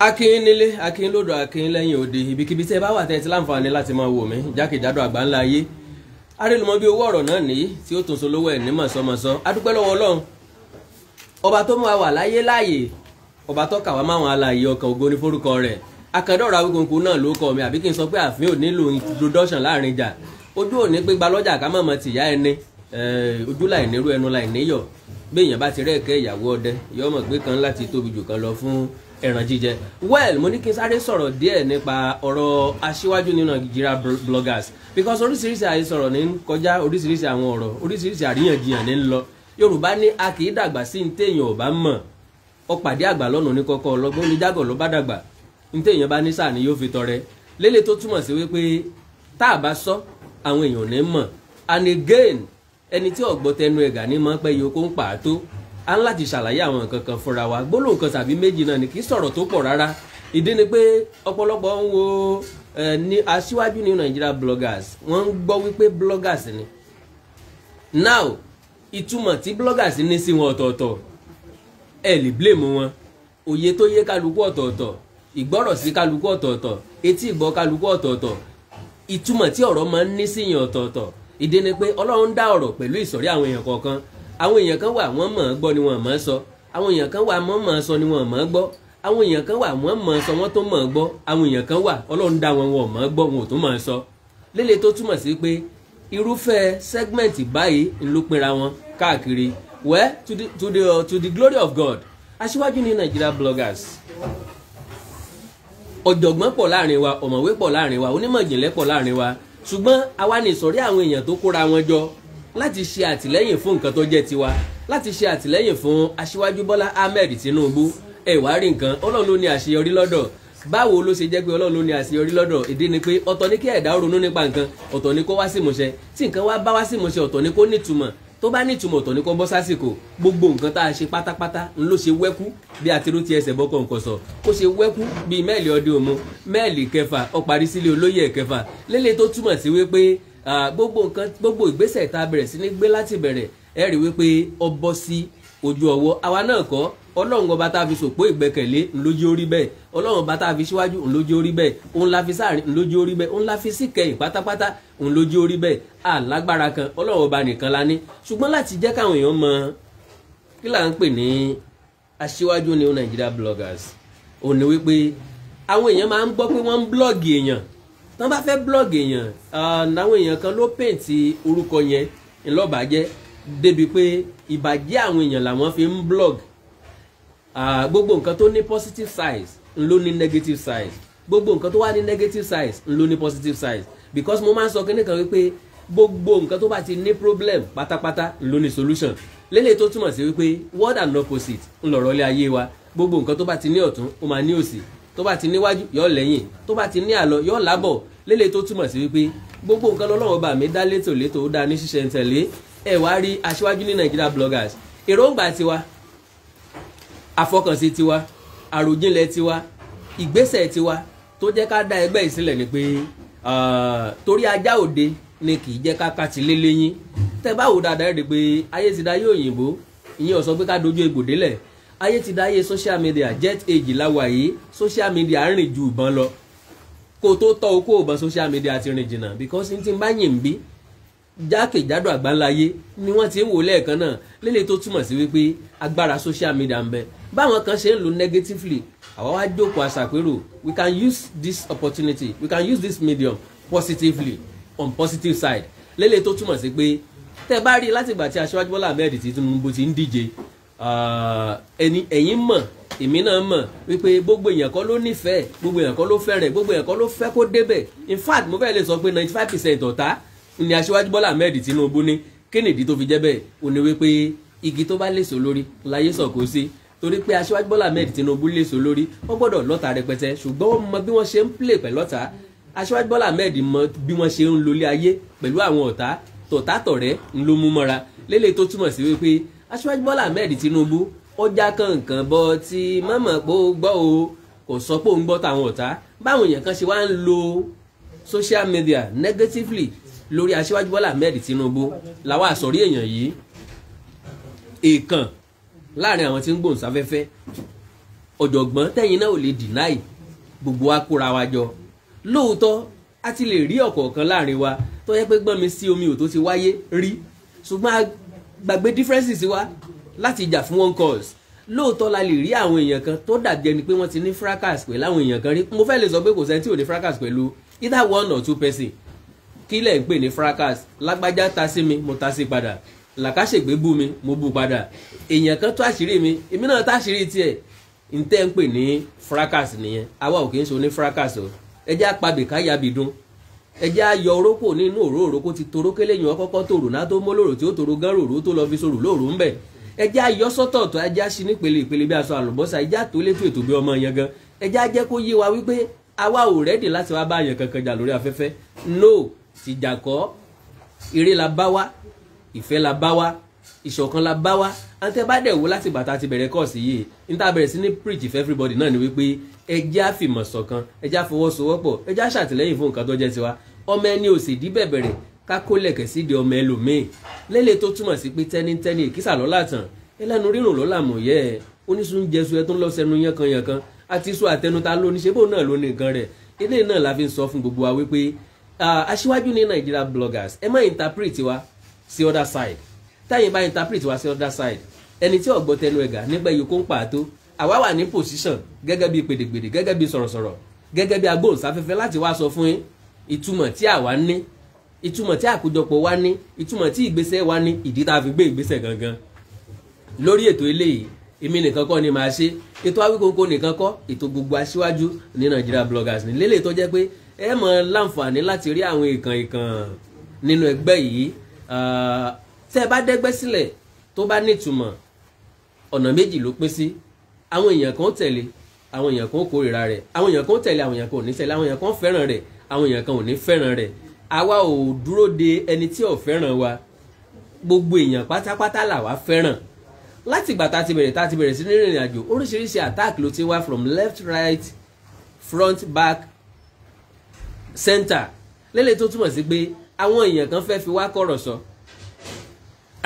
akin nílé akin lódò akin lẹ́yìn òde ibikíbi tí ẹ bá wà tẹ́ ti láǹfààní láti máa wò mí jákèjádò àgbáńlá ayé arélùmọ́ bí owó ọ̀rọ̀ náà nìyí tí ó tún solówó ẹ̀ ní mọ̀sánmọ̀sán adúpẹ́ lọ́wọ́ ọlọ́run ọba tó mú wa wà láyé láàyè ọba tó kà wá máwọn alààyè ọkàn ògo ní forúkọ rẹ̀ akadọ́rọ̀ awíkòǹkò náà ló kọ mi àbí kí n sọ pé àfihàn nílò introduction láàrin ìjà ojú òní pé gbalọ́jà ká mọ̀mọ́ tìyá ẹni ojú láì nírú ẹnu láì níyọ̀ bí èèyàn bá ti rẹ́ẹ̀kẹ́ ìyàwó ọdẹ yọmọ̀ pé kan ẹran jíjẹ well mo ní kí n sáré sọ̀rọ̀ díẹ̀ nípa ọ̀rọ̀ aṣíwájú nínú Nigeria bloggers because oríṣiríṣi àhesọ̀rọ̀ ní ń kọjá oríṣiríṣi àwọn ọ̀rọ̀ oríṣiríṣi àríyànjiyàn ní ń lọ Yorùbá ní a kì í dàgbà sí ní téèyàn ò bá mọ̀ ọ pàdé àgbà lọ́nà ní kọ́kọ́ ọlọ́gbọ́n ní jágọ̀ ló bá dàgbà ní téèyàn bá ní sáà ni yóò fi tọrẹ lélẹ̀ tó túmọ̀ sí wípé tá a bá sọ àwọn èèyàn ní mọ̀ and again ẹni tí ọ̀gbọ́tẹnu ẹ̀gà ní mọ́ pẹ́ yìí ó kó ń pàá á ń láti ṣàlàyé àwọn nǹkan kan fúnra wa gbólóhùn kan tàbí méjì náà ni kì í sọ̀rọ̀ tó pọ̀ rárá ìdí ni pé ọ̀pọ̀lọpọ̀ ń wo ní aṣíwájú ní Nigeria bloggers wọ́n ń gbọ́ wípé bloggers ni now ìtumọ̀ tí bloggers ní sí wọn ọ̀tọ̀ọ̀tọ̀ ẹ lè blame wọn òye tó yé kálukú ọ̀tọ̀ọ̀tọ̀ ìgbọ́rọ̀ sí kálukú ọ̀tọ̀ọ̀tọ̀ etí ìgbọ́ kálukú ọ̀tọ̀ọ̀tọ̀ ìtumọ̀ tí ọ̀rọ̀ máa ń ní síyàn ọ̀tọ̀ọ̀tọ̀ ìdí ni pé Ọlọ́run dá ọ̀rọ̀ pẹ̀lú ìsọ̀rí àwọn èèyàn kọ̀ọ̀kan àwọn èèyàn kan wà wọ́n mọ̀ ọ́n gbọ́ ni wọ́n mọ̀ ọ́n sọ àwọn èèyàn kan wà wọ́n mọ̀ ọ́n sọ ni wọ́n mọ̀ ọ́n gbọ́ àwọn èèyàn kan wà wọ́n mọ̀ ọ́n sọ wọ́n tó mọ̀ ọ́n gbọ́ àwọn èèyàn kan wà ọlọ́run dá wọn wọn mọ̀ ọ́n gbọ́ wọn ò tún mọ̀ ọ́n sọ lélẹ̀ tó túmọ̀ sí pé irúfẹ́ sẹ́gmẹ̀ntì báyìí ń ló pinra wọn káàkiri well to the, to the, glory of God aṣíwájú ní Nigeria bloggers ọ̀jọ̀gbọ́n pọ̀ láàrin wa ọ̀mọ̀wé pọ̀ láàrin wa onímọ̀ ìjìnlẹ̀ pọ̀ láàrin wa ṣùgbọ́n àwa ní ìsọ̀rí àwọn èèyàn tó kóra wọn jọ láti ṣe àtìlẹ́yìn fún nǹkan tó jẹ́ tiwa láti ṣe àtìlẹ́yìn fún aṣíwájú Bọ́lá Ahmed Tinubu ẹ wá rí nǹkan Ọlọ́run ló ní àṣeyọrí lọ́dọ̀ báwo ló ṣe jẹ́ pé Ọlọ́run ló ní àṣeyọrí lọ́dọ̀ ìdí ni pé ọ̀tọ̀ ní kí ẹ̀dá ronú nípa nǹkan ọ̀tọ̀ ní kó wá sí ìmúṣẹ tí nǹkan wá bá wá sí ìmúṣẹ ọ̀tọ̀ ní kó nítumọ̀ tó bá nítumọ̀ ọ̀tọ̀ ní kó bọ́ sásìkò gbogbo nǹkan tá a ṣe pátápátá ń ló ṣe wẹ́kú bí atirú ti ẹsẹ̀ bọ́kọ̀ nǹkan sọ ó ṣe wẹ́kú bíi mẹ́ẹ̀lì ọdún òmu mẹ́ẹ̀lì kẹfà ó sílé olóyè kẹfà lélẹ̀ tó túmọ̀ sí wípé gbogbo nǹkan gbogbo ìgbésẹ̀ tá a bẹ̀rẹ̀ sí ní gbé láti bẹ̀rẹ̀ ẹ rí wípé ó bọ́ sí ojú ọwọ́ àwa náà kọ́ ọlọ́run ọba tá a fi sòpó ìgbẹ́kẹ̀lé ńlójú orí bẹ́ẹ̀ ọlọ́run ọba tá a fi síwájú ńlójú orí bẹ́ẹ̀ òun la fi sáàrin ńlójú orí bẹ́ẹ̀ òun la fi síkẹyìn pátápátá ńlójú orí bẹ́ẹ̀ alágbára kan ọlọ́run ọba nìkan la ní ṣùgbọ́n láti jẹ́ káwọn èèyàn mọ kí là ń pè ní aṣíwájú ní Nigeria bloggers òní wípé àwọn èèyàn máa ń gbọ́ pé wọ́n ń blọ́ọ̀gì èèyàn tán bá fẹ́ blog èèyàn àwọn èèyàn kan ló pèntì orúkọ yẹn ńlọ́bàjẹ́ débi pé ìbàjẹ́ àwọn èèyàn làwọn fi ń blog gbogbo nǹkan tó ní positive size ń ló ní negative size gbogbo nǹkan tó wà ní negative size ń ló ní positive size because mo máa ń sọ kí nìkan wípé gbogbo nǹkan tó bá ti ní problem pátápátá ń ló ní solution lélẹ̀ tó túmọ̀ sí wípé word and opposite ń lọ̀rọ̀ ilé ayé wa gbogbo nǹkan tó bá ti ní ọ̀tún ó máa ní òsì tó bá ti níwájú yọ lẹ́yìn tó bá ti ní àlọ yọ lábọ̀ lélẹ̀ tó túmọ̀ sí wípé gbogbo nǹkan lọ́lọ́wọ́ bá mi dá létò létò ó dá ní ṣíṣe ń tẹ̀lé wá rí aṣíwájú ní Nigeria bloggers èròǹgbà tiwa àfọkànsí tiwa àròjinlẹ̀ tiwa ìgbésẹ̀ tiwa tó jẹ́ ká dá ẹgbẹ́ ìsílẹ̀ ni pé torí ajá òde ni kì í jẹ́ ká kàtìlé lẹ́yìn tẹ́ bá wò dáadáa rẹ̀ pé ayé ti dá yóò yìnbó ìyẹn ò sọ pé ká dojú egbò ayé ti dáyé social media jet age láwa yìí social media rìn ju ìbọn lọ kó tó tọ́ o kó social media ti rìn jìnnà because n ti bá yìn bí jákèjádò àgbáńláyé ni wọ́n ti ń wò lẹ́ẹ̀kan náà lélẹ̀ tó túmọ̀ sí wípé agbára social media ń bẹ báwọn kan ṣe ń lò negatively àwa wá jókòó àṣàpérò we can use this opportunity we can use this medium positively on positive side lélẹ̀ tó túmọ̀ sí pé tẹ́ bá rí i látìgbà tí aṣíwájú Bọ́lá Ahmed Tinubu ti ń díje Ah, ẹni ẹ̀yin mọ̀ èmi náà mọ̀ wípé gbogbo èèyàn kọ́ ló nífẹ̀ẹ́ gbogbo èèyàn kọ́ ló fẹ́rẹ̀ gbogbo èèyàn kọ́ ló fẹ́ kó débẹ̀ in fact mo fẹ́ lè sọ pé ninety five percent ọ̀tá ni aṣíwájú Bọ́lá Ahmed Tinubu ní kí nìdí tó fi jẹ́ bẹ́ẹ̀ ó ní wípé igi tó bá léso lórí láyé sọ̀kò sí torí pé aṣíwájú Bọ́lá Ahmed Tinubu léso lórí wọ́n gbọ́dọ̀ lọ́ta rẹpẹtẹ ṣùgbọ́n wọ́n mọ bí wọ́n ṣe ń plè pẹ̀lọ́ta aṣíwájú Bọ́lá Ahmed mọ bí wọ́n ṣe ń lólé ayé pẹ̀lú àwọn ọ̀tá tọ̀tá tọ̀rẹ́ ń ló mú mọ́ra lélẹ́yìí tó túmọ̀ sí wípé aṣíwájú bọ́lá ahmed tinubu ó já kankan bọ tí mọ́mọ́ pé ó gbọ́ o kò sọ pé òun gbọ́ tàwọn ọ̀tá báwọn èèyàn kan ṣe wá ń lo social media negatively lórí aṣíwájú bọ́lá ahmed tinubu làwọn àsọ̀rí èèyàn yìí èèkàn láàrin àwọn tí ń gbòǹsáfẹ́fẹ́ ọ̀jọ̀gbọ́n tẹ̀yin náà ò lè dìnáì gbogbo wa kóra wa jọ lóòótọ́ a ti lè rí ọ̀kọ̀ọ̀kan láàrin wa tó yẹ pé gbọ́n mi sí omi ò tó ti wáyé rí ṣùgbọ́n gbàgbé differences wa láti jà fún one cause lóòótọ́ la lè rí àwọn èèyàn kan tó dàbí ẹni pé wọ́n ti ní fracas pẹ̀lú àwọn èèyàn kan rí mo fẹ́ lè sọ pé kò sẹ́ni tí ò ní fracas pẹ̀lú either one or two person kí lẹ̀ ń pè ní fracas lágbájá ta sí mi mo ta sí padà làkàṣègbè bú mi mo bú padà èèyàn kan tó àṣírí mi èmi náà tá àṣírí tiẹ̀ n tẹ́ ń pè ní fracas nìyẹn àwa ò kì í ṣe oní fracas o ẹ jẹ́ àpabì ká yabì dún ẹjẹ́ ayọ̀ orókò nínú òró òrókò ti toró kélé yìí wọ́n kọ́kọ́ tòrò náà tó mólòrò tí ó tòrò gán ròrò tó lọ fi sòrò lóòrò ń bẹ̀ ẹjẹ́ ayọ̀ sọ́tọ̀ọ̀tọ̀ ajá sí nípele ìpele bí aṣọ àlùbọ́sà ẹjẹ́ àtòlétò ètò bí ọmọ yẹn gan ẹjẹ́ ajẹ́ kó yé wa wípé àwa ò rẹ́dì láti wá bá yẹn kankan jà lórí afẹ́fẹ́ no tìjàkọ́ eré la bá wa ìfẹ́ la bá wa ìṣọ̀kan la bá wa àǹtẹ̀ bá dẹ̀ wo láti bàtà ti bẹ̀rẹ̀ kọ́ọ̀sì yìí níta bẹ̀rẹ̀ sí ní preach for everybody náà ni wípé ẹjẹ́ àfìmọ̀ṣọ̀kan ẹjẹ́ àfọwọ́sowọ́pọ̀ ẹjẹ́ àṣàtìlẹ́yìn fún nǹkan tó jẹ́ tiwa ọmọ ẹni ò sì dí bẹ̀bẹ̀rẹ̀ ká kó lẹ̀kẹ̀ sídìí ọmọ ẹlòmíì lélẹ̀ tó túmọ̀ sí pé tẹ́nítẹ́ní ìkísà lọ́la tàn ẹlẹ́nu rírùn lọ́la mọ̀ yẹ́ ẹ oníṣun jẹsu ẹ tó ń lọ sẹnu yánkanyànkan àti sọ àtẹnuta lóní ṣe bó náà ló nǹkan rẹ̀ eléyìí náà la fi sọ fún gbogbo wa wípé aṣíwájú ní Nigeria bloggers ẹ má interpret wa sí other side táyìn bá interpret wa sí other side ẹni tí ọ̀gbọ́ tẹnu ẹ̀gà nígbà yìí kó ń pàtó àwa wà ní position gẹ́gẹ́ bí pèdègbèdè gẹ́gẹ́ bí sọ̀rọ̀sọ̀rọ̀ gẹ́gẹ́ bí agbóhùnsáfẹ́fẹ́ láti wá sọ fún yín ìtumọ̀ tí àwa ní ìtumọ̀ tí àkójọpọ̀ wa ní ìtumọ̀ tí ìgbésẹ̀ wa ní ìdí tá a fi gbé ìgbésẹ̀ gangan lórí ètò eléyìí èmi nìkan kọ́ ni màá ṣe ètò Awíkonko nìkan kọ́ ètò gbogbo aṣíwájú ní Nigeria bloggers ni lélẹ̀ tó jẹ́ pé ẹ mọ̀ láǹfààní láti rí àwọn ìkàn ìkàn nínú ẹgbẹ́ yìí ah, tẹ́ ẹ bá dẹ́gbẹ́ sílẹ̀ tó bá nítumọ̀ ọ̀nà méjì ló pín sí àwọn èèyàn kan tẹ̀lé àwọn èèyàn kan kórìíra rẹ̀ àwọn èèyàn kan tẹ̀lé àwọn èèyàn kan ò ní tẹ̀lé àwọn èèyàn kan fẹ́ràn rẹ̀ àwọn èèyàn kan ò ní fẹ́ràn rẹ̀ àwa ò dúró de ẹni tí ò fẹ́ràn wa gbogbo èèyàn pátápátá là wá fẹ́ràn láti ìgbà tá a ti bẹ̀rẹ̀ tá a ti bẹ̀rẹ̀ sí ní ìrìn àjò oríṣiríṣi attack ló ti wá from left right front back center lélẹ̀ tó túmọ̀ sí pé àwọn èèyàn kan fẹ́ fi wá kọ̀rọ̀ sọ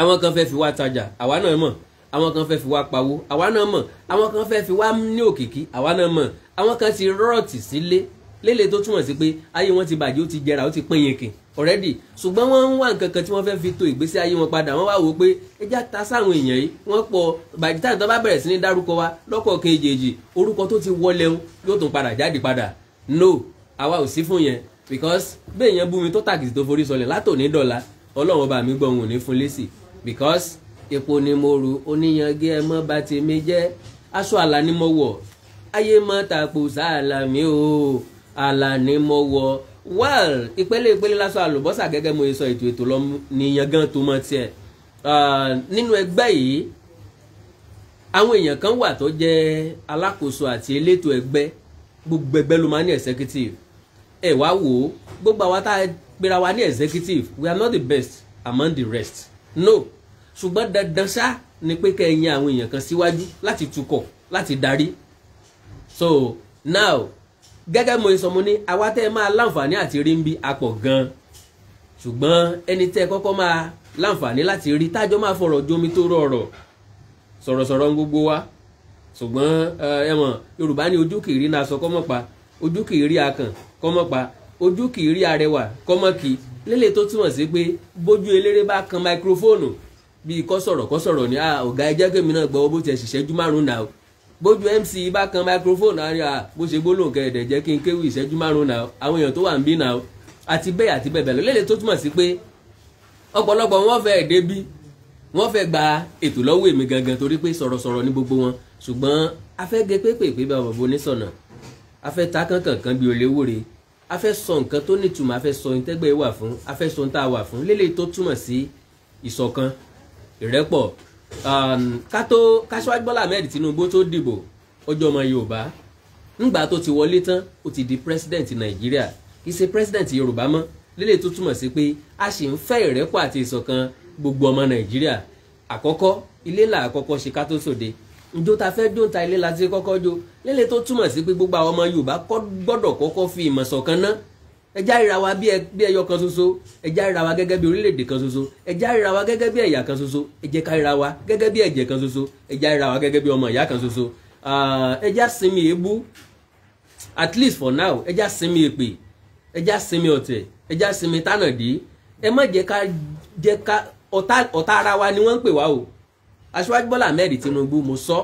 àwọn kan fẹ́ fi wá tajà àwa náà mọ̀ àwọn kan fẹ́ fi wá pawó àwa náà mọ̀ àwọn kan fẹ́ fi wá ní òkìkí àwa náà mọ̀ àwọn kan ti rọ́ọ̀tì sílé lélẹ̀ tó túmọ̀ sí pé ayé wọn ti bàjẹ́ ó ti jẹrà ó ti pín yẹn kì already ṣùgbọ́n wọ́n ń wá nǹkan kan tí wọ́n fẹ́ fi to ìgbésí ayé wọn padà wọ́n wá wò ó pé ẹjá ta sáwọn èèyàn yìí wọ́n pọ̀ bàjẹ́ táyà tó bá bẹ̀rẹ̀ sí ní dárúkọ wa lọ́kọ̀ kejì orúkọ tó ti wọlé ń yóò tún padà jáde padà no àwa ò sí fún yẹn because bẹ́ẹ̀ yẹn bú mi tó tàkìtì tó forí sọlẹ̀ látòní dọ̀la ọlọ́run ọba mi gbọ́ òun ò ní fún lésì because epo ni mo rù oníyangé ẹ mọ́ bá ti mi jẹ́ aṣọ àlà ni mo wọ̀ ayé mọ́ tàpọ̀ sáà là mí o Àlàní mo wọ well ìpele ìpele lásán àlùbọ́sà gẹ́gẹ́ mo sọ ètò ètò lọ nìyẹn gan tó mọ tiẹ̀ nínú ẹgbẹ́ yìí àwọn èèyàn kan wà tó jẹ́ alákòóso àti elétò ẹgbẹ́ gbogbo ẹgbẹ́ ló máa ní executive ẹ wá wò ó gbogbo àwa tá a pera wa ní executive we are not the best among the rest no ṣùgbọ́n dandan ṣá ni pé kẹ́ àwọn èèyàn kan síwájú láti tukọ̀ láti darí so now gẹ́gẹ́ mo sọ mo ní àwa tẹ́ ẹ máa láǹfààní àti rí ń bí apọ̀ gan ṣùgbọ́n ẹni tẹ́ ẹ kọ́kọ́ máa láǹfààní láti rí tájọ́ máa fọ̀rọ̀ jomi tó rọrọ̀ sọ̀rọ̀sọ̀rọ̀ ń gbogbo wa ṣùgbọ́n ẹ mọ̀ Yorùbá ní ojú kìí rí náà sọ kọ́mọ̀ pa ojú kìí rí akàn kọ́mọ̀ pa ojú kìí rí arẹwà kọ́mọ̀ kì í lélẹ̀ tó túmọ̀ sí pé bójú eléré bá kan máikrófóònù bíi kọ́sọ̀rọ̀ kọ́sọ̀rọ̀ ní ọ̀gá ẹjẹ́ kèmí náà gbọ́ bó ti ẹ̀ ṣiṣẹ́jú márùn-ún náà bójú mc bá kan microphone àárín à bó ṣe gbólóhùn kẹrẹ̀dẹ̀ jẹ́ kí n kéwì ìṣẹ́jú márùn-ún náà àwọn èèyàn tó wà ń bí náà àti bẹ́ẹ̀ àti bẹ́ẹ̀ bẹ́ẹ̀ lọ lélẹ̀ tó túmọ̀ sí pé ọ̀pọ̀lọpọ̀ wọn fẹ́ débí wọ́n fẹ́ gba ètò lọ́wọ́ èmi gangan torí pé sọ̀rọ̀sọ̀rọ̀ ní gbogbo wọn ṣùgbọ́n afẹ́gẹ́ pépèpé bá bàbá onísọ̀nà afẹ́ ta kankankan bíi olówóore afẹ́ sọ nǹkan tó nítumọ̀ afẹ́ sọ ìtẹ́gbẹ́ wà fún afẹ́ sọ ń tá a wà fún lélẹ̀ tó túmọ̀ sí ìṣọ̀kan ìrẹ́pọ̀ Um, kátó káṣíwájú Bọ́lá Ahmed Tinubu tó dìbò ọjọ́ ọmọ Yorùbá ńgbà tó ti wọlé tán ó ti di president Nàìjíríà kì í ṣe president Yorùbá mọ́ lélẹ̀ tó túmọ̀ sí pé a sì ń fẹ́ ìrẹ́pọ̀ àti ìṣọ̀kan gbogbo ọmọ Nàìjíríà àkọ́kọ́ ilé là àkọ́kọ́ ṣe ká tó sòde njó ta fẹ́ jó ta ilé la ti kọ́kọ́ jó lélẹ̀ tó túmọ̀ sí pé gbogbo àwọn ọmọ Yorùbá gbọ́dọ̀ kọ́kọ́ fi ìmọ̀ náà ẹjá ríra wa bí ẹyọ kan ṣoṣo ẹjá ríra wa gẹ́gẹ́ bí orílẹ̀-èdè kan ṣoṣo ẹjá ríra wa gẹ́gẹ́ bí ẹ̀yà kan ṣoṣo ẹjẹ́ ká ríra wa gẹ́gẹ́ bí ẹ̀jẹ̀ kan ṣoṣo ẹjá ríra wa gẹ́gẹ́ bí ọmọ ìyá kan ṣoṣo ẹjá sinmi èébú at least for now ẹjá sinmi èpè ẹjá sinmi ọ̀tẹ̀ ẹjá sinmi tánàdí ẹ má jẹ́ ká jẹ́ ká ọ̀tá ara wa ni wọ́n ń pè wá o aṣíwájú Bọ́lá Ahmed Tinubu mo sọ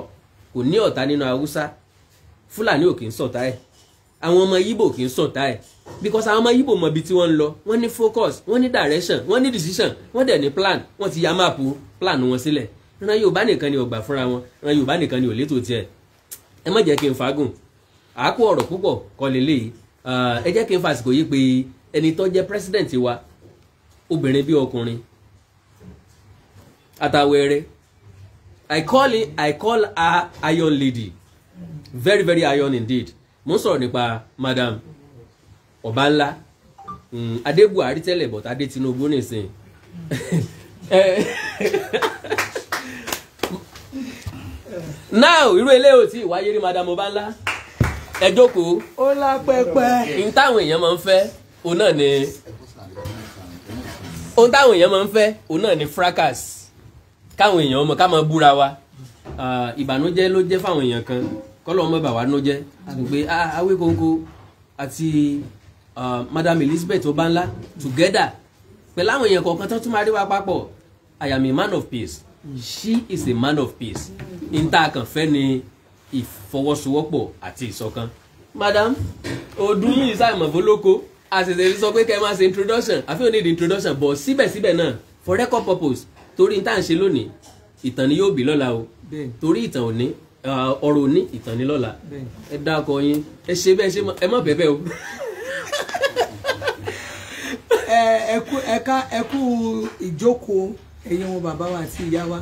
kò ní ọ̀tá nínú Haúsá Fúlàní ò kì í ẹ̀ àwọn ọmọ Yíbò kì í sọ̀tá ẹ̀ because àwọn ọmọ Yíbò mọ ibi tí wọ́n ń lọ wọ́n ní focus wọ́n ní direction wọ́n ní decision wọ́n dẹ̀ ní plan wọ́n ti ya máàpù plan wọn sílẹ̀ ìran Yorùbá nìkan ni ò gbà fúnra wọn ìran Yorùbá nìkan ni ò létò tiẹ̀ ẹ má jẹ́ kí n fagùn àákú ọ̀rọ̀ púpọ̀ kọ́ lélẹ́yìí ẹ jẹ́ kí n fàsìkò yí pé ẹni tó jẹ́ president wa obìnrin bí ọkùnrin àtàwẹ̀rẹ̀ I call, it, I call her iron lady very very iron indeed mo ń n'ipa madam ọ̀bánlá mm, adé buhari but adé tinubu eh, now irú eléyìí ò iwa wáyé madam ọ̀bánlá ẹ jókòó ó lápẹpẹ n táwọn èèyàn máa ń fẹ́ òun ni ohun táwọn èèyàn máa ń òun náà ọmọ ká máa búra wa ah, ìbànújẹ́ ló fáwọn èèyàn kan kọ́lọ́mọ bàwá nú jẹ́ pé ah, Awikonko àti madam Elizabeth Obanla together pẹ̀lú àwọn èèyàn kọ̀ọ̀kan tó tún máa rí wa papọ̀ I am a man of peace she is a man of peace n ta kàn fẹ́ ni ìfọwọ́sowọ́pọ̀ àti ìṣọ̀kan madam ọdún yìí sàmọ̀ fọlọ́kọ àṣẹ̀ṣẹ̀ sọ pé kẹ́ ẹ máa ṣe introduction àfi ò ní di introduction but síbẹ̀síbẹ̀ náà for record purpose torí n tá à ń ṣe lónìí ìtàn ni yóò bí lọ́la o torí ìtàn òní ọ̀rọ̀ ní ìtànilọ́la ẹ dákọ yín ẹ ṣe bẹ́ẹ̀ ṣe ẹ má bẹ́ẹ̀ o. ẹ̀ka ẹ̀kú ìjókòó ẹ̀yin wọn bàbá wa àti ìyá wa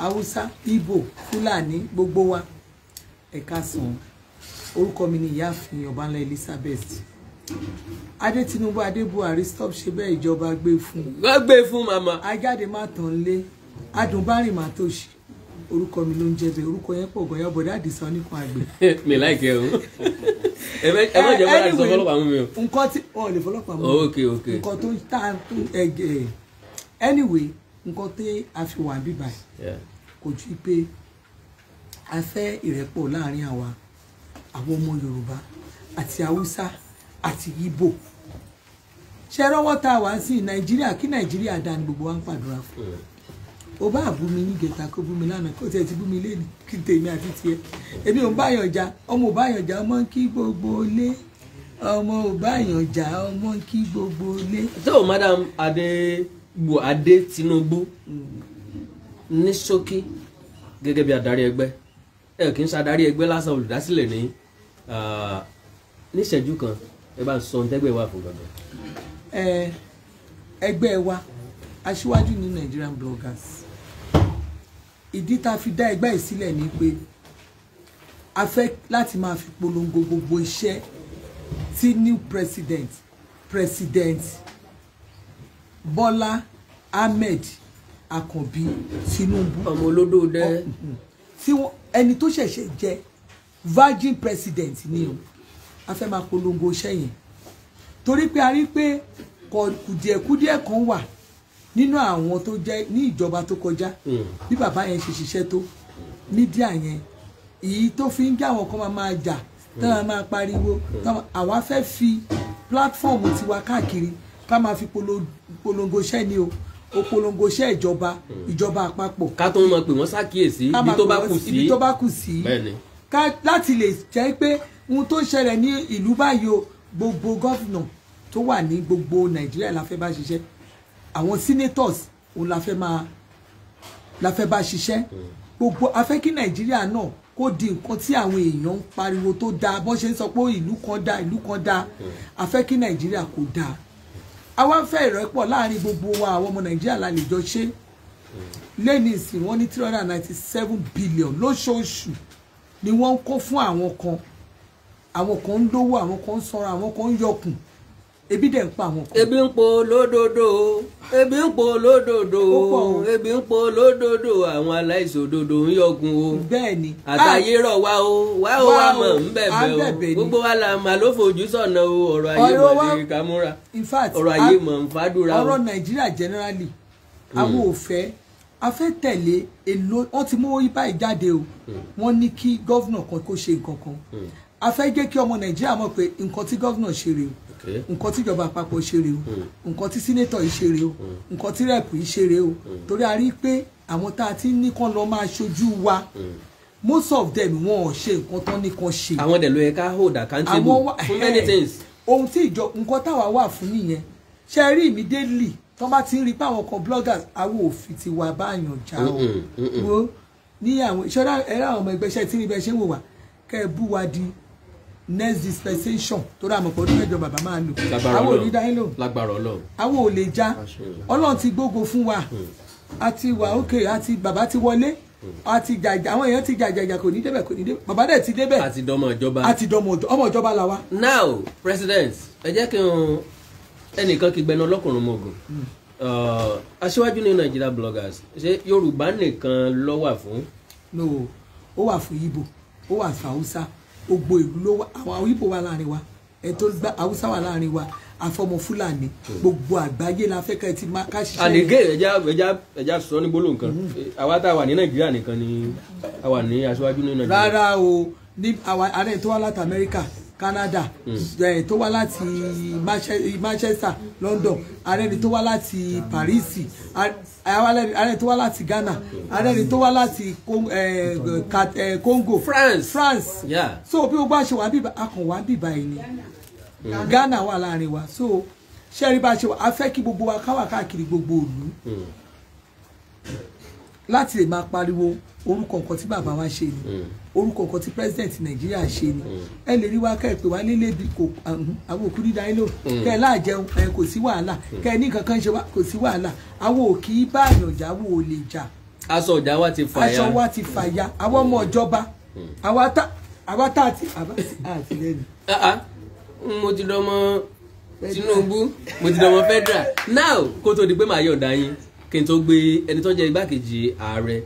haúsá ibo fúlàní gbogbo wa ẹ̀ka sàn orúkọ mi ni ìyáàfin ọ̀bánlá Elizabeth adé Tinubu adé Buhari stop ṣe bẹ́ẹ̀ ìjọba gbé fún. wọ́n gbé fún màmá. ajáde má tàn lé adùn má tó ṣe orúkọ mi ló ń jẹ́ bẹ́ẹ̀ orúkọ yẹn pọ̀ gọ́yà bọ̀dá àdìsá oníkan àgbẹ̀. mi láìkẹ́ o ẹ má jẹ́ bọ́dá àdìsá fọlọ́pàá mú mi o. nǹkan tí ọ lè fọlọ́pàá mú mi oh, ok ok nǹkan tó tá tó ẹgẹ anyway nǹkan tí a fi wà bíbà kò ju pé a fẹ́ ìrẹ́pọ̀ láàrin àwa àwọn ọmọ Yorùbá àti Haúsá àti Ìgbò ṣe rọwọ́ tá a wá sí Nàìjíríà kí Nàìjíríà dá ni gbogbo wa ń pàdúrà fún un mm o bá bú mi ní gẹ̀ta kó bú mi lánàá kó tiẹ̀ ti bú mi léni kí n tèmi àti tiẹ̀ èmi ò ń báyàn jà ọmọ ò báyàn jà ọmọ ń kí gbogbo lé ọmọ ò báyàn jà ọmọ ń kí gbogbo lé. tó o madam adé bu adé Tinubu ní ṣókí gẹ́gẹ́ bí adarí ẹgbẹ́ ẹ kì í ṣe adarí ẹgbẹ́ lásán olùdásílẹ̀ ní níṣẹ́jú kan ẹ bá ń sọ ntẹ́gbẹ́ wa fún gbàgbọ́. ẹgbẹ́ wa aṣíwájú ní Nigerian bloggers ìdí tá a fi dá ẹgbẹ́ yìí ni pé a fẹ́ láti máa fi polongo gbogbo iṣẹ́ tí new president president Bọ́lá Ahmed Akànbí Tinubu ọmọ olódò dẹ mm, tí ẹni tó ṣẹ̀ṣẹ̀ jẹ virgin president ni o a fẹ́ máa polongo iṣẹ́ yẹn torí pé a rí pé kùdìẹ̀kudìẹ̀ kan wà nínú àwọn tó jẹ́ ní ìjọba tó kọjá hmm. bí bàbá yẹn ṣe ṣiṣẹ́ tó mídíà yẹn èyí tó fi ń jáwọ́ kó máa máa jà táwọn hmm. máa pariwo hmm. àwa fẹ́ fi platform tiwa káàkiri ká máa fi polongo iṣẹ́ ni o òpolongo iṣẹ́ ìjọba ìjọba àpapọ̀. ká tó máa pè wọ́n ṣàkíyèsí ibi tó bá kù sí ibi tó bá kù sí ká láti lè jẹ́ pé ohun tó ń ṣẹlẹ̀ ní ìlú báyìí o gbogbo gọ́fìnà tó wà ní gbogbo nàìjíríà la fẹ́ bá ṣiṣẹ́ àwọn senators òun la fẹ́ máa la fẹ́ bá ṣiṣẹ́ gbogbo a fẹ́ kí nàìjíríà náà kó di nǹkan tí àwọn èèyàn ń pariwo tó dáa bọ́n ṣe ń sọ pé ìlú kan dáa ìlú kan dáa a fẹ́ kí nàìjíríà kó dáa àwa ń fẹ́ ìrẹ́pọ̀ láàrin gbogbo wa àwọn ọmọ nàìjíríà la lè jọ ṣe lẹ́ni ìsìn wọ́n ní three hundred and ninety seven billion lóṣooṣù ni wọ́n ń kó fún àwọn kan àwọn kan ń lówó àwọn kan ń sanra àwọn kan ń yọkùn ebi dẹ̀ ń pa àwọn kan. ebi ń po lódodo ebi ń po lódodo ebi ń po lódodo àwọn aláìṣòdodo ń yọgun o. bẹ́ẹ̀ni. àtàyè rọ̀ wá o wá o wá mọ̀ ń bẹ̀bẹ̀ o gbogbo wa la mà ló fojú sọ̀nà o ọ̀rọ̀ ayé mọ̀ ní kámúra ọ̀rọ̀ ayé mọ̀ ń fàdúrà o. ọ̀rọ̀ nàìjíríà generally àwọn hmm. ò fẹ́ a fẹ́ èlò wọ́n ti mú ibà ìjáde o hmm. wọ́n ní kí gọ́vnà kan kó ṣe nǹkan kan hmm. a fẹ́ kí ọmọ nàìjíríà mọ̀ pé nǹkan tí gọ́vnà ṣe rèé nǹkan tí ìjọba àpapọ̀ ṣe rèé o hmm. nǹkan tí sínétọ̀ yìí ṣe rèé o hmm. nǹkan tí rẹ̀pù yìí ṣe rèé o hmm. torí a rí i pé àwọn tá a ti ní kán lọ máa ṣojú wa most of them wọn ò ṣe nǹkan tán ní kan ṣe. àwọn dẹ̀ ló yẹ ká hold accountable for many eh, things. ohun tí ìjọ nǹkan táwa wà fún nìyẹn ṣe rí mi daily tó bá ti ń rí i pé àwọn kan bloggers àwọn òfin ti wà báyàn já o ní àwọn ìṣọ́ra ẹ̀rọ àwọn ọmọ ẹgbẹ́ iṣẹ́ tí ń rí bẹ́ẹ̀ ṣe ń wò wá kẹ́ ẹ bú wa di next dispensation torí àmọ̀ pọ̀ nínú ẹ̀jọ̀ bàbá máa lò àwọn ò ní dá yín lò àwọn ò lè já ọlọ́run ti gbógo fún wa àti hmm. wà ókè àti bàbá ti wọlé àti hmm. jàjà àwọn èèyàn ti jàjàjà kò ní débẹ̀ kò ní débẹ̀ bàbá dẹ̀ ti débẹ̀ àti dọmọ ìjọba àti dọmọ ọmọ ìjọba la wa. now president ẹ jẹ́ kí n ẹnìkan kí gbẹnu ọlọ́kùnrin mọ̀gàn hmm. uh, aṣíwájú ní Nigeria bloggers ṣé yorùbá nìkan ló wà fún. no ó wà fún ibo ó wà fún haúsá gbogbo ìlú ló wà àwọn Ìgbò wà láàrin wa ẹ tó gba Haúsá wà láàrin wa àfọmọ Fúlàní gbogbo àgbáyé la fẹ́ ká ẹ ti máa ká ṣiṣẹ́. àlege ẹja ẹja ẹja sọ ní gbólóhùn kan hmm. àwa tá a wà ní Nàìjíríà nìkan ni a wà ní aṣáájú ní Nàìjíríà. rárá o ní àwa àárẹ̀ tó wá láti Amẹ́ríkà Canada hmm. tó wá láti Manchester London àárẹ̀ ni tó wá láti Paris. Eh, alẹ́ tó wá láti Ghana alẹ́ tó wá láti eh, eh, Congo France France so bí gbogbo àṣẹ wà bíbá akàn wà bíbá yìí mm. Ghana wà láàrin wa so ṣẹ́ẹ́rì bá ṣe wà á fẹ́ kí gbogbo wa káwà káàkiri gbogbo ìlú mm. láti lè máa pariwo orúkọ nǹkan tí bàbá wa ṣe ni hmm. orúkọ nǹkan tí president nàìjíríà ṣe ni hmm. ẹ lè rí wa kẹ́ ẹ pè wá nílé bí kò àwọn òkú dídá yín lò hmm. kẹ́ ẹ láàjẹun ẹ kò sí wàhálà kẹ́ ẹ ní nǹkan kan ṣe wá kò sí wàhálà àwọn ò kì í bá àyànjá wo ò lè jà. aṣọ ọjà wa ti fàya aṣọ wa ti fàya àwọn ọmọ ìjọba àwa tá àti àtìlẹ́yìn. Ah, ah. mo ti dọmọ Tinubu mo ti dọmọ federal now kó tó di pé màá yọ̀ǹda yín kí n tó gbé ẹni tó jẹ́ igbákejì ààrẹ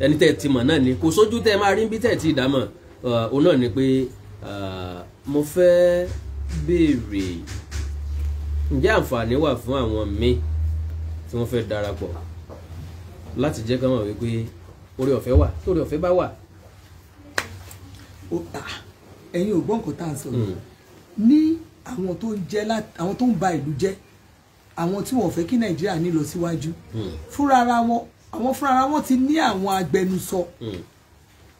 ẹni tẹ́ ti mọ̀ náà ni kò sójú tẹ́ máa rí bí tẹ́ ti dà mọ̀ òun náà ni pé mo fẹ́ béèrè ǹjẹ́ àǹfààní wà fún àwọn míì tí wọ́n fẹ́ darapọ̀ láti jẹ́ ká mọ̀ wípé oore ọ̀fẹ́ wà tó oore ọ̀fẹ́ bá wà. ẹ̀yin ò gbọ́ nǹkan tá à ń sọ hmm. ní àwọn tó ń jẹ́ àwọn tó ń ba ìlú jẹ́ àwọn tí wọ́n fẹ́ kí nàìjíríà ní lọ síwájú hmm. fúnra ara wọn àwọn fúnra wọn ti ní àwọn agbẹnusọ hmm.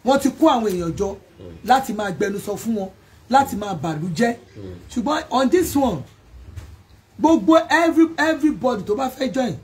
wọ́n ti kó àwọn èèyàn jọ hmm. láti máa gbẹnusọ fún wọn láti máa bàlú jẹ́ hmm. ṣùgbọ́n on this one gbogbo every everybody tó bá fẹ́ join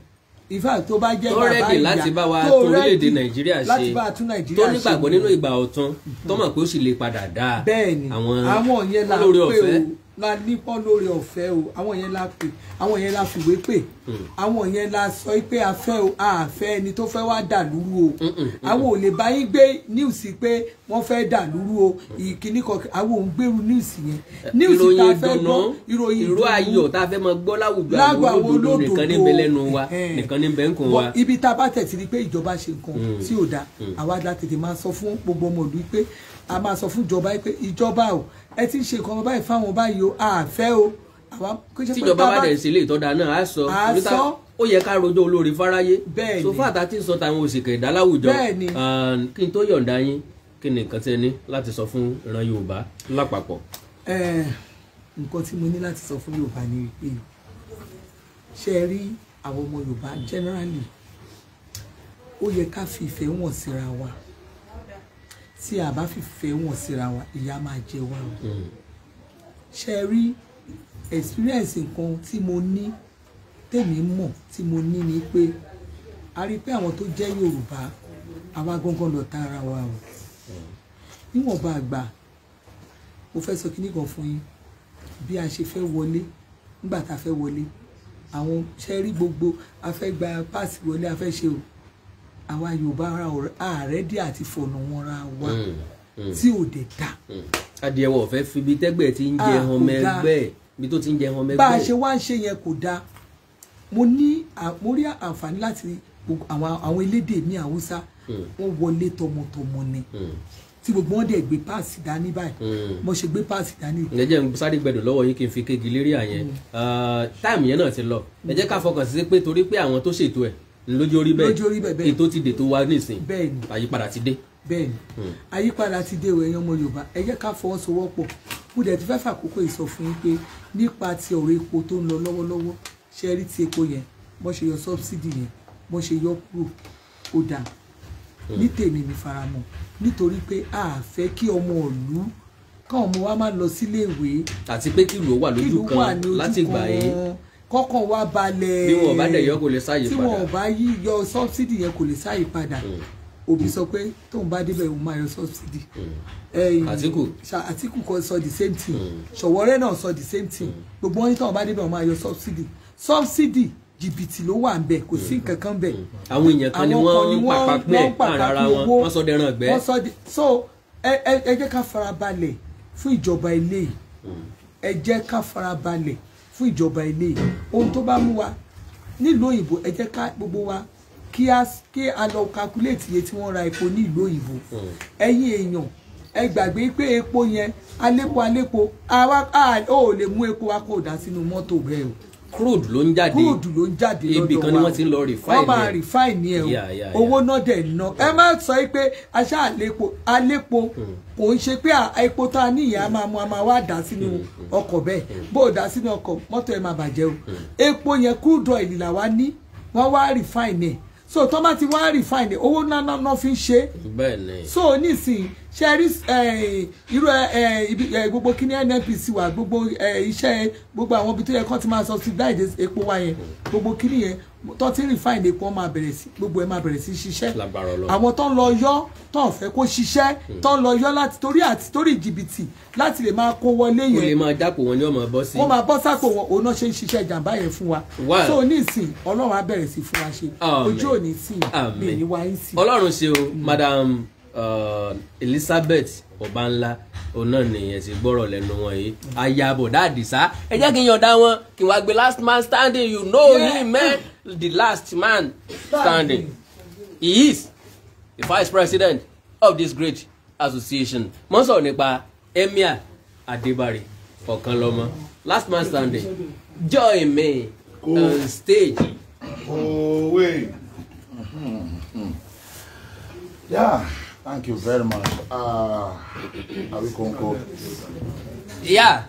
in fact tó bá jẹ́ bàbá ìyá tó rẹ́dì láti bá wa tó orílẹ̀-èdè nàìjíríà ṣe tó nígbàgbọ́ nínú ìgbà ọ̀tun tó mọ̀ pé ó sì lè padà dáa bẹ́ẹ̀ ni àwọn yẹn là ń pè ó la nípọ́ lórí ọ̀fẹ́ o àwọn yẹn la pè àwọn yẹn la fìwé pè hmm. àwọn yẹn la sọ pé a fẹ́ o a fẹ́ ẹni tó fẹ́ wá dàlúrú o hmm, hmm, àwọn ò lè bá yín gbé news pé wọ́n fẹ́ dàlúrú o ìkíní kan àwọn ò ń gbèrú news yẹn news ta fẹ́ gbọ́ ìròyìn ìró ayọ̀ ta fẹ́ mọ gbọ́ láwùjọ àwọn olódodo nìkan ní bẹ lẹ́nu wa nìkan ní bẹ ń kun wa. ibi tá a bá tẹ̀ sí ni pé ìjọba ṣe nǹkan tí ò dáa àwa la tètè máa sọ fún gbogbo ọmọ ìlú pé a máa sọ fún ìjọba pé ìjọba o ẹ ti ń ṣe ìkọ́ báyìí fáwọn báyìí o àfẹ́ o àwa kò ṣe pé tíjọba bá dẹ̀ sí ilé ìtọ́da náà á sọ níta ó yẹ ká rojọ́ olórí fáráyé bẹ́ẹ̀ni sofa àtàtì sọ táwọn òṣìkè ìdáláwùjọ bẹ́ẹ̀ni kí n tó yọ̀ǹda yín kí ni nǹkan tí ẹ ní láti sọ fún ìran Yorùbá lápapọ̀. nǹkan tí mo ní láti sọ fún Yorùbá ni pé ṣe é rí àwọn ọmọ Yorùbá generally ó yẹ ká fi ìfẹ́ wọn síra wa tí a bá fìfẹ́ wọn síra wa ìyà máa jẹ wá o hmm. ṣe rí experience nǹkan tí mo ní tèmi mọ̀ tí mo ní ni pé a rí i pé àwọn tó jẹ́ Yorùbá àwa gangan lọ̀tá ara wa o níwọ̀nba àgbà mo fẹ́ sọ kíní kan fún yín bí a ṣe fẹ́ wọlé nígbà tá a fẹ́ wọlé àwọn ṣe rí gbogbo a fẹ́ gba páàsì wọlé a fẹ́ ṣe o àwa Yorùbá ara ààrẹ dí àti fọ̀nà wọn ra wa mm, mm. tí ò dé ta. Mm. adìẹ wọn ò fi ibi tẹ́gbẹ̀ tí ń jẹ ẹran mẹ́gbẹ́ ibi tó ti ń jẹ ẹran mẹ́gbẹ́. bá a ṣe wá ń ṣe yẹn kò dáa mo ní mo rí àǹfààní láti àwọn elédè ní Haúsá wọn wọlé tọmọtọmọ ni tí gbogbo wọn dẹ̀ gbé páàsì dání báyìí mo ṣe gbé páàsì dání. ẹ jẹ́ n sáré gbẹ̀dọ̀ lọ́wọ́ yín kí n fi kéèkì lérí àyẹn ah, táìmù yẹn náà ti lọ ẹ jẹ́ ká fọkàn sí pé torí pé àwọn tó ṣètò ẹ̀ lójórí bẹ́ẹ̀ lójórí bẹ́ẹ̀ bẹ́ẹ̀ ètò ti dè tó wá nísìn bẹ́ẹ̀ ni àyípadà ti dé. bẹ́ẹ̀ ni hmm. àyípadà ti dé o ẹ̀yin ọmọ yorùbá ẹ jẹ́ ká fọwọ́sowọ́pọ̀ mo dẹ̀ ti fẹ́ fàkókò ìsọ fún yín pé nípa ti ọ̀rọ̀ epo tó ń lọ lọ́wọ́lọ́wọ́ ṣe rí ti epo yẹn bọ́n ṣe yọ sọ́bsidì yẹn bọ́n ṣe yọ kúrò ó dà hmm. ní tèmi mi faramọ́ nítorí pé a fẹ́ kí ọmọ ìlú káwọn ọmọ wa máa lọ síléèwé àti pé kí ìlú wà lójú kan láti gbà yẹn kọ́kàn wá balẹ̀ tí wọn ò bá dẹ̀ yọ kò lè sáyè padà tí wọn ò bá yọ sọ́bsidì yẹn kò lè sáyè padà hmm. òbí sọ pé tóun bá débẹ̀ òun máa yọ sọ́bsidì hmm. àtìkù àtìkù kan sọ the same thing hmm. ṣọ̀wọ́rẹ́ náà sọ the same thing gbogbo wọn ní tóun bá débẹ̀ òun máa yọ sọ́bsidì sọ́bsidì jìbìtì ló wà nbẹ kò sí nǹkan kan bẹ. àwọn èèyàn kan ni wọ́n pàpàpẹ́ àràrà wọn wọ́n sọ dẹran ọgbẹ́. so ẹ jẹ́ ká farabalẹ̀ fún ìjọba ilé yìí ẹ jẹ́ ká farabalẹ̀ fún ìjọba ilé ohun tó bá mú wa nílùú òyìnbó ẹ jẹ́ ká gbogbo wa kí a kí a lọ calculate iye tí wọ́n ra epo ní ìlú òyìnbó hmm. ẹ̀yin èèyàn ẹ gbàgbé pé epo yẹn alépo alépo àwa ò lè mú epo wa kó dà sínú mọ́tò bẹ́ẹ̀ o crude ló ń jáde crude ló ń jáde lọ́dọ̀ wa ibì kan ni wọ́n ti ń lọ refine ẹ̀ wọ́n máa refine ẹ̀ o owó náà dẹ̀ ná ẹ má sọ pé aṣá àlépo àlépo hmm. kò ń ṣe pé epo tá a níyà máa mu a máa dà sínú hmm. ọkọ̀ bẹ́ẹ̀ hmm. bó o dà sínú ọkọ̀ mọ́tò ẹ̀ máa bàjẹ́ o epo yẹn crude oil là wá ní wọ́n wá refine ẹ̀ so tó bá ti wá refine owó náà náà fi ń ṣe so nísìnyí ṣe rí irú gbogbo kíní nnpc wà gbogbo iṣẹ́ gbogbo àwọn ibi tó yẹ kán ti máa subsidize epo wa yẹn gbogbo kíní yẹn tó ti refine epo wọn máa bẹ̀rẹ̀ sí gbogbo ẹ̀ máa bẹ̀rẹ̀ sí ṣiṣẹ́ àwọn tó ń lọ yọ́ tó ń fẹ́ kó ṣiṣẹ́ hmm. tó ń lọ yọ́ láti torí àti torí jìbìtì láti lè máa kó wọlé yẹn. o lè máa dápò wọn ni wọn máa bọ́ sí. wọ́n máa bọ́ sápò wọn òun náà ṣe ń ṣiṣẹ́ ìjàmbá yẹn fún wa. so nísìn ọlọ́run á bẹ̀rẹ̀ sí fún wa ṣe ojú òní sí mi wa ń sìn. ọlọ́run ṣe o hmm. madam uh, Elizabeth Ọbánlá òun náà nìyẹn ti gbọ́rọ̀ lẹ́nu wọn yìí hmm. ayabo dáàdì sá ẹ jẹ́ kí n yọ̀ǹda wọn kí n gbé last man standing you know yeah. him man the last man standing. He is the vice president of this great association. Mo ń sọ̀rọ̀ Adibari Emir Adebari Last man standing. Join me on stage. Oh, wait. Mm-hmm. Yeah, thank you very much. Uh, ah, Awikonko. Yeah.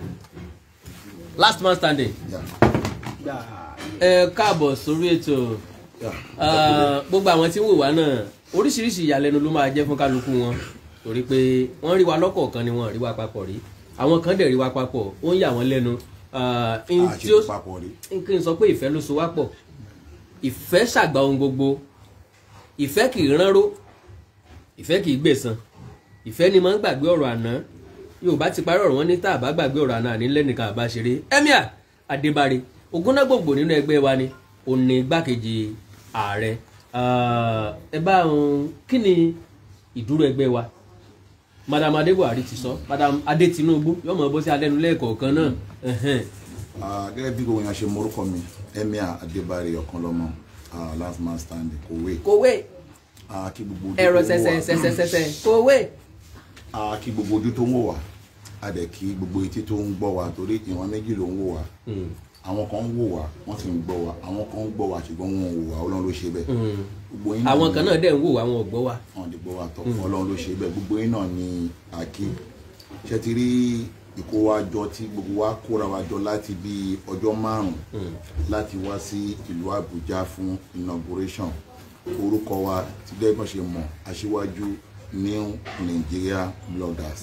Last man standing. Yeah. Yeah ẹ káàbọ̀ sórí ètò ah, ah, gbogbo àwọn tí ń wò wá náà oríṣiríṣi ìyàlẹ́nu ló máa jẹ́ fún kálukú wọn torí pé wọ́n rí wa lọ́kọ̀ọ̀kan ni wọ́n rí wa papọ̀ rí àwọn kan dẹ̀ rí wa papọ̀ ó ń yà wọ́n lẹ́nu ah, kí n sọ pé ìfẹ́ ló so wá pọ̀ ìfẹ́ ṣàgbà ohun gbogbo ìfẹ́ kì í ránró ìfẹ́ kì í gbẹ̀san ìfẹ́ ni máa ń gbàgbé ọ̀rọ̀ àná Yorùbá ti parí ọ̀rọ̀ wọn ní tá a bá gbàgbé ọ̀rọ̀ àná àní lẹ́nìkan àbáṣeré Emir Adébárí Ògúnnágbòǹgbò nínú ẹgbẹ́ wa ni òun ni igbákejì ààrẹ ẹ bá òun kí ni ìdúró ẹgbẹ́ wa madam adé ti sọ madam adé tinubu yóò mọ bó sí adẹnu lẹ́ẹ̀kọ̀ọ̀kan náà. gẹ́gẹ́ bí gbogbo yẹn ṣe morúkọ mi emir adébárí ọ̀kanlọ́mọ last man standing kòwé. kòwé ẹ̀rọ sẹ̀sẹ̀sẹ̀sẹ̀sẹ̀ kòwé. kí gbogbo ojú tó ń wò wá a dẹ̀ kí gbogbo etí tó ń gbọ́ wá torí ìwọ̀n méjì ló ń wò wá. Hmm àwọn kan ń wò wá wọ́n sì ń gbọ́ wá àwọn kan ń gbọ́ wá ṣùgbọ́n wọn ò wò wá ọlọ́run ló ṣe bẹ́ẹ̀. Hmm. àwọn kan náà dẹ̀ ń wò wá wọn ò gbọ́ wá. wọn ti gbọ́ wá tọ̀ hmm. ọlọ́run ló ṣe bẹ́ẹ̀ gbogbo yín náà ni àkí ṣe ti rí ìkó wa jọ tí gbogbo wa kóra wa jọ láti bí ọjọ́ márùn-ún hmm. láti wá sí ìlú Àbújá fún inauguration orúkọ wa ti dẹ́gbọ́n ṣe mọ̀ aṣíwájú new Nigeria bloggers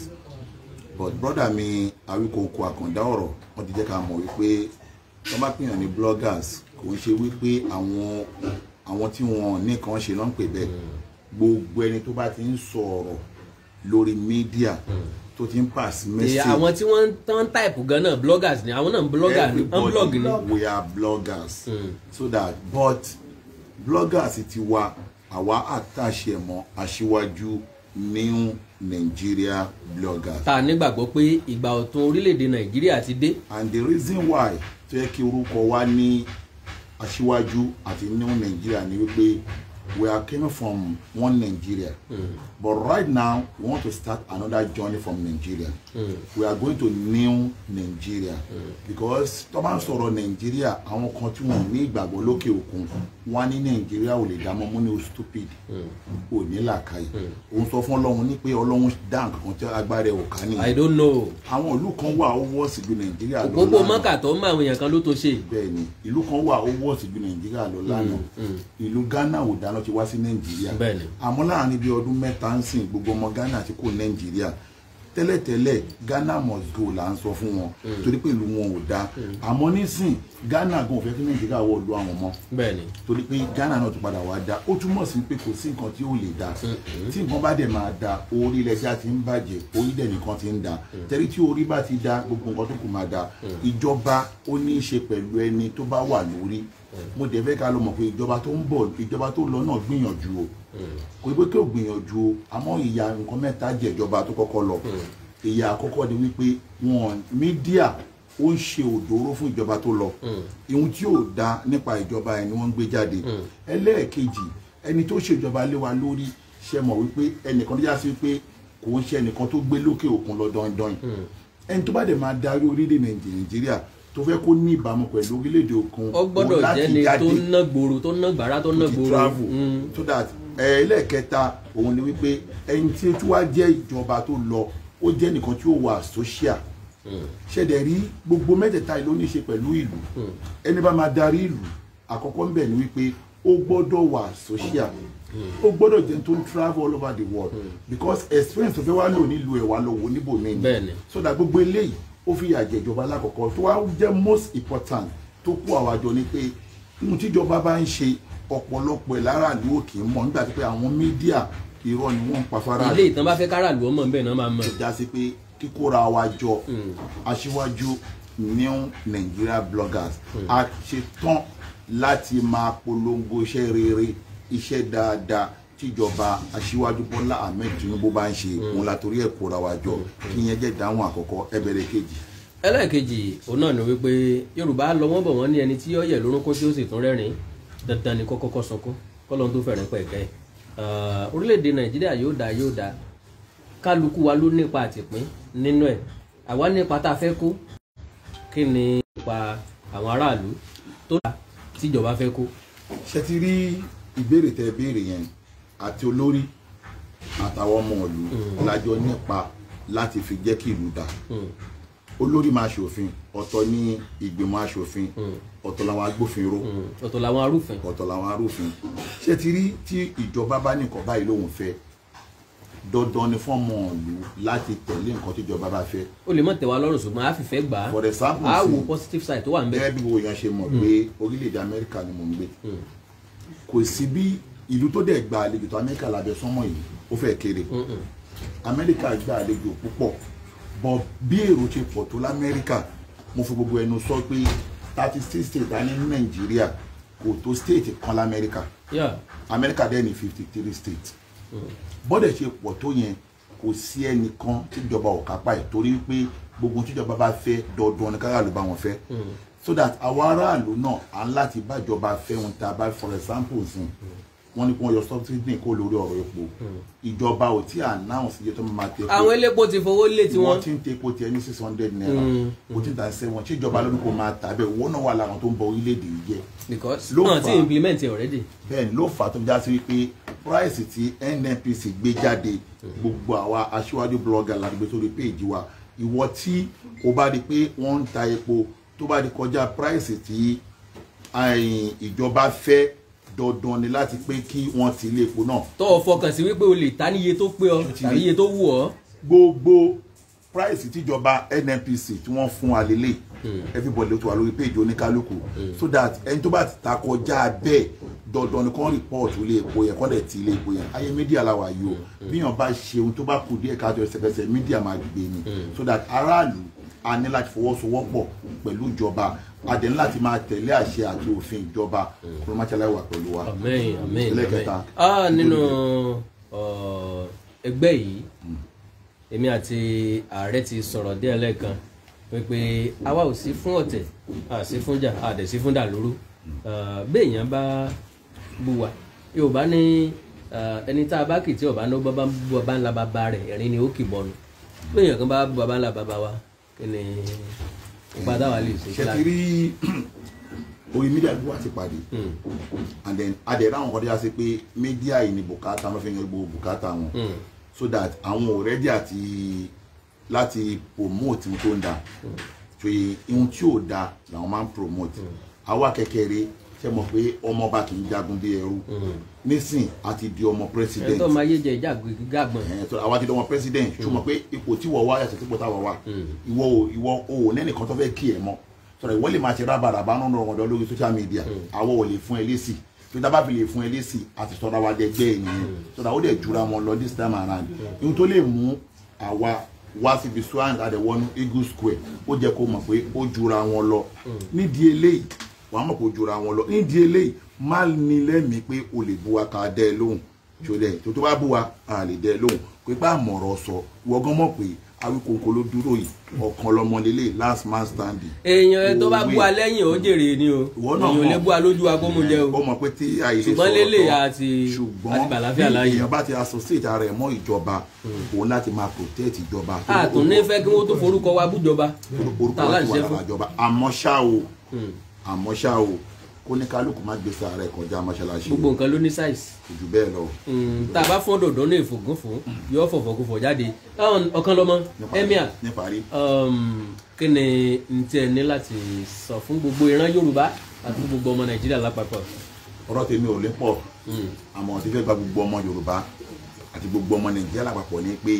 but brother mi awíkòkò àkàndá ọ̀rọ̀ wọ́n ti jẹ́ ká mọ̀ wípé wọ́n bá pèèyàn ní bloggers kò ń ṣe wípé àwọn àwọn tí wọn nìkan ṣe náà ń pè bẹ́ẹ̀ hmm. gbogbo ẹni tó bá ti ń sọ ọ̀rọ̀ lórí mídíà hmm. tó ti ń pass message. èyí àwọn tí wọ́n tán type gan náà bloggers ni àwọn náà ń blogger ni ń blog ni. we are bloggers mm. so that but bloggers ti wa àwa àtàṣe mọ́ aṣíwájú new Nigeria bloggers. ta nígbàgbọ́ pé ìgbà ọ̀tun orílẹ̀-èdè Nàìjíríà ti dé. and the reason why tó kí orúkọ wa ní aṣíwájú àti new Nigeria ni wípé we are coming from one Nigeria mm. but right now we want to start another journey from Nigeria mm. we are going to new Nigeria mm. because tó bá ń sọ̀rọ̀ Nigeria àwọn kan tí wọ́n ní ìgbàgbọ́ lókè òkun. Mm wọn ní nàìjíríà ò lè dámọ mú ní o stupid ò hmm. ní làákàyè hmm. òun sọ fún ọlọ́run ní pé ọlọ́run dá nǹkan kan tí agbára ẹ̀ ò ká nìyẹn. i don't know. àwọn ìlú kan wà ó wọ́ọ̀sì ju nàìjíríà lọ lánàá. òpópó mọ́kà tó ń bá àwọn èèyàn kan ló tó ṣe. bẹ́ẹ̀ni ìlú kan wà ó wọ́ọ̀sì ju nàìjíríà lọ hmm, lánàá ìlú ghana ò dáná ti wá sí nàìjíríà àmọ́ láàrin bíi ọdún mẹ́ta ń sìn gbogbo ọmọ ghana ti kó nàìjíríà tẹ́lẹ̀tẹ́lẹ̀ Ghana must go là ń sọ fún wọn mm. torí pé ìlú wọn ò dáa mm. àmọ́ nísìn Ghana gan fẹ́ kí Nàìjíríà wọ̀ lu àwọn mọ́ torí pé Ghana náà tún padà wá da ó túmọ̀ sí pé kò sí nǹkan tí ó lè da mm-hmm. tí nǹkan bá dẹ̀ máa da orí ilẹ̀ tí a ti ń bàjẹ́ orí dẹ̀ nìkan ti ń da mm. tẹ́rí tí orí bá ti da gbogbo nǹkan tó kù máa da ìjọba ó ní í ṣe pẹ̀lú ẹni tó bá wà lórí mo dẹ̀ fẹ́ ká lọ mọ̀ pé ìjọba tó ń bọ̀ ìjọba tó lọ náà gbìyànjú o kò pé kí o gbìyànjú o àmọ́ ìyá nǹkan mẹ́ta jẹ̀jọba tó kọ́kọ́ lọ hmm. ìyá àkọ́kọ́ ni wípé wọn mídíà ó ń ṣe òdòró fún ìjọba tó lọ ihun hmm. tí ò da nípa ìjọba ẹ̀ ni wọ́n ń gbé jáde hmm. ẹlẹ́ẹ̀kejì ẹni tó ṣèjọba lé wa lórí ṣe mọ̀ wípé ẹnìkan tó já sí wípé kò ń ṣe ẹnìkan tó gbé lókè òkun lọ dandan ẹni tó bá dẹ̀ máa darí orílẹ̀ nàìjíríà tó fẹ́ kó ní ìbámu pẹ̀lú orílẹ̀-èdè òkun ó gbọ́dọ̀ jẹ́ ni tó ná gbòòrò tó ná gbàrà tó ná gbòòrò ẹlẹ́ẹ̀kẹta òun ni wípé ẹni tí tí wàá jẹ́ ìjọba tó lọ ó jẹ́ nìkan tí ó wà social ṣẹ̀dẹ̀ rí gbogbo mẹ́tẹ̀ẹ̀ta ló ní ṣe pẹ̀lú ìlú ẹni bá máa darí ìlú àkọ́kọ́ ń bẹ̀ ni wípé ó gbọ́dọ̀ wà social ó gbọ́dọ̀ jẹ́ tó ń travel all over the world because experience tó fẹ́ wá lò nílùú ẹ̀ wá lọ́wọ́ níbòmí ni so that gbogbo eléyìí ó fi yà ìjọba lákọ̀ọ́kọ́ tó wá jẹ́ most important tó kú àwàjọ ni pé ohun tíjọba bá ń ṣe ọ̀pọ̀lọpọ̀ ẹ̀ láràlú òkè mọ̀ nígbà tí pé àwọn mídíà irọ́ ni wọ́n ń pa fara. ilé ìtàn bá fẹ́ káràlú ọmọ bẹ́ẹ̀ náà máa mọ̀. ìjà sí pé kíkóra wa jọ hmm. aṣíwájú new Nigeria bloggers hmm. a ṣe tán láti máa polongo iṣẹ́ rere iṣẹ́ dáadáa tíjọba aṣíwájú bọ́lá ahmed tinubu bá ń ṣe hmm. òun la torí ẹ̀ kóra wa jọ kí yẹn jẹ́ dáhùn àkọ́kọ́ ẹbẹ̀rẹ̀ kejì. ẹlẹ́ẹ̀kejì òun náà ni wípé yorùbá lọ bọ̀ wọ́n ní ẹni tí ó lórúkọ tí ó sì tún rẹ́rìn-ín dandan ni kọ́kọ́kọ́ sunkún kọ́lọ́n tó fẹ̀rẹ̀ pẹ̀kẹ́ ah, orílẹ̀-èdè nàìjíríà yóò dá yóò dá kálukú wa ló nípa àtìpín nínú ẹ̀ àwa nípa tá a fẹ́ kó kí ni nípa àwọn aráàlú tó dà tíjọba fẹ́ kó. ṣe ti rí ìbéèrè tẹ béèrè yẹn àti olórí àtàwọn ọmọ ìlú hmm. lájọ nípa láti fi jẹ́ kí ìlú dáa. Hmm olórí máa ṣòfin ọ̀tọ̀ ní ìgbìmọ̀ aṣòfin hmm. ọ̀tọ̀ làwọn agbófinró hmm. ọ̀tọ̀ làwọn arúfin ọ̀tọ̀ làwọn arúfin ṣé ti rí tí ìjọba bá nìkan báyìí lòun fẹ́ dandan ni fọ́ọ̀mù ọ̀lú láti tẹ̀lé nǹkan tí ìjọba bá fẹ́. ó lè mọ̀ tẹ̀wá lọ́rùn ṣùgbọ́n a fìfẹ́ gbà á for example a wo positive side tó wà ń bẹ̀. gẹ́gẹ́ bí wo yan ṣe mọ̀ hmm. pé orílẹ̀-èdè amẹ́ríkà ni mò ń gbé kò sí bí ìlú tó dẹ̀ gba àlejò tó amẹ́ríkà lábẹ́ sánmọ̀ yìí ó fẹ́ kéré amẹ́ríkà gba àlejò púpọ̀ but bí èrò ṣe pọ̀ tó lamẹ́ríkà mo fi gbogbo ẹnu sọ pé thirty six states a ní nàìjíríà kò tó state kan lamẹ́ríkà amẹ́ríkà dẹ̀ ní fifty three states mm. bọ́dẹ̀ ṣe pọ̀ tó yẹn kò sí ẹnìkan tíjọba ò kápá ẹ̀ torí pé gbogbo tíjọba bá fẹ́ dọ̀dọ̀ ní káràlú bá wọn fẹ́ mm. so that àwọn aráàlú náà à ń láti bájọba fẹ́ ohun tá a for example sìn. Mm wọ́n ní kí wọ́n yọ subsidy kó lórí ọ̀rọ̀ epo hmm. ìjọba ò tí announce iye tó máa tepo àwọn elépo ti fowó lé tiwọn wọ́n ti ń tepo tiẹ̀ ní six hundred naira kò hmm. tí ń ta seven ṣé ìjọba lónìí kò máa tà bẹ́ẹ̀ owó náà wà láwọn tó ń bọ orílẹ̀-èdè yìí jẹ́. because náà ti implement it already. bẹ́ẹ̀ni ló fà á tó já sí wípé price tí NNPC gbé jáde hmm. gbogbo àwa aṣíwájú blogger làdúgbò sórí péèjì wa ìwọ tí o bá di pé wọ́n ń ta epo tó bá di kọjá price tí eh, ìjọba fẹ́ dandan ni láti pé kí wọ́n ti ilé epo náà. tó o fọkàn sí wípé o lè ta níye tó pé ọ tàbí iye tó wù ọ. gbogbo price tíjọba nnpc tí wọ́n fún wa lélẹ̀ hmm. everybody ló ti wà lórí péjì oníkálukú hmm. so that ẹni tó bá ti ta kọjá bẹ́ẹ̀ dandan ni kàn report ilé epo yẹn kàn dẹ̀ ti ilé epo yẹn ayé mídíà la yìí o hmm. bíyàn bá ṣe ohun tó bá kù díẹ̀ káàtó ẹsẹ̀kẹsẹ̀ mídíà máa gbé ni so that aráàlú a ní láti fọwọ́sowọ́pọ̀ pẹ̀lú ìjọba a dẹ̀ ní láti máa tẹ̀lé àṣẹ àti òfin ìjọba kúrọ́mọ́tàláì wà pẹ̀lú wa. àmín àmín àmín nínú uh, ẹgbẹ́ yìí èmi àti ààrẹ ti sọ̀rọ̀ díẹ̀ lẹ́ẹ̀kan pé àwa ò sí fún ọ̀tẹ̀ a sí fún jà a dẹ̀ sí fún dàlúrú uh, béèyàn bá bu wa Yorùbá ní uh, ẹni tá a bá kì tí Yorùbá ní bàbá ń la bàbá rẹ̀ ẹ̀rín ni ó kì bọ́nu béèyàn kan bá bu bàbá ń bàbá wa kí ni ipa táwa lè ṣe. ṣe ti rí orí mídíà gbogbo àti pàdé hmm. and then adẹ̀rẹ̀ àwọn kọ́dé yà sí pé mídíà yìí ni bùkátà wọn fi yan gbogbo bùkátà wọn hmm. so that àwọn already àti láti promote ohun tó ń da hmm. so ohun tí ò da làwọn máa ń promote àwa kékeré ṣe mọ̀ pé ọmọọba kì í jagun bí ẹrú hmm. nísìn a ti di ọmọ president. ẹ̀tọ́ máa yé jẹ jágbọ̀n. ẹ̀tọ́ àwa ti di ọmọ president hmm. ṣùgbọ́n pé ipò tí wọ́n wá yàtọ̀ tí ipò táwa wà hmm. ìwọ ìwọ o nẹ́nìkan tó fẹ́ kí ẹ mọ́ sọ̀rọ̀ ìwọ lè máa ṣe rábàràbà nínú ọ̀dọ́ lórí social media àwọ̀ ò lè fún ẹ lésì tó dábàá fi lè fún ẹ lésì àti sọ̀rọ̀ wa dẹgbẹ́ ẹ̀yìn sọ̀rọ̀ ó dẹ̀ wàá mọ̀ kó jura wọn lọ nídìí eléyìí má ní lẹ́mìí pé o lè bu aka dẹ́ ẹ lóhùn ṣọlẹ̀ tó tó bá bu wa à lè dẹ́ lóhùn pé bá àmọ̀rọ̀ sọ wọ́gán mọ̀ pé awíkòǹkò ló dúró yìí ọ̀kan lọmọ nílé last man standing. èèyàn ẹ tó bá bu wa lẹ́yìn ó jèrè ni o èèyàn lè bu wa lójú wa jẹ o ó mọ̀ pé tí àìlè sọ̀rọ̀ tọ́ ṣùgbọ́n lélẹ̀ àti bàlàfíà láàyè. èèyàn bá ti associate ara ẹ̀ mọ́ ìjọba hmm. òun láti máa protect ìjọba. a fẹ́ kí wọ́n tó forúkọ wa bújọba. orúkọ wa ti wà lára àmọ́ ṣá o hmm àmọ́ ṣá o kó ní kálukú má gbé sára ẹ̀ kọjá mọ́ṣáláṣí. gbogbo nǹkan ló ní size. kò jù bẹ́ẹ̀ lọ. Hmm, tá a bá fọ́n dòdò ní ìfògùnfò yóò fọ̀fọ̀gùnfò jáde ọ̀kan lọ́mọ emir um, kí ni n tiẹ̀ ní láti sọ fún gbogbo ìran yorùbá àti gbogbo ọmọ nàìjíríà lápapọ̀. ọ̀rọ̀ tèmi ò lè pọ̀ hmm. àmọ́ ti fẹ́ gba gbogbo ọmọ yorùbá àti gbogbo ọmọ nàìjíríà lápapọ̀ ni pé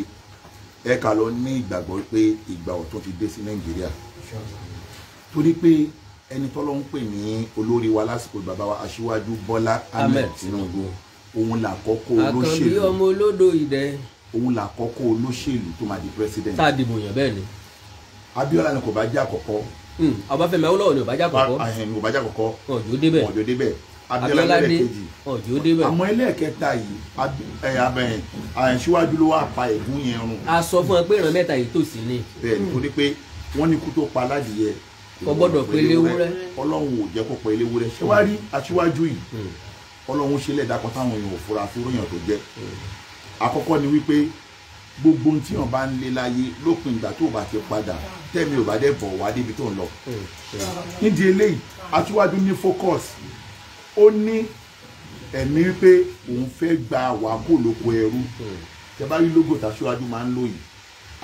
ẹ̀ka ló ní ìgbàgbọ́ pé ìgbà ọ̀tun ti dé sí nàìjíríà torí pé ẹni tọ́lọ́ ń pè ní olórí wa lásìkò bàbá wa aṣíwájú bọ́lá ahmed tinubu òun làkọ́kọ́ olóṣèlú àkànbí ọmọ olódo ìdẹ òun làkọ́kọ́ olóṣèlú tó máa di president. tá a dìbò yàn bẹ́ẹ̀ ni. abiola ni kò bá jẹ́ àkọ́kọ́. Hmm, ọbáfẹ́mi awólọ́wọ̀ ni kò bá jẹ́ àkọ́kọ́. kò bá jẹ́ àkọ́kọ́. ọjọ́ débẹ̀ ọjọ́ débẹ̀ abiola lẹ́ẹ̀kejì ọjọ́ débẹ̀. àmọ́ ẹlẹ́ẹ̀kẹta yìí eh, eh, aṣíwájú ló wà pa ẹ̀gún yẹn run. a sọ fún ọ pé ìran yìí tòsí ni. bẹ́ẹ̀ ni torí pé wọ́n ní kú tó pa aládìyẹ kò gbọ́dọ̀ pé léwúrẹ́ ọlọ́run ò jẹ́ kó pé léwúrẹ́ ṣé wàá rí aṣíwájú yìí hmm. ọlọ́run ṣe lẹ́ẹ̀dá táwọn èèyàn ò fura ròyìn tó jẹ́ hmm. àkọ́kọ́ ni wípé gbogbo ohun tí wọn bá ń lé láyé lópin ìgbà tó o bá ti padà tẹ́mi ò bá dẹ̀ bọ̀ wá débi tó ń lọ. Hmm. nídìí eléyìí aṣíwájú ní focus ó ní ẹ̀mí wípé òun fẹ́ gba wàhálà lóko ẹrú tẹ bá rí lógo tàṣíwájú máa ń lò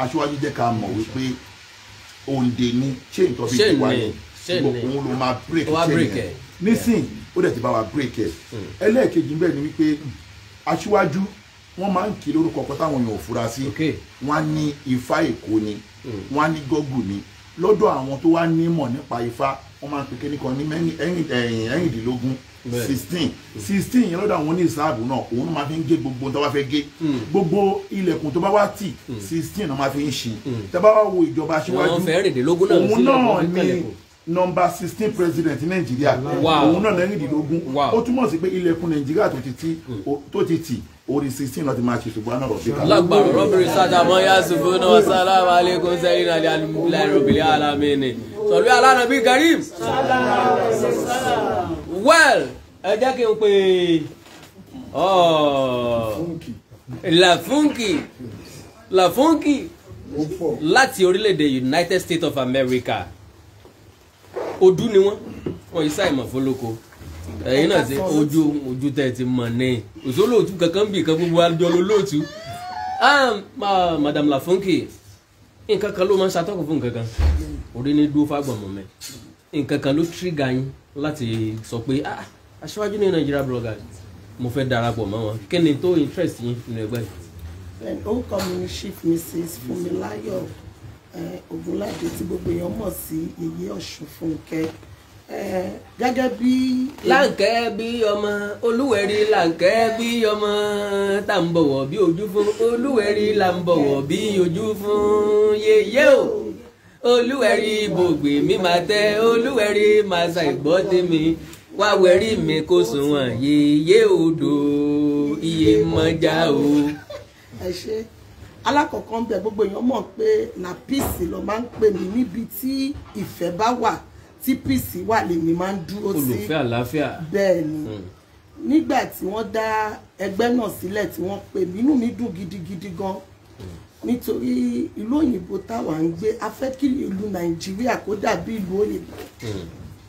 aṣíwájú jẹ́ ká mọ̀ wípé òǹdè ni ṣé nǹkan fi ti wá ní gbogbo òun ló máa break chain yẹn nísìn ó dẹ̀ ti bá wa break ẹ̀ hmm. ẹlẹ́ẹ̀kejì bẹ́ẹ̀ ni wípé aṣíwájú wọ́n máa ń kí lórúkọ kan táwọn èèyàn ò sí wọ́n á ní ifá èkó ni hmm. wọ́n á ní gọ́gù ni lọ́dọ̀ àwọn tó wá nímọ̀ nípa ifá wọ́n máa ń pe kíníkan ní ẹ̀yìndínlógún sixteen hmm. sixteen yẹn lọ́dọ̀ àwọn oníṣàbù náà òun máa fi ń gé gbogbo tó bá fẹ́ gé hmm. gbogbo ilẹ̀kùn tó bá wá tì hmm. sixteen náà máa fi ń ṣe tẹ́ bá wá wo ìjọba aṣíwájú òun náà ni nọmba sixteen president nàìjíríà òun náà lẹ́rìndínlógún ó túmọ̀ sí pé ilẹ̀kùn nàìjíríà tó ti tì orí sixteen láti máa ṣe ṣùgbọ́n náà rọ̀bì kan. lágbàrú rọ́bìrì sàdámọ́ yasuf náà wàsálàmù aleykum sẹ́yìn náà alimubilayi rọ̀bìlì alamí ni sọ̀rọ̀ alára bíi karim. sàlámù alaykum sàlámù well ẹ jẹ́ kí n pè oh, Lafunky Lafunky láti orílẹ̀-èdè United States of America ojú ni wọ́n wọ́n yìí ṣàìmọ̀ fọlọ́kọ ẹ̀yin náà ṣe ojú ojú tẹ̀ ti mọ̀ ní òṣòlóòtú kankan bì kan gbogbo àjọ olóòtú um, Madam Lafunky nǹkan kan ló máa ń ṣàtọ́kùn fún nǹkan kan orí ni dúró fágbọ̀n mọ́ mẹ́ nǹkan kan ló tírígà yín láti sọ pé ah aṣáájú ní Nigeria bloggers mo fẹ́ darapọ̀ mọ́ wọn kí ni tó interest yín nínú ẹgbẹ́ yìí. orúkọ mi ni chief mrs Fúnmiláyọ̀ Ogunládé tí gbogbo èèyàn mọ̀ sí Yèyé Ọ̀ṣun Fúnkẹ́ gẹ́gẹ́ bí. láǹkẹ́ bí ọmọ olúwẹ̀rí láǹkẹ́ bí ọmọ tá à ń bọ̀wọ̀ bí ojú fún olúwẹ̀rí là ń bọ̀wọ̀ bí ojú fún yèyé o olúwẹ̀rí ibògbè mi máa tẹ́ olúwẹ̀rí máa sa ìgbọ́ tèmi wá wẹ̀rí mi kó sunwọ̀n yèyé odò iye mọ́já o. ẹ ṣe alákọ̀ọ́kọ́ ń bẹ gbogbo èèyàn mọ̀ pé na píìsì ló máa ń pè mí níbi tí ìfẹ́ bá wà tí píìsì wà lèmi máa ń dúró sí olùfẹ́ àlàáfíà bẹ́ẹ̀ ni hmm. nígbà tí wọ́n dá ẹgbẹ́ náà sílẹ̀ tí wọ́n pè mí inú mi dùn gidigidi gan-an nítorí ìlú òyìnbó táwa ń gbé afẹ́kìlì ìlú nàìjíríà kó dàbí ìlú òyìnbó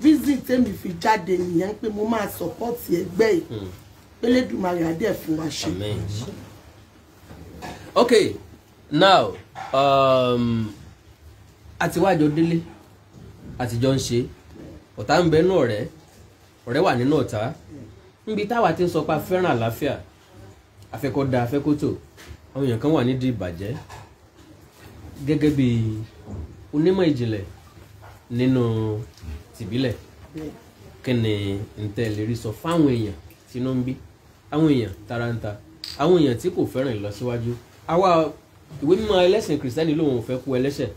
visit hmm. tèmi fi jáde nìyẹn pé mo máa support ẹgbẹ́ yìí pélédùmarè hmm. adé fún wa ṣe. okay now àtiwájọ um, délé àtijọ́ ń ṣe ọ̀tá ń bẹ nínú ọ̀rẹ́ ọ̀rẹ́ wà nínú ọ̀tá níbi táwa ti ń sọ pé fẹ́ràn àlàáfíà afẹ́kọ́ da afẹ́kọ́ tò àwọn èèyàn kan wà nídìí ìbàjẹ́ gẹ́gẹ́ bí onímọ̀ ìjìnlẹ̀ nínú tìbílẹ̀ kí ni sọ fáwọn èèyàn tínú ń bí àwọn èèyàn taranta àwọn èèyàn tí kò fẹ́ràn ìlọsíwájú àwa ìwé mímọ́ ẹlẹ́sìn kìrìsìtẹ́nì lòun ò fẹ́ kú ẹlẹ́ṣẹ̀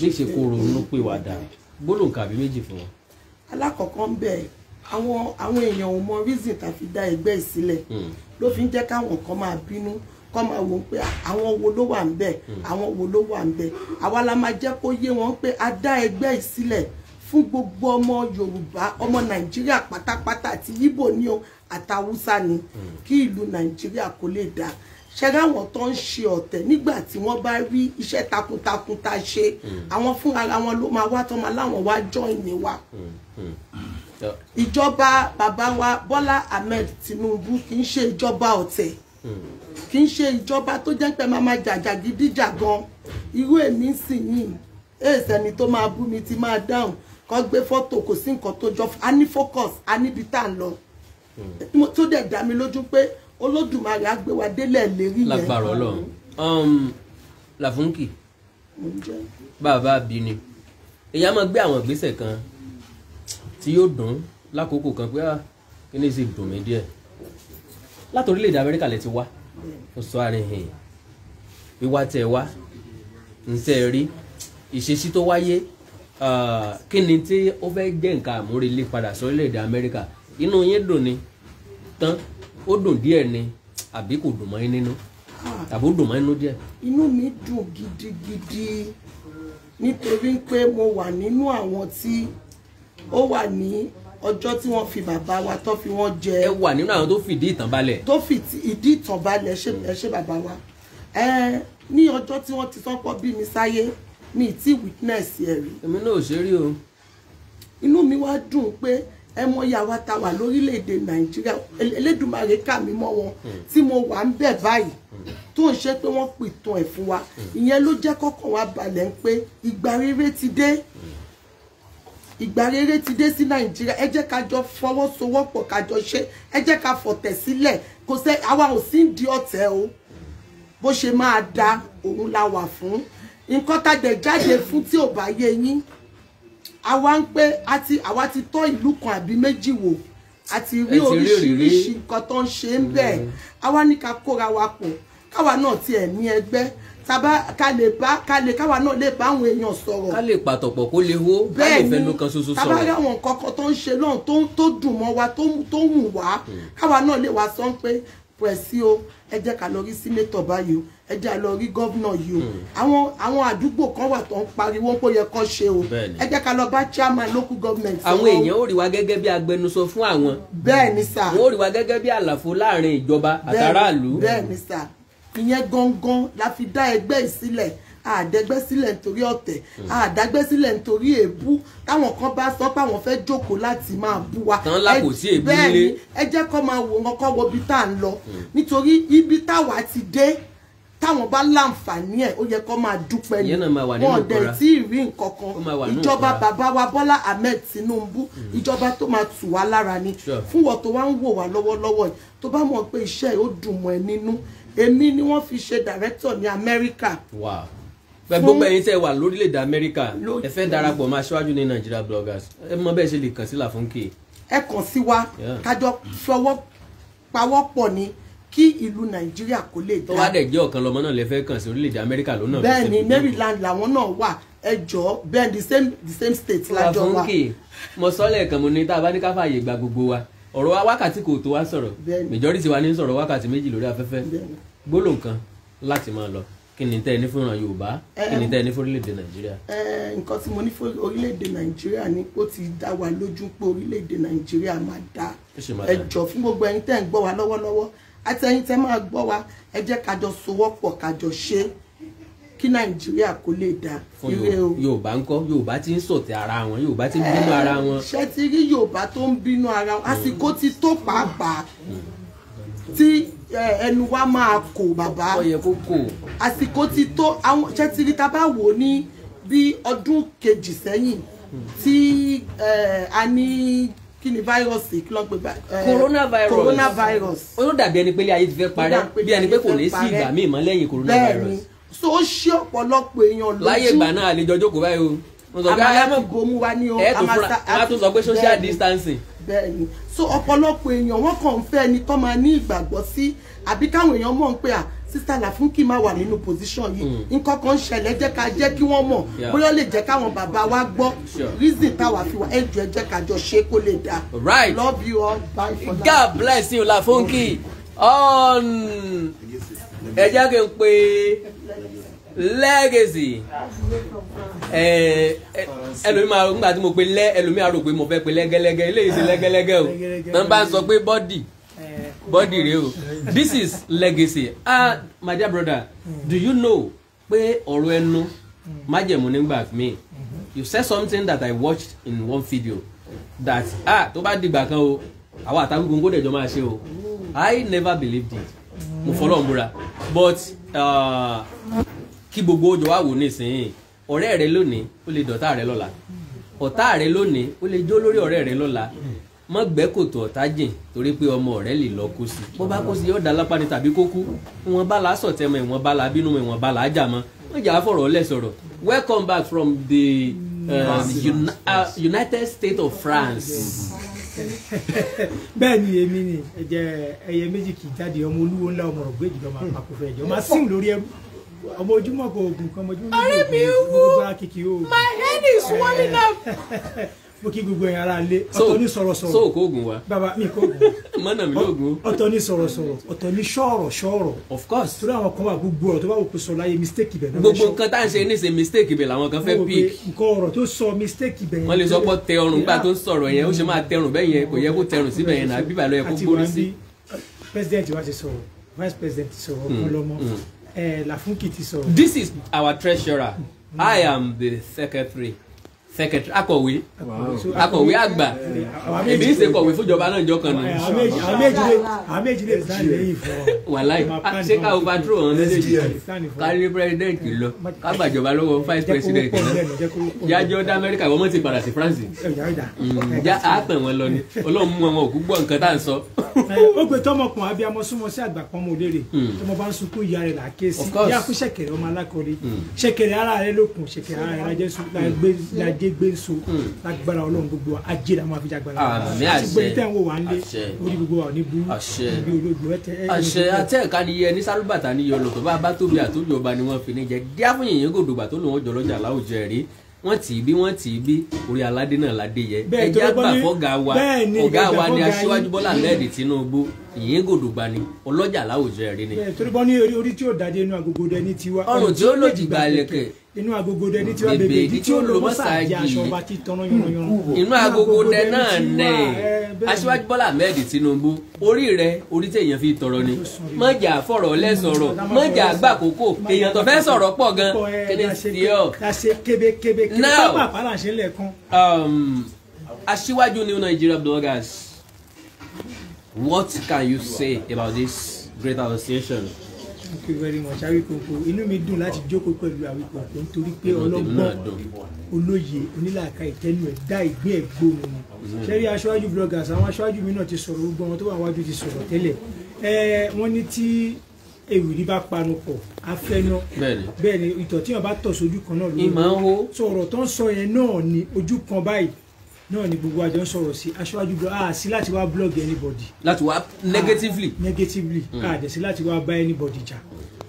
bí ṣe kó ronú pé wàá dà gbólóhùn kàbí méjì fún wọn. alákọ̀ọ́kọ́ ń bẹ̀ àwọn àwọn èèyàn ò mọ reason tàfi dá ẹgbẹ́ ìsílẹ̀ hmm. ló fi ń jẹ́ káwọn kan máa bínú kọ́ máa wò ó pé àwọn wo ló wà ń bẹ̀ hmm. àwọn wo ló wà ń bẹ̀ àwa la máa jẹ́ kó yé wọn pé a dá ẹgbẹ́ ìsílẹ̀ fún gbogbo ọmọ Yorùbá ọmọ Nàìjíríà pátápátá àti Yíbò ni o àtàwùsá ni hmm. kí ìlú Nàìjíríà kó lè dáa ṣẹ́gá àwọn tó ń ṣe ọ̀tẹ̀ nígbà tí wọ́n bá rí iṣẹ́ takuntakun ta ṣe hmm. àwọn fún wọn ló máa wá tó máa wá join ni wa. ìjọba bàbá wa Bọ́lá Ahmed Tinubu kì í ṣe ìjọba ọ̀tẹ̀ kì í ṣe ìjọba tó jẹ́ pé máa máa jàjà gidi jàgan irú èmi sì yìn èsẹ̀ni tó máa bú mi ti máa dáhùn kọ́ gbé fọ́tò kò sí nǹkan tó jọ a ní focus a níbi tá à ń lọ tó dẹ̀ dá mi lójú pé olódùmarè á gbé wa délẹ̀ lérí yẹn. lágbára Ọlọ́run um, làfúnkì bàbá bí ni èyí á máa gbé àwọn ìgbésẹ̀ kan tí yóò dùn lákòókò kan pé ah, kí ni sì dùn mí díẹ̀ látòrílẹ̀-èdè Amẹ́ríkà lẹ ti wá fòsùárìhìn wíwá tẹ̀ wá ntẹ̀ rí ìṣesí tó wáyé kí ni tí ó fẹ́ jẹ́ nǹkan àmúrelé padà sórílẹ̀-èdè Amẹ́ríkà inú yín dùn ni tán ó dùn díẹ̀ ni àbí kò dùn mọ́ yín nínú ah. tàbí ó dùn mọ́ inú díẹ̀. inú mi dùn gidigidi nítorí pé mo wà nínú àwọn tí ó wà ní ọjọ́ tí wọ́n fi bàbá wa tó fi wọ́n jẹ. ẹ wà nínú àwọn tó fìdí ìtàn balẹ̀. tó fi ìdí ìtàn balẹ̀ hmm. ẹ ṣe bàbá wa ẹ ní ọjọ́ tí wọ́n ti sọ́pọ̀ bí mi sáyé mi ti witness ẹ̀ rí. èmi náà ò ṣe rí o. inú mi wá dùn pé ẹ mọ ìyá wa ta wà lórílẹ̀‐èdè nàìjíríà elédùnmarè kà mí mọ́ wọn hmm. tí mo wà ń bẹ̀ báyìí hmm. tó ń ṣe pé wọ́n pìtàn ẹ̀ fún wa ìyẹn ló jẹ́ kọ́kàn wa balẹ̀ ń pé ìgbà rere ti dé ìgbà rere ti dé sí nàìjíríà ẹ jẹ́ ká jọ fọwọ́sowọ́pọ̀ ká jọ ṣe ẹ jẹ́ ká fọ̀tẹ̀ sílẹ̀ kò sẹ́ àwa ò sí ń di ọ̀tẹ̀ o bó ṣe máa da òun la wà fún nǹkan tá dẹ̀ jáde fún tí ò bá yé yín àwa ń pé àwa ti tọ́ ìlú kan àbí méjì wò àti rí oríṣiríṣi nǹkan tó ń ṣe ń bẹ̀ mm-hmm. àwa ní ká kóra wa pọ̀ káwa náà tiẹ̀ ní ẹgbẹ́ ká lè bá ká lè káwa náà lè bá àwọn èèyàn sọ̀rọ̀. ká lè pàtọ̀pọ̀ kó lè wó ká lè fẹnu kan ṣoṣo sọ̀rọ̀. bẹ́ẹ̀ ni tábàárẹ̀ àwọn nǹkan kan tó ń ṣe lọ́hùn tó dùn mọ́ wa tó wù wá hmm. káwa náà lè wá sọ pé pẹ̀sí o ẹ jẹ́ ká lọ rí sínétọ̀ báyìí o ẹ jẹ́ ká lọ rí gọ́vnà yìí o hmm. àwọn àwọn àdúgbò kan wà tó ń pariwo pé yẹ kán ṣe o ẹ jẹ́ ká lọ bá chairman local government. àwọn èèyàn ò rí wa gẹ́gẹ́ bí agbẹnusọ fún àwọn. bẹ́ẹ̀ ni sà. wọ́n ò rí wa gẹ́gẹ́ bí àlàfo láàrin ìjọba àtàràlú. bẹ́ẹ̀ ni sà ìyẹn gangan la fi dá ẹgbẹ́ ìsílẹ̀ àdẹ́gbẹ́ sílẹ̀ nítorí ọ̀tẹ̀ àdágbẹ́ sílẹ̀ nítorí èébú táwọn kan bá sọ pé àwọn fẹ́ jókòó láti máa bú wa bẹ́ẹ̀ ni ẹ jẹ́ kó máa wò wọn kó wo ibi tá à ń lọ nítorí ibi táwa ti dé táwọn bá láǹfààní ẹ̀ ó yẹ kó máa dúpẹ́ ni wọn dẹ̀ tí ì rí nǹkan kan ìjọba bàbá wa Bọ́lá Ahmed Tinubu hmm. ìjọba tó máa tù wá lára ni fún wọn tó wá ń wò wá lọ́wọ́lọ́wọ́ yìí tó bá mọ̀ pé iṣẹ́ ò dùn mọ́ ẹ nínú èmi ni wọ́n fi ṣe director ní America. wow gbogbo ẹ̀yin tẹ́ wà lórílẹ̀‐èdè amẹ́ríkà ẹ fẹ́ darapọ̀ mọ́ aṣáájú ní nigeria bloggers ẹ mọ̀ bẹ́ẹ̀ ṣe lè kàn sí làfúnkè. ẹ kàn sí wa kájọ fọwọ́ pawọ́ pọ̀ ni kí ìlú nàìjíríà kó lè dá. tó wá dẹ̀ jẹ́ ọ̀kan lọ́mọ náà lè fẹ́ kàn sí orílẹ̀-èdè amẹ́ríkà lónà. bẹ́ẹ̀ ni maryland làwọn náà wà ẹ jọ bẹ́ẹ̀ the same the same state lájọ wa. làfúnkè mo sọ lẹ́ẹ̀kan mo ní tá a bá ní ká fààyè gba gbogbo wa ọ̀rọ̀ wa wákàtí kò tó wá sọ̀rọ̀ majority wa ní sọ̀rọ̀ wákàtí méjì lórí afẹ́fẹ́ gbólóhùn kan láti máa lọ kí ni tẹ́ ẹ ní fún ìran Yorùbá kí ni tẹ́ ẹ ní fún orílẹ̀-èdè Nàìjíríà. nǹkan tí mo ní fún orílẹ̀-èdè Nàìjíríà ni pé ó ti dá wa lójú pé orílẹ̀-èdè Nàìjíríà máa dá ẹ jọ fún gbogbo ẹ̀yin tẹ́ ń gbọ́ wa lọ́wọ́lọ́wọ́ àti ẹ̀yin tẹ́ máa gbọ́ wa ẹ jẹ́ ká jọ sowọ́pọ̀ ká jọ ṣe kí nàìjíríà kó lè dá ire o. yorùbá ń kọ́ yorùbá ti ń sọ̀tẹ̀ ara wọn yorùbá ti ń bínú ara wọn. ṣé ti rí yorùbá tó ń bínú ara wọn àsìkò ti tó pàápàá hmm. tí ẹnu wa máa kò bàbá ó yẹ kó kò àsìkò ti tó àwọn ṣe ti rí ta bá wò ní bí ọdún kejì sẹ́yìn tí a ní kí ni fáírọ́ọ̀sì kí ló pè coronavirus coronavirus ó ló dàbí ẹni pé ilé ayé ti fẹ́ parẹ́ bí ẹni pé kò ní sí ìgbà míì mọ́ lẹ́yìn coronavirus bẹ́ẹ̀ni so ó ṣe ọ̀pọ̀lọpọ̀ èèyàn lójú láyé ìgbà náà àlejò ọjọ́ kò báyìí o mo sọ pé ayé mọ̀ ẹ̀ tó fúnra má tún sọ pé social distancing fẹ́ ẹ̀yìn so ọ̀pọ̀lọpọ̀ èèyàn wọ́n kàn ń fẹ́ ẹni tó máa ní ìgbàgbọ́ sí àbí káwọn èèyàn mọ̀ ń pé à ah, sísá Làfúnkì máa wà nínú pòsíṣàn yìí hmm. nǹkan kan ṣẹlẹ̀ jẹ́ ká jẹ́ kí wọ́n mọ̀ bóyá lè jẹ́ káwọn bàbá wa gbọ́ reason táwa fi wà ẹ jù ẹ jẹ́ ká jọ ṣe kó lè dáa right love you all bye for now. God bless you Làfúnkì ẹ jẹ́ kí n pe legacy ẹlòmí máa nígbà tí mo pe lẹ ẹlòmí àrò pé mo fẹ́ pe lẹ́gẹ́lẹ́gẹ́ eléyìí ṣe lẹ́gẹ́lẹ́gẹ́ o náà bá ń sọ pé bọ́dì bọ́dì rèé o this is legacy ah my dear brother do you know pé ọ̀rọ̀ ẹnu májẹ̀mú nígbà míì you said something that I watched in one video that ah tó bá dìgbà kan o àwa àtàgùn kó dẹ̀jọ́ máa ṣe o I never believed it mo fọlọ́ ń búra but. Uh, kí gbogbo ọjọ́ wà wò nísìnyí ọ̀rẹ́ rẹ lónìí ó lè dọ̀tá rẹ lọ́la ọ̀tá rẹ lónìí ó lè jó lórí ọ̀rẹ́ rẹ lọ́la mọ gbẹ́kòtò ọ̀tá jìn torí pé ọmọ rẹ lè lọ kó sí bó bá kó sí yóò dá lápá tàbí kó kú ìwọ̀n bá la sọ̀tẹ́ mọ ìwọ̀n bá la bínú mọ ìwọ̀n bá la jà mọ́ wọ́n jà á fọ̀rọ̀ lẹ̀ sọ̀rọ̀ welcome back from the um, uh, United States of France. bẹ́ẹ̀ ni èmi ni ẹ̀jẹ̀ ẹyẹ méjì kì í jáde ọmọ olúwo ńlá ọmọ rògbòdì ọmọ àpapọ̀ ẹ̀jẹ̀ ọmọ asín lórí ẹrú ọmọ ojúmọ́ kò oògùn kan ọmọ ojúmọ́ méjì oògùn gbogbo ara kìkì oògùn. my head is swollen up. mo kí gbogbo ẹ̀yin ara lé ọ̀tọ̀ ní sọ̀rọ̀sọ̀rọ̀. so kò oògùn wa. bàbá mi kò oògùn. mọ́nà mi lóògùn. ọ̀tọ̀ ní sọ̀rọ̀sọ̀rọ̀ ọ̀tọ̀ ní sọ̀rọ̀ sọ̀rọ̀. of course. torí àwọn kan wà gbogbo ọ̀rọ̀ tó bá wò pé sọ láyé mistake ibẹ̀ náà. gbogbo nǹkan tá à ń ṣe ní ṣe mistake ibẹ̀ làwọn kan fẹ́ pick. nǹkan ọ̀rọ̀ tó sọ mistake ibẹ̀ yẹn. wọ́n lè sọ pé tẹ ọrùn gbà tó ń sọ̀rọ̀ yẹn ó ṣe máa tẹrùn bẹ́ẹ̀ yẹn kò yẹ kó tẹrùn síbẹ̀ yẹn náà bíbà ló yẹ kó gbórí sí. president wa ti sọ̀rọ̀ vice president sọ̀rọ̀ hmm, ọmọlọmọ hmm. Eh, This is our treasurer. I am the secretary secretary akọ̀wé akọ̀wé àgbà èmi ń ṣe kọ̀wé fúnjọba náà jọ kan nù. àméjìlè sàlẹyìn fún ọ. wàláì ṣé ká o patrol hàn méjèèjì kárí president lọ ká gbàjọba vice president náà jájọ dá amẹ́ríkà wọ́n mọ̀ ti padà sí france mm, já àpẹ̀ wọn lọ ni ọlọ́run mú wọn òkú gbọ́ nǹkan tá à ń sọ. ó gbé tọmọkùn abiyamọ súnmọ́ sí àgbà kan mọ léèrè tí mo bá ń sunkún ìyá rẹ̀ làkèésí yá fún ṣẹ̀kẹ̀rẹ̀ ọmọ alákọ̀ọ́rẹ́ mm. ṣẹ̀kẹ̀rẹ̀ ara rẹ̀ lókun ṣẹ̀kẹ̀rẹ̀ ara rẹ̀ lájẹsùn lágbé ajé gbé so hmm. lágbára ọlọ́run gbogbo ajé la máa fi jagbára àti gbẹ̀yìn tẹ̀ ń wò wá ń lé orí gbogbo wa ò ní burú ibi olóògbé ẹ̀tẹ̀ ẹ̀ àṣẹ àti ẹ̀ka ni yẹ ní sálúbàtà ni yọ lọ́tọ̀ bá bá tóbi àtòjọba ni wọ́n fi ní jẹ díá fún yìnyín gòdògbà tó lòun jọ lọ́jà láwùjọ ẹ̀rí wọ́n tì í bí wọ́n tì í bí orí aládé náà ládé yẹ ẹjẹ́ àgbàfọ́ ga wa ọ̀gá wa ni aṣíwájú Bọ́lá lẹ́ẹ̀dì Tinubu ìyẹn gòdògbà ni ọlọ́jà láwùjọ ẹ̀rí ni. torí bọ́ ní orí tí yóò dájé inú agogo dẹ ní tiwa. ọrùn tí ó lòdì gbà lẹ̀kẹ̀ inú agogo dẹ ní tiwa bèbè ìdí tí ó lò mọ́sáàjì aṣọba tí tọ́nà yanranyanran. inú agogo dẹ náà nẹ aṣíwájú bọ́lá ahmed tinubu orí rẹ orí tí èèyàn fi tọrọ ni mọ̀jà fọ̀rọ̀ lẹ́sọ̀rọ̀ mọ̀jà gbàkókò èèyàn tó fẹ́ sọ̀rọ̀ pọ̀ gan kéde sí ọ. kébékébé kí um, aṣíwájú new nigeria bloggers what can you say about this great association thank you very much Awikonko inú mi dùn láti jókòó pẹ̀lú Awikonko nítorí pé ọlọ́gbọ́n olóye onílàáka ìtẹ́nu ẹ̀ dá ìgbín ẹ̀ gbómi ni mm. ṣẹ́rí aṣáájú bloggers àwọn aṣáájú mi náà ti sọ̀rọ̀ gbogbo àwọn tó wà wájú ti sọ̀rọ̀ tẹ́lẹ̀ wọ́n ní tí ewìrì bá panu pọ̀ afẹ́nà bẹ́ẹ̀ ni ìtọ̀ tí wọ́n bá tọ̀ sójú kan náà ló sọ̀rọ̀ tó ń sọ yẹn náà ní ojú kan báyìí náà ni gbogbo àjọ ń sọ̀rọ̀ sí aṣáájú blog a sí láti wá blog anybody. láti wá negatively. negatively hmm. a dẹ̀ sí láti wá bá anybody jà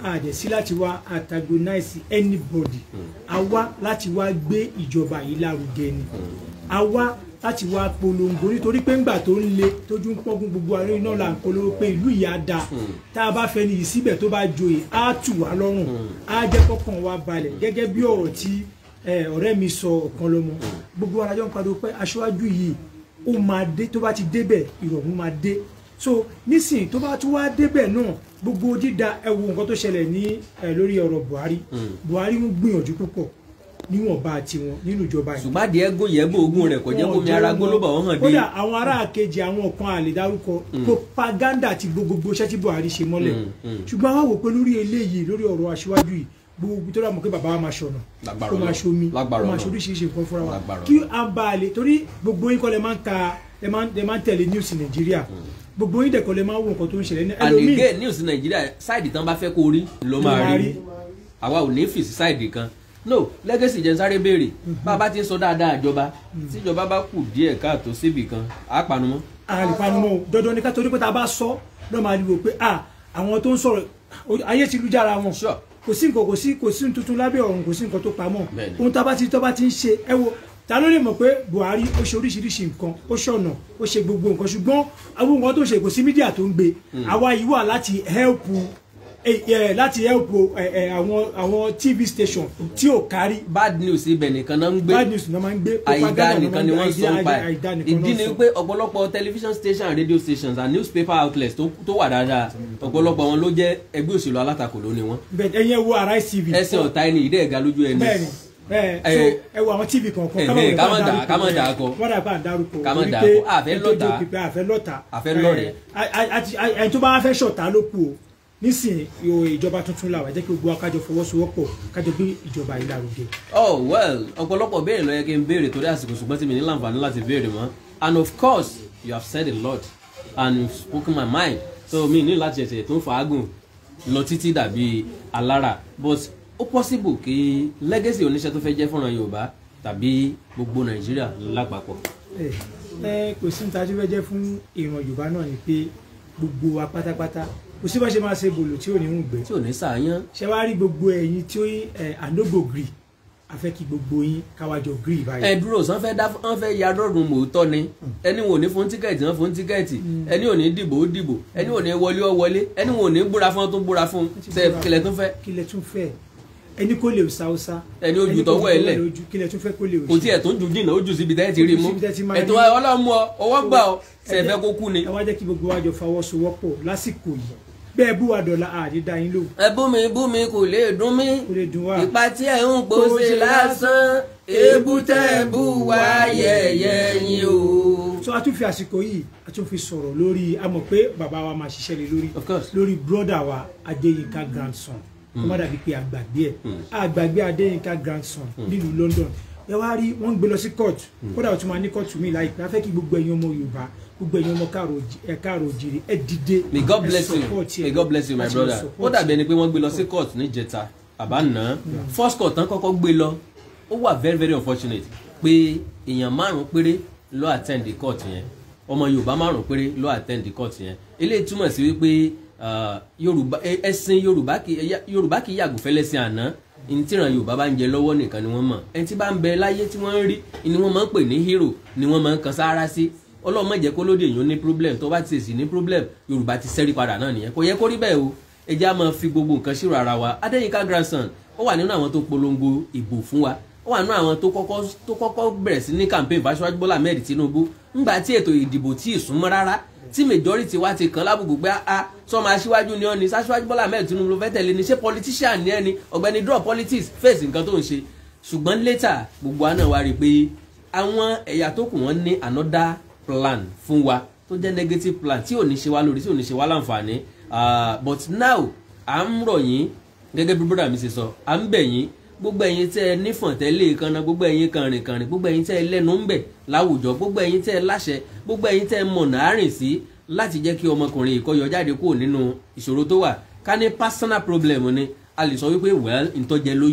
a dẹ̀ sí láti wá antagonize anybody hmm. a wá láti wá gbé ìjọba yìí lárugẹ ni hmm. a wá láti wá polongo nítorí pé ńgbà tó ń le tójú ń pọ́gun gbogbo àárín iná là ń polówó pé ìlú ìyá da tá a bá fẹ́ ni ìsíbẹ̀ tó bá joyè á tù wá lọ́rùn á jẹ́ kọ́kàn wa balẹ̀ gẹ́gẹ́ bí ọ̀rọ̀ tí ọ̀rẹ́ mi sọ ọ̀kan lọ́mọ gbogbo ara jọ ń pariwo pé aṣáájú yìí ó máa dé tó bá ti débẹ̀ ìrọ̀rùn máa dé so nísìnyí tó bá tún wá débẹ̀ náà gbogbo dídá ẹ wo nǹkan tó ṣẹlẹ̀ ní lórí ọ̀rọ̀ Buhari hmm. Buhari ń gbìyànjú púpọ̀ níwọ̀nba tiwọn nínú ìjọba yìí. ṣùgbọ́n àdìẹ gún yẹ bó ogún rẹ̀ kò jẹ́ kó mi ara gbólóbà wọn hàn dé. kódà àwọn ará àkejì àwọn kan àlèdárúkọ hmm. propaganda ti gbogbogbò ṣẹ́ tí mọ́lẹ̀ hmm, ṣùgbọ́n àwọn wò pé lórí eléyìí lórí ọ̀rọ̀ aṣíwájú yìí gbogbo tó dàmọ́ pé bàbá wa máa ṣọ̀nà ó máa ṣomi ó máa ṣe oríṣiríṣi nǹkan fúnra wa kí à ń bá a lè torí gbogbo yín kọ́ lẹ máa ń ta ẹ máa ń tẹ̀lé news nàìjíríà mm. gbogbo yín dẹ̀kọ́ lẹ máa ń wo nǹkan tó ń ṣẹlẹ̀ ní ẹlòmíì. àlèké news nàìjíríà sáìdì tán bá fẹ́ kó rí ló máa rí àwa ò ní fìsí sáìdì kan no legacy jẹ́ sáré béèrè mm-hmm. bá a bá ti ń sọ dáadáa ìjọba mm-hmm. tíjọba bá kù díẹ̀ káàtó síbì kan á panumọ́. àlèpanumọ́ dandan a bá sọ lọ́ọ́ máa rí wò pé ah kò sí nǹkan kò sí kò sí tuntun lábẹ́ ọ̀run kò sí nǹkan tó pamọ́ ohun tá a bá ti tọ́ bá ti ń ṣe ẹ wo ta ló lè mọ̀ pé Buhari ó ṣe oríṣiríṣi nǹkan ó ṣọ̀nà ó ṣe gbogbo nǹkan ṣùgbọ́n àwọn nǹkan tó ṣe kò sí mídíà tó ń gbé hmm. àwa yìí wà láti help Eh, eh, láti help eh, àwọn àwọn tv station tí ò kárí. bad news ibẹ̀ nìkan náà ń gbé bad news náà máa ń gbé àìdá nìkan ni wọ́n sọ ń pa ẹ̀ ìdí ni pé ọ̀pọ̀lọpọ̀ television station radio stations and newspaper outlets tó wà dáadáa ọ̀pọ̀lọpọ̀ wọn ló jẹ́ ẹgbẹ́ òṣèlú alátakò ló ni wọn. bẹ́ẹ̀ ẹyẹ wo Arise TV. ẹsẹ̀ ọ̀tá ẹni ìdẹ́ ẹ̀ga lójú ẹni. bẹ́ẹ̀ni ẹ wo àwọn tv kọ̀ọ̀kan kámọ̀ dà kọ wọ́n dà bá ń darúkọ kámọ̀ dà kọ àfẹ́ lọ́ta àfẹ́ lọ́ta àfẹ́ lọ́rẹ̀ẹ́. ẹni tó bá fẹ́ ṣọ̀tá ló kù o nísìnyí ìjọba tuntun la wà jẹ́ kí gbogbo akájọ fọwọ́sowọ́pọ̀ kájọ gbé ìjọba yìí lárugẹ. oh well ọ̀pọ̀lọpọ̀ béèrè ló yẹ kí n béèrè torí àsìkò ṣùgbọ́n tí mi ní láǹfààní láti béèrè mọ́ and of course you have said a lot and you have spoken my mind so mi ní láti ẹ̀sẹ̀ tó ń fàágùn lọ títí dàbí alára but ó possible kí legacy oníṣẹ́ tó fẹ́ jẹ́ fúnra Yorùbá tàbí gbogbo Nàìjíríà lápapọ̀. ẹ ẹ kò sí ní ta tí ó fẹ́ jẹ́ fún ìran Yorùbá náà ni pé gbogbo wa pátápátá kò sí bá ṣe máa ṣe bòlò tí ò ní ń gbẹ. tí ò ní sàáyán. ṣé wàá rí gbogbo ẹ̀yin tí ó yín ànógbògiri afẹ́ kí gbogbo yín káwájọ gírì báyìí. ẹ dúró sàn fẹ́ dá wọn fẹ́ ya lọ́rùn mòótọ́ ni hmm. ẹni wọn ò ní fún tíkẹ́ẹ̀tì wọn fún tíkẹ́ẹ̀tì hmm. ẹni ò ní dìbò ó dìbò ẹni ò ní wọlé ó wọlé ẹni wọn ò ní búra fún ọ tó búra fún tẹ kílẹ̀ tún fẹ́. kílẹ̀ tún fẹ́ ẹni kò lè sa ọsá. ẹni ojú tọwọ́ ẹ lẹ kílẹ̀ tún fẹ́ kó lè òsì. kò tí ẹ̀ tó ń ju jìnnà ó ju síbi tẹ́ ti rí mú ẹ̀tọ́ ọlọ́mú ọ gbà ọ sẹ̀fẹ́ kó kú ni. ẹ wá jẹ́ kí gbogbo wa fọwọ́sowọ́pọ̀ lásìkò yìí bẹ́ẹ̀ bú wa dọ̀la àti da yín lò. ẹ bú mi bú mi kò lè dún mí kò lè dùn wá ipa tí ẹ ń pòṣe lásán èébú tẹ́ ẹ bú wa yẹ̀yẹ́ yín o. so a tún àsìkò yìí a tún fi sọ̀rọ̀ lórí a mọ̀ pé bàbá wa máa ṣiṣẹ́ lé lórí lórí broda wa Adéyínká grandson wọ́n má hmm. dàbí pé àgbàgbé ẹ̀ àgbàgbé hmm. Adéyínká grandson hmm. nílùú London ẹ wá rí wọ́n ń gbé lọ sí court kódà ó tún máa ní court mi láìpẹ́ afẹ́ kí gbogbo ẹ̀yin ọmọ Yorùbá gbogbo ẹ̀yin ọmọ káàrọ̀ òjìrì ẹ dìde ẹ support ẹ may God bless you my brother ó dàbí ẹni pé wọ́n gbé lọ sí court níjẹta àbá nà first court tán kọ́kọ́ gbé lọ ó wà very very unfortunate pé èèyàn márùn péré ló attend the court yẹn ọmọ Yorùbá márùn péré ló attend the court yẹn eléyìí túmọ̀ sí wípé Yorùbá ẹ̀sìn Yorùbá kì í yàgò fẹ́lẹ́sìn àná ní tíran yorùbá bá ń jẹ lọ́wọ́ nìkan ni wọ́n mọ̀ ẹni tí bá ń bẹ láyé tí wọ́n ń rí ni wọ́n máa ń pè ní hero ni wọ́n máa ń kan sáárá sí ọlọ́run má jẹ́ kó lóde èèyàn ní problem tó bá ti sì ní problem yorùbá ti sẹ́rí padà náà nìyẹn kò yẹ kó rí bẹ́ẹ̀ o ẹ jẹ́ á máa fi gbogbo nǹkan ṣírò ara wa adéyínká grandson ó wà nínú àwọn tó polongo ìbò fún wa ó wà nínú àwọn tó kọ́kọ́ bẹ̀rẹ̀ sí ní campaign fásiwájú bọ́lá ahmed tinubu ńgbà tí ètò ìdìbò tí ì súnmọ́ rárá tí majority wa ti kàn lábùkù pé a sọmọ aṣíwájú ni ọ ni sáṣíwájú bọ́lá ahmed tinubu ló fẹ́ tẹ̀lé ni ṣé politician ni ẹ ni ọ̀gbẹ́ni draw politics face nǹkan tó ń ṣe ṣùgbọ́n later gbogbo àná wa rí i pé àwọn ẹ̀yà tó kù wọ́n ní another plan fún wa tó jẹ́ negative plan tí ò ní ṣe wá lórí tí ò ní ṣe wá láǹfààní ah, but now à ń rọ̀ yín gẹ́gẹ́ bí brother mi ṣe sọ à ń bẹ̀ yín gbogbo ẹ̀yin tẹ́ ẹ nífọ̀ntẹ́lé kanna gbogbo ẹ̀yin kànrìnkànrìn gbogbo ẹ̀yin tẹ́ ẹ lẹ́nu ń bẹ̀ láwùjọ gbogbo ẹ̀yin tẹ́ ẹ láṣẹ gbogbo ẹ̀yin tẹ́ ẹ mọ̀nà àárín sí láti jẹ́ kí ọmọkùnrin yìí jáde kúrò nínú ìṣòro tó wà ká ní personal problem ni a lè sọ wípé well ntọ́jẹ ló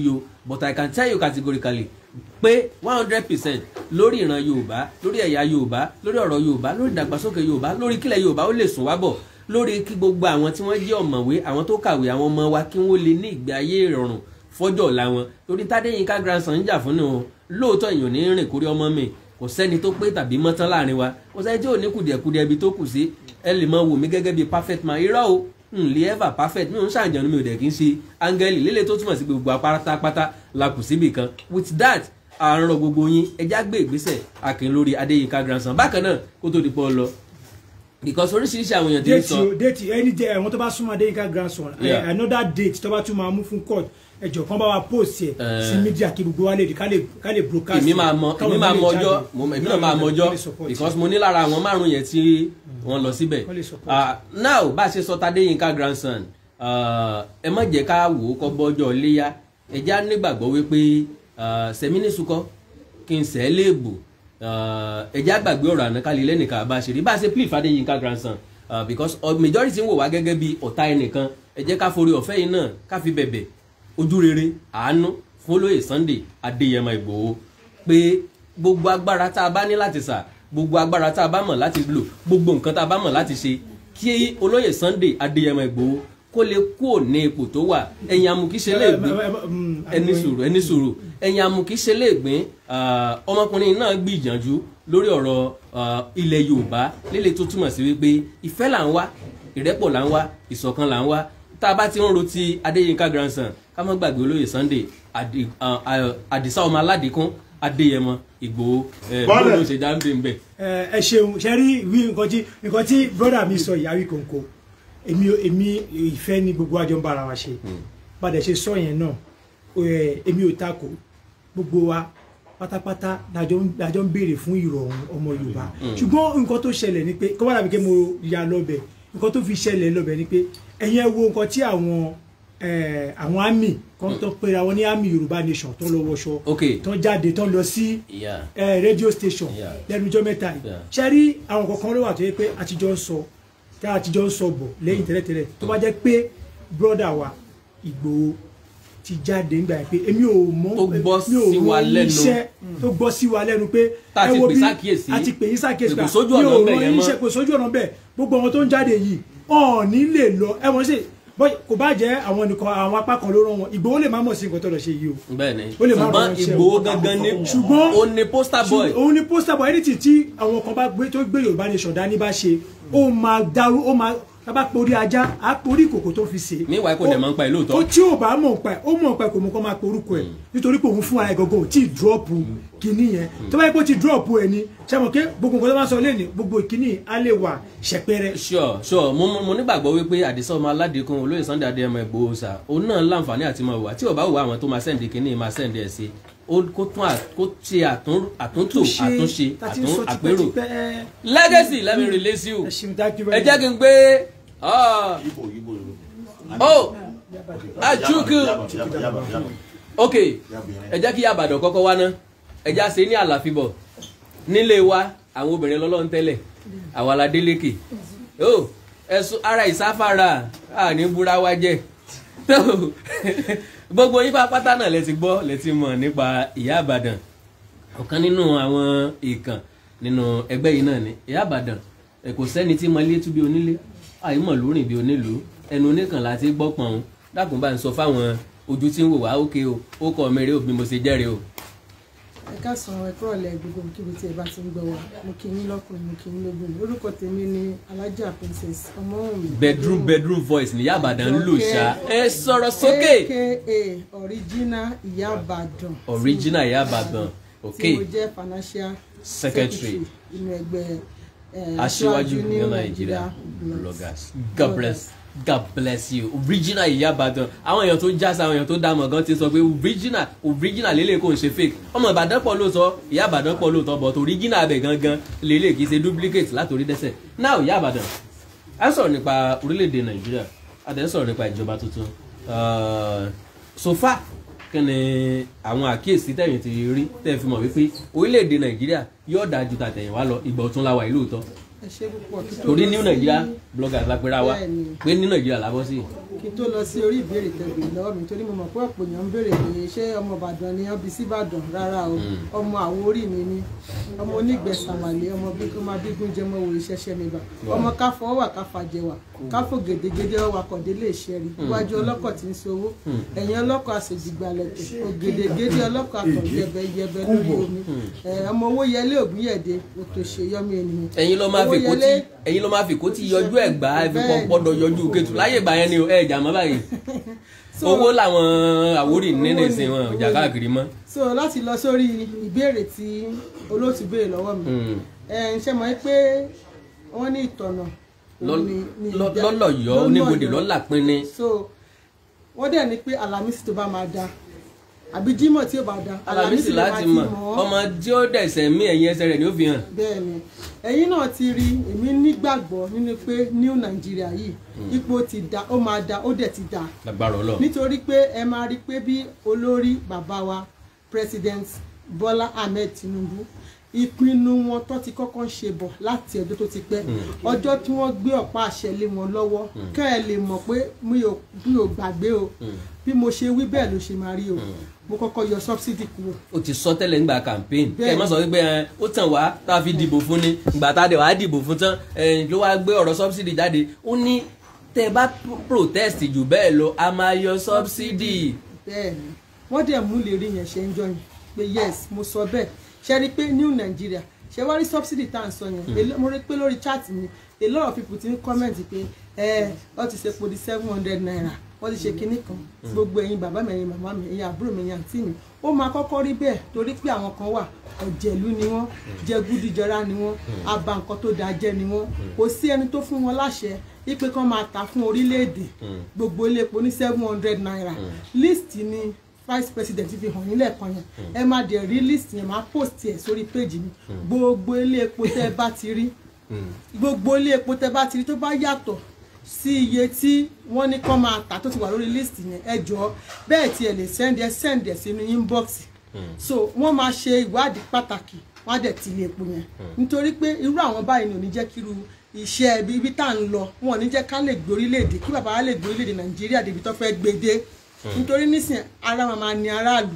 but I can tell you categorically pé one hundred percent lórí ìran yorùbá lórí ẹ̀yà yorùbá lórí ọ̀rọ̀ yorùbá lórí ìdàgbàsókè yorùbá lórí kílẹ̀ yorùbá ó lè sùn wá bọ̀ lórí kí gbogbo àwọn tí wọ́n jẹ́ ọ̀mọ̀wé àwọn tó kàwé àwọn ọmọ wa kí wọ́n lè ní ìgbé ayé ìrọ̀rùn fọ́jọ́ ọ̀la wọn lórí tádéyìnká grandson ń jà fún ni wọn lóòótọ́ èèyàn ní rìn kórí ọmọ mi kò sẹ́ni tó pé tàbí mọ́tán láàrin wa kò sẹ́ni tí ò ní kùdìẹ̀kudìẹ̀ ibi tó kù sí ẹ lè mọ wò mí gẹ́gẹ́ bíi perfect man irọ́ o nlé hmm, ever perfect mi ò ń ṣàjànú mi ò dẹ̀ kí n ṣe áńgẹ́lì lélẹ̀ tó túmọ̀ sí pé gbogbo apátápátá la kù síbì kan with that àárọ̀ gbogbo yín ẹja gbé ìgbésẹ̀ akin lórí adéyínká grandson bákan náà kó tó di pọ́ lọ because oríṣiríṣi àwọn èèyàn ti sọ. déètì déètì ẹni jẹ àwọn tó bá súnmọ́ adéyínká grandson another date tó bá tún máa mú fún court ẹjọ kan bá wa post yẹ eh. sí media kí gbogbo wa lè di ká lè broadcast. èmi máa mọ èmi máa mọ ọjọ́ èmi náà máa mọ ọjọ́ because mo ní lára àwọn márùn yẹn tí wọ́n lọ síbẹ̀ ah, now bá a ṣe sọ Tadéyínká grandson ah, ẹ má jẹ́ ká wò ó kọ́ bọ́jọ́ léyà ẹ já nígbàgbọ́ wípé ah, sẹ́mínísùkọ́ kí n sẹ́ léèbù ẹ já gbàgbé ọ̀rọ̀ ànákálẹ̀ lẹ́nìkan bá a ṣe rí bá a ṣe plead Fadéyínká grandson because majority ń wò wá gẹ́gẹ́ bí ọ̀tá ẹnìkan ẹ jẹ́ ká forí ọ̀fẹ́ yìí náà ká fi bẹ̀bẹ̀ ojúrere àánú fún olóyè Sunday Adéyẹmọ Ìgbòho pé gbogbo agbára tá a bá ní láti sà gbogbo agbára tá a bá mọ̀ láti lò gbogbo nǹkan tá a bá mọ̀ láti ṣe kí olóyè Sunday Adéyẹmọ Ìgbòho kó lè kúò ní ipò tó wà ẹ̀yin amukíṣe léègbé ẹni sùúrù ẹni sùúrù ẹ̀yin amukíṣe léègbé ọmọkùnrin náà gbìyànjú lórí ọ̀rọ̀ ilẹ̀ Yorùbá líle tó túmọ̀ sí wípé ìfẹ́ là ń wá ìrẹ́pọ̀ là ń wá ìṣọ̀kan là ń wá tá a bá ti ń ro ti adéyínká grandson ká má gbàgbé olóyè sunday uh, uh, àdìsá ọmọ aládìkún adéyẹmọ ìgbòho eh, bọ́ọ̀lù ló ṣe dáńbé ń bẹ̀. Eh, ẹ ṣeun ṣe rí ìwé nǹkan tí nǹkan tí brọ́dà mi sọ ìyá wíkòǹkò èmi èmi ìfẹ́ ni gbogbo àjọ ń bára wa ṣe padà hmm. ṣe sọ yẹn náà eh, èmi ò takò gbogbo wa pátápátá lájọ ń béèrè fún ìrọ̀rùn ọmọ yorùbá hmm. ṣùgbọ́n nǹkan tó ṣẹlẹ̀ ni pé kọ́mọ́dà mi kí mo ya lọ́bẹ̀ nǹkan tó fi ṣẹlẹ̀ lọ́bẹ̀ ni pé ẹ̀yin ẹ wo nǹkan tí àwọn àwọn army kan hmm. tó pera wọn ní army yorùbá nation tó lọ wọṣọ tó jáde tó lọ sí radio station lẹ́nujọ́ mẹ́ta yìí ṣe rí àwọn kankan ló wà tó yẹ pé àtijọ́ ń sọ tá àtijọ́ ń sọ bọ̀ lẹ́yìn hmm. tẹ́lẹ̀tẹ́lẹ̀ tó bá hmm. jẹ́ pé brọ́dà wa Ìgbòho ti jáde nígbà yẹn pé èmi ò mọ mi ò mọ iṣẹ́ tó gbọ́ sí wa lẹ́nu pé ẹ wo bí a ti pè yín sàkíyèsí pé mi ò mọ iṣẹ́ kò sójú ọ̀nà bẹ́ẹ̀ gbogbo àwọn tó ń jáde yìí ọ̀ọ́ni lè lọ ẹ̀wọ̀n ṣe kò bá jẹ́ àwọn nìkan àwọn apá kan ló rán wọn Ìgbòho lè má mọ̀ sí nǹkan tó lọ ṣe yìí o. bẹ́ẹ̀ni ṣùgbọ́n Ìgbòho gangan ni ṣùgbọ́n òun ni poster boy. òun ni poster boy ẹni tí tí àwọn kan bá gbé tó gbé Yorùbá Nation dání bá ṣe ó máa darú ó máa tá bá porí ajá a porí ìkòkò tó fi sè mi wà kò dẹ̀ máa ń ẹ̀ lóòótọ́. ó tí ò bá mọ̀ pa ẹ̀ ó mọ̀ pa ẹ̀ kò mọ̀ kọ́ máa porúkọ ẹ̀ hmm. nítorí pé òun fún ara ẹ̀ gangan tí ì hmm. kínní yẹn hmm. tó bá yẹ kó ti dúrọ́pù ẹ̀ ni sẹ́wọ̀n pé gbogbo nǹkan tó bá sọ lẹ́nu gbogbo ìkíní á lè wà ṣẹpẹrẹ. sure sure mo mo nígbàgbọ́ wípé àdìsá ọmọ aládìkún olóyè Sunday Adéyẹmọ Ìgbòho sà òun náà láǹfààní àti máa wà tí ò bá wù àwọn tó máa sẹ́ǹdì kínní máa sẹ́ǹdì ẹ̀ sí kó tún kó àtúntò àtúnṣe àtún àpérò legacy let me release ẹ jẹ́ kí n gbé Ah. Oh. Achuku. Okay. Ẹ jẹ́ kí Àbàdàn kọ́kọ́ wá ná. Ẹ jẹ́ àṣẹ ní àlàfíbọ̀. Nílé wa, àwọn obìnrin lọ́lọ́run tẹ́lẹ̀. Àwa la délékè. Oh. Ẹ̀sùn ara ìsáfara. A ní búra wa jẹ́. Gbogbo yín pátá náà lẹ ti gbọ́ lẹ ti mọ̀ nípa ìyá Àbàdàn. Ọ̀kan nínú àwọn ìkàn nínú ẹgbẹ́ yìí náà ni. Ìyá Àbàdàn kò sẹ́ni tí mo lé tú bí onílé àìmọ̀ lórí ibi onílùú ẹnu oníkan láti gbọ́pọ̀n o dákun bá ń sọ fáwọn ojú tí ń wò wá òkè o ó kọ́ mi rí o mo ṣe jẹ́rìí o. ẹ káàsán ẹ kúrò lẹ gbogbo kíbi tí ẹ bá ti ń gbọ́ wa mo kì í ní lọ́kùnrin mo kì í ní lóbìnrin orúkọ tèmi ni alájà princess ọmọ mi. bedroom bedroom voice ní yàbàdàn ń lò ṣá ẹ sọ̀rọ̀ sókè. aka original ìyàbàdàn. original ìyàbàdàn ok. tí mo jẹ́ financial secretary inú ẹgbẹ́ Eh, aṣíwájú ní nàìjíríà bloggers mm. god bless god bless you original ìyá ìbàdàn àwọn èèyàn tó jásá àwọn èèyàn tó dá mọ̀gán ti sọ pé original original lélẹ̀ kò ń ṣe fake ọmọ ìbàdàn pọ̀ lóòótọ́ ìyá ìbàdàn pọ̀ lóòótọ́ but original abẹ gangan lélẹ̀ kì í ṣe duplicate látòrí dẹ́sẹ̀ now ìyá ìbàdàn a sọ̀rọ̀ nípa orílẹ̀-èdè nàìjíríà a dẹ̀ sọ̀rọ̀ nípa ìjọba tuntun uh, so far kí ni àwọn àkíyèsí tẹ̀yìn ti rí tẹ̀ fi mọ̀ wípé orílẹ̀-èdè nàìjíríà yóò dáa ju tàtẹ̀yìnwá lọ ìgbà ọ̀tún la wà yìí lóòótọ́ torí new nàìjíríà bloggers la pera wa pé new nàìjíríà la sí i kí n tó lọ sí orí ìbéèrè tẹ̀gbẹ̀ lọ́wọ́ mi torí mo mọ̀ pé ọ̀pọ̀ èèyàn ń béèrè pé ṣé ọmọ Ìbàdàn ni wọ́n bí sí Ìbàdàn rárá o hmm. ọmọ àwo orí mi ni ọmọ onígbẹ̀sàmàlè ọmọ bí kó máa bígún jẹ mọ́ òwe ṣẹṣẹ mi bá ọmọ káfọ wà káfa jẹ wà káfọ gèdègèdè wà kọ̀dé lè ṣe rí hmm. iwájú ọlọ́kọ̀ tí ń so owó hmm. ẹ̀yìn ọlọ́kọ̀ àṣejìgbàlẹ̀tẹ̀ ògèdègèdè ọlọ́kọ̀ àkànjẹ̀bẹ̀ yẹbẹ lórí omi ọmọ owó yẹlé ògúnyẹ̀dẹ òtòṣe yọmi ènìyàn jàjà mọ́ báyìí owó làwọn Àwórì nínú ìsìn wọn jà káàkiri mọ́. so láti lọ sórí ìbéèrè tí olóòtú béèrè lọ́wọ́ mi ẹ̀ ń ṣe mọ́ pé wọ́n ní ìtọ̀nà lọ́lọ́yọ̀ oníbodè lọ́làpínlẹ̀. so wọ́n dẹ̀ ní pé Àlàmísì tó bá máa da àbí dímọ̀ tí ó bá da alamisi láti mọ̀ ọmọ tí ó dẹ̀sẹ̀ mí ẹ̀yìn ẹsẹ̀ rẹ̀ ni ó fi hàn. bẹ́ẹ̀ni ẹ̀yin náà ti rí èmi nígbàgbọ́ nínú pé new Nigeria yìí hmm. ipò ti da ó máa da ó dẹ̀ ti da nítorí pé ẹ máa rí pé bí olórí bàbá wa president Bọ́lá Ahmed Tinubu ìpinnu wọn tó ti kọ́kọ́ ń ṣe bọ̀ láti ọjọ́ tó ti pẹ́ hmm. ọjọ́ tí wọ́n gbé ọ̀pá àṣẹ lé wọn lọ́wọ́ hmm. kẹ́ ẹ lè mọ̀ pé mi ò gbàgbé o bí mo ṣe wí bẹ́ẹ̀ ló ṣe máa rí o mo kọ́kọ́ yọ subsidy kúrò. o ti sọ tẹ́lẹ̀ nígbà campaign kẹ́ ẹ má sọ wípé ẹ ó tàn wá tá a fi dìbò fún ni ìgbà tá a dẹ̀ wá dìbò fún tán ẹ ló wá gbé ọ̀rọ̀ subsidy jáde ó ní tẹ́ ẹ bá protest jù bẹ́ẹ̀ lọ a máa yọ subsidy. bẹ́ẹ̀ni wọn dẹ̀ mú lè rí yẹn ṣe ń jọyìn pé yes mo sọ bẹ́ẹ̀ ṣe rí pé new Nigeria ṣe wá rí subsidy tá à ń sọ yẹn hmm. mo rí pé lórí chat ni. a lot of people ti ń comment pé ẹ ọ ti ṣe po seven hundred naira wọ́n ti ṣe kinní kan gbogbo ẹ̀yin bàbá mi ẹ̀yin màmá mi ẹ̀yin àbúrò mi ẹ̀yin àǹtí mi ó máa kọ́kọ́ rí bẹ́ẹ̀ torí pé àwọn kan wà ọ̀jẹ̀lú ni wọ́n jẹgúdújẹrá ni wọ́n àbá nǹkan tó dáa jẹ́ ni wọ́n kò sí ẹni tó fún wọn láṣẹ ipe kan máa tà fún orílẹ̀-èdè gbogbo iléepo ní seven hundred naira list ni vice president fi hàn nílẹ̀ kan yẹn ẹ má dẹ̀ rí list yẹn máa post ẹ̀ sórí péjì mi gbogbo iléepo tẹ́ bá ti rí gbogbo iléepo tẹ́ bá ti rí tó bá yàtọ̀ sí iye tí wọ́n ní kán máa tà tó ti wà lórí list yẹn ẹ jọ̀ọ́ bẹ́ẹ̀ tí ẹ lè send ẹ send ẹ sínú inbox hmm. so wọ́n máa ṣe ìwádìí pàtàkì wọ́n á dẹ̀ ti ilé epo yẹn hmm. nítorí pé irú àwọn báyìí ni ò ní jẹ́ kíru iṣẹ́ ibi tá à ń lọ wọn ò ní jẹ́ ká lè gbé orílẹ̀-èdè kí bàbá wa lè gbé orílẹ̀-èdè nàìjíríà débi tó fẹ́ gbèdé hmm. nítorí nísìn ara màmá ni aráàlú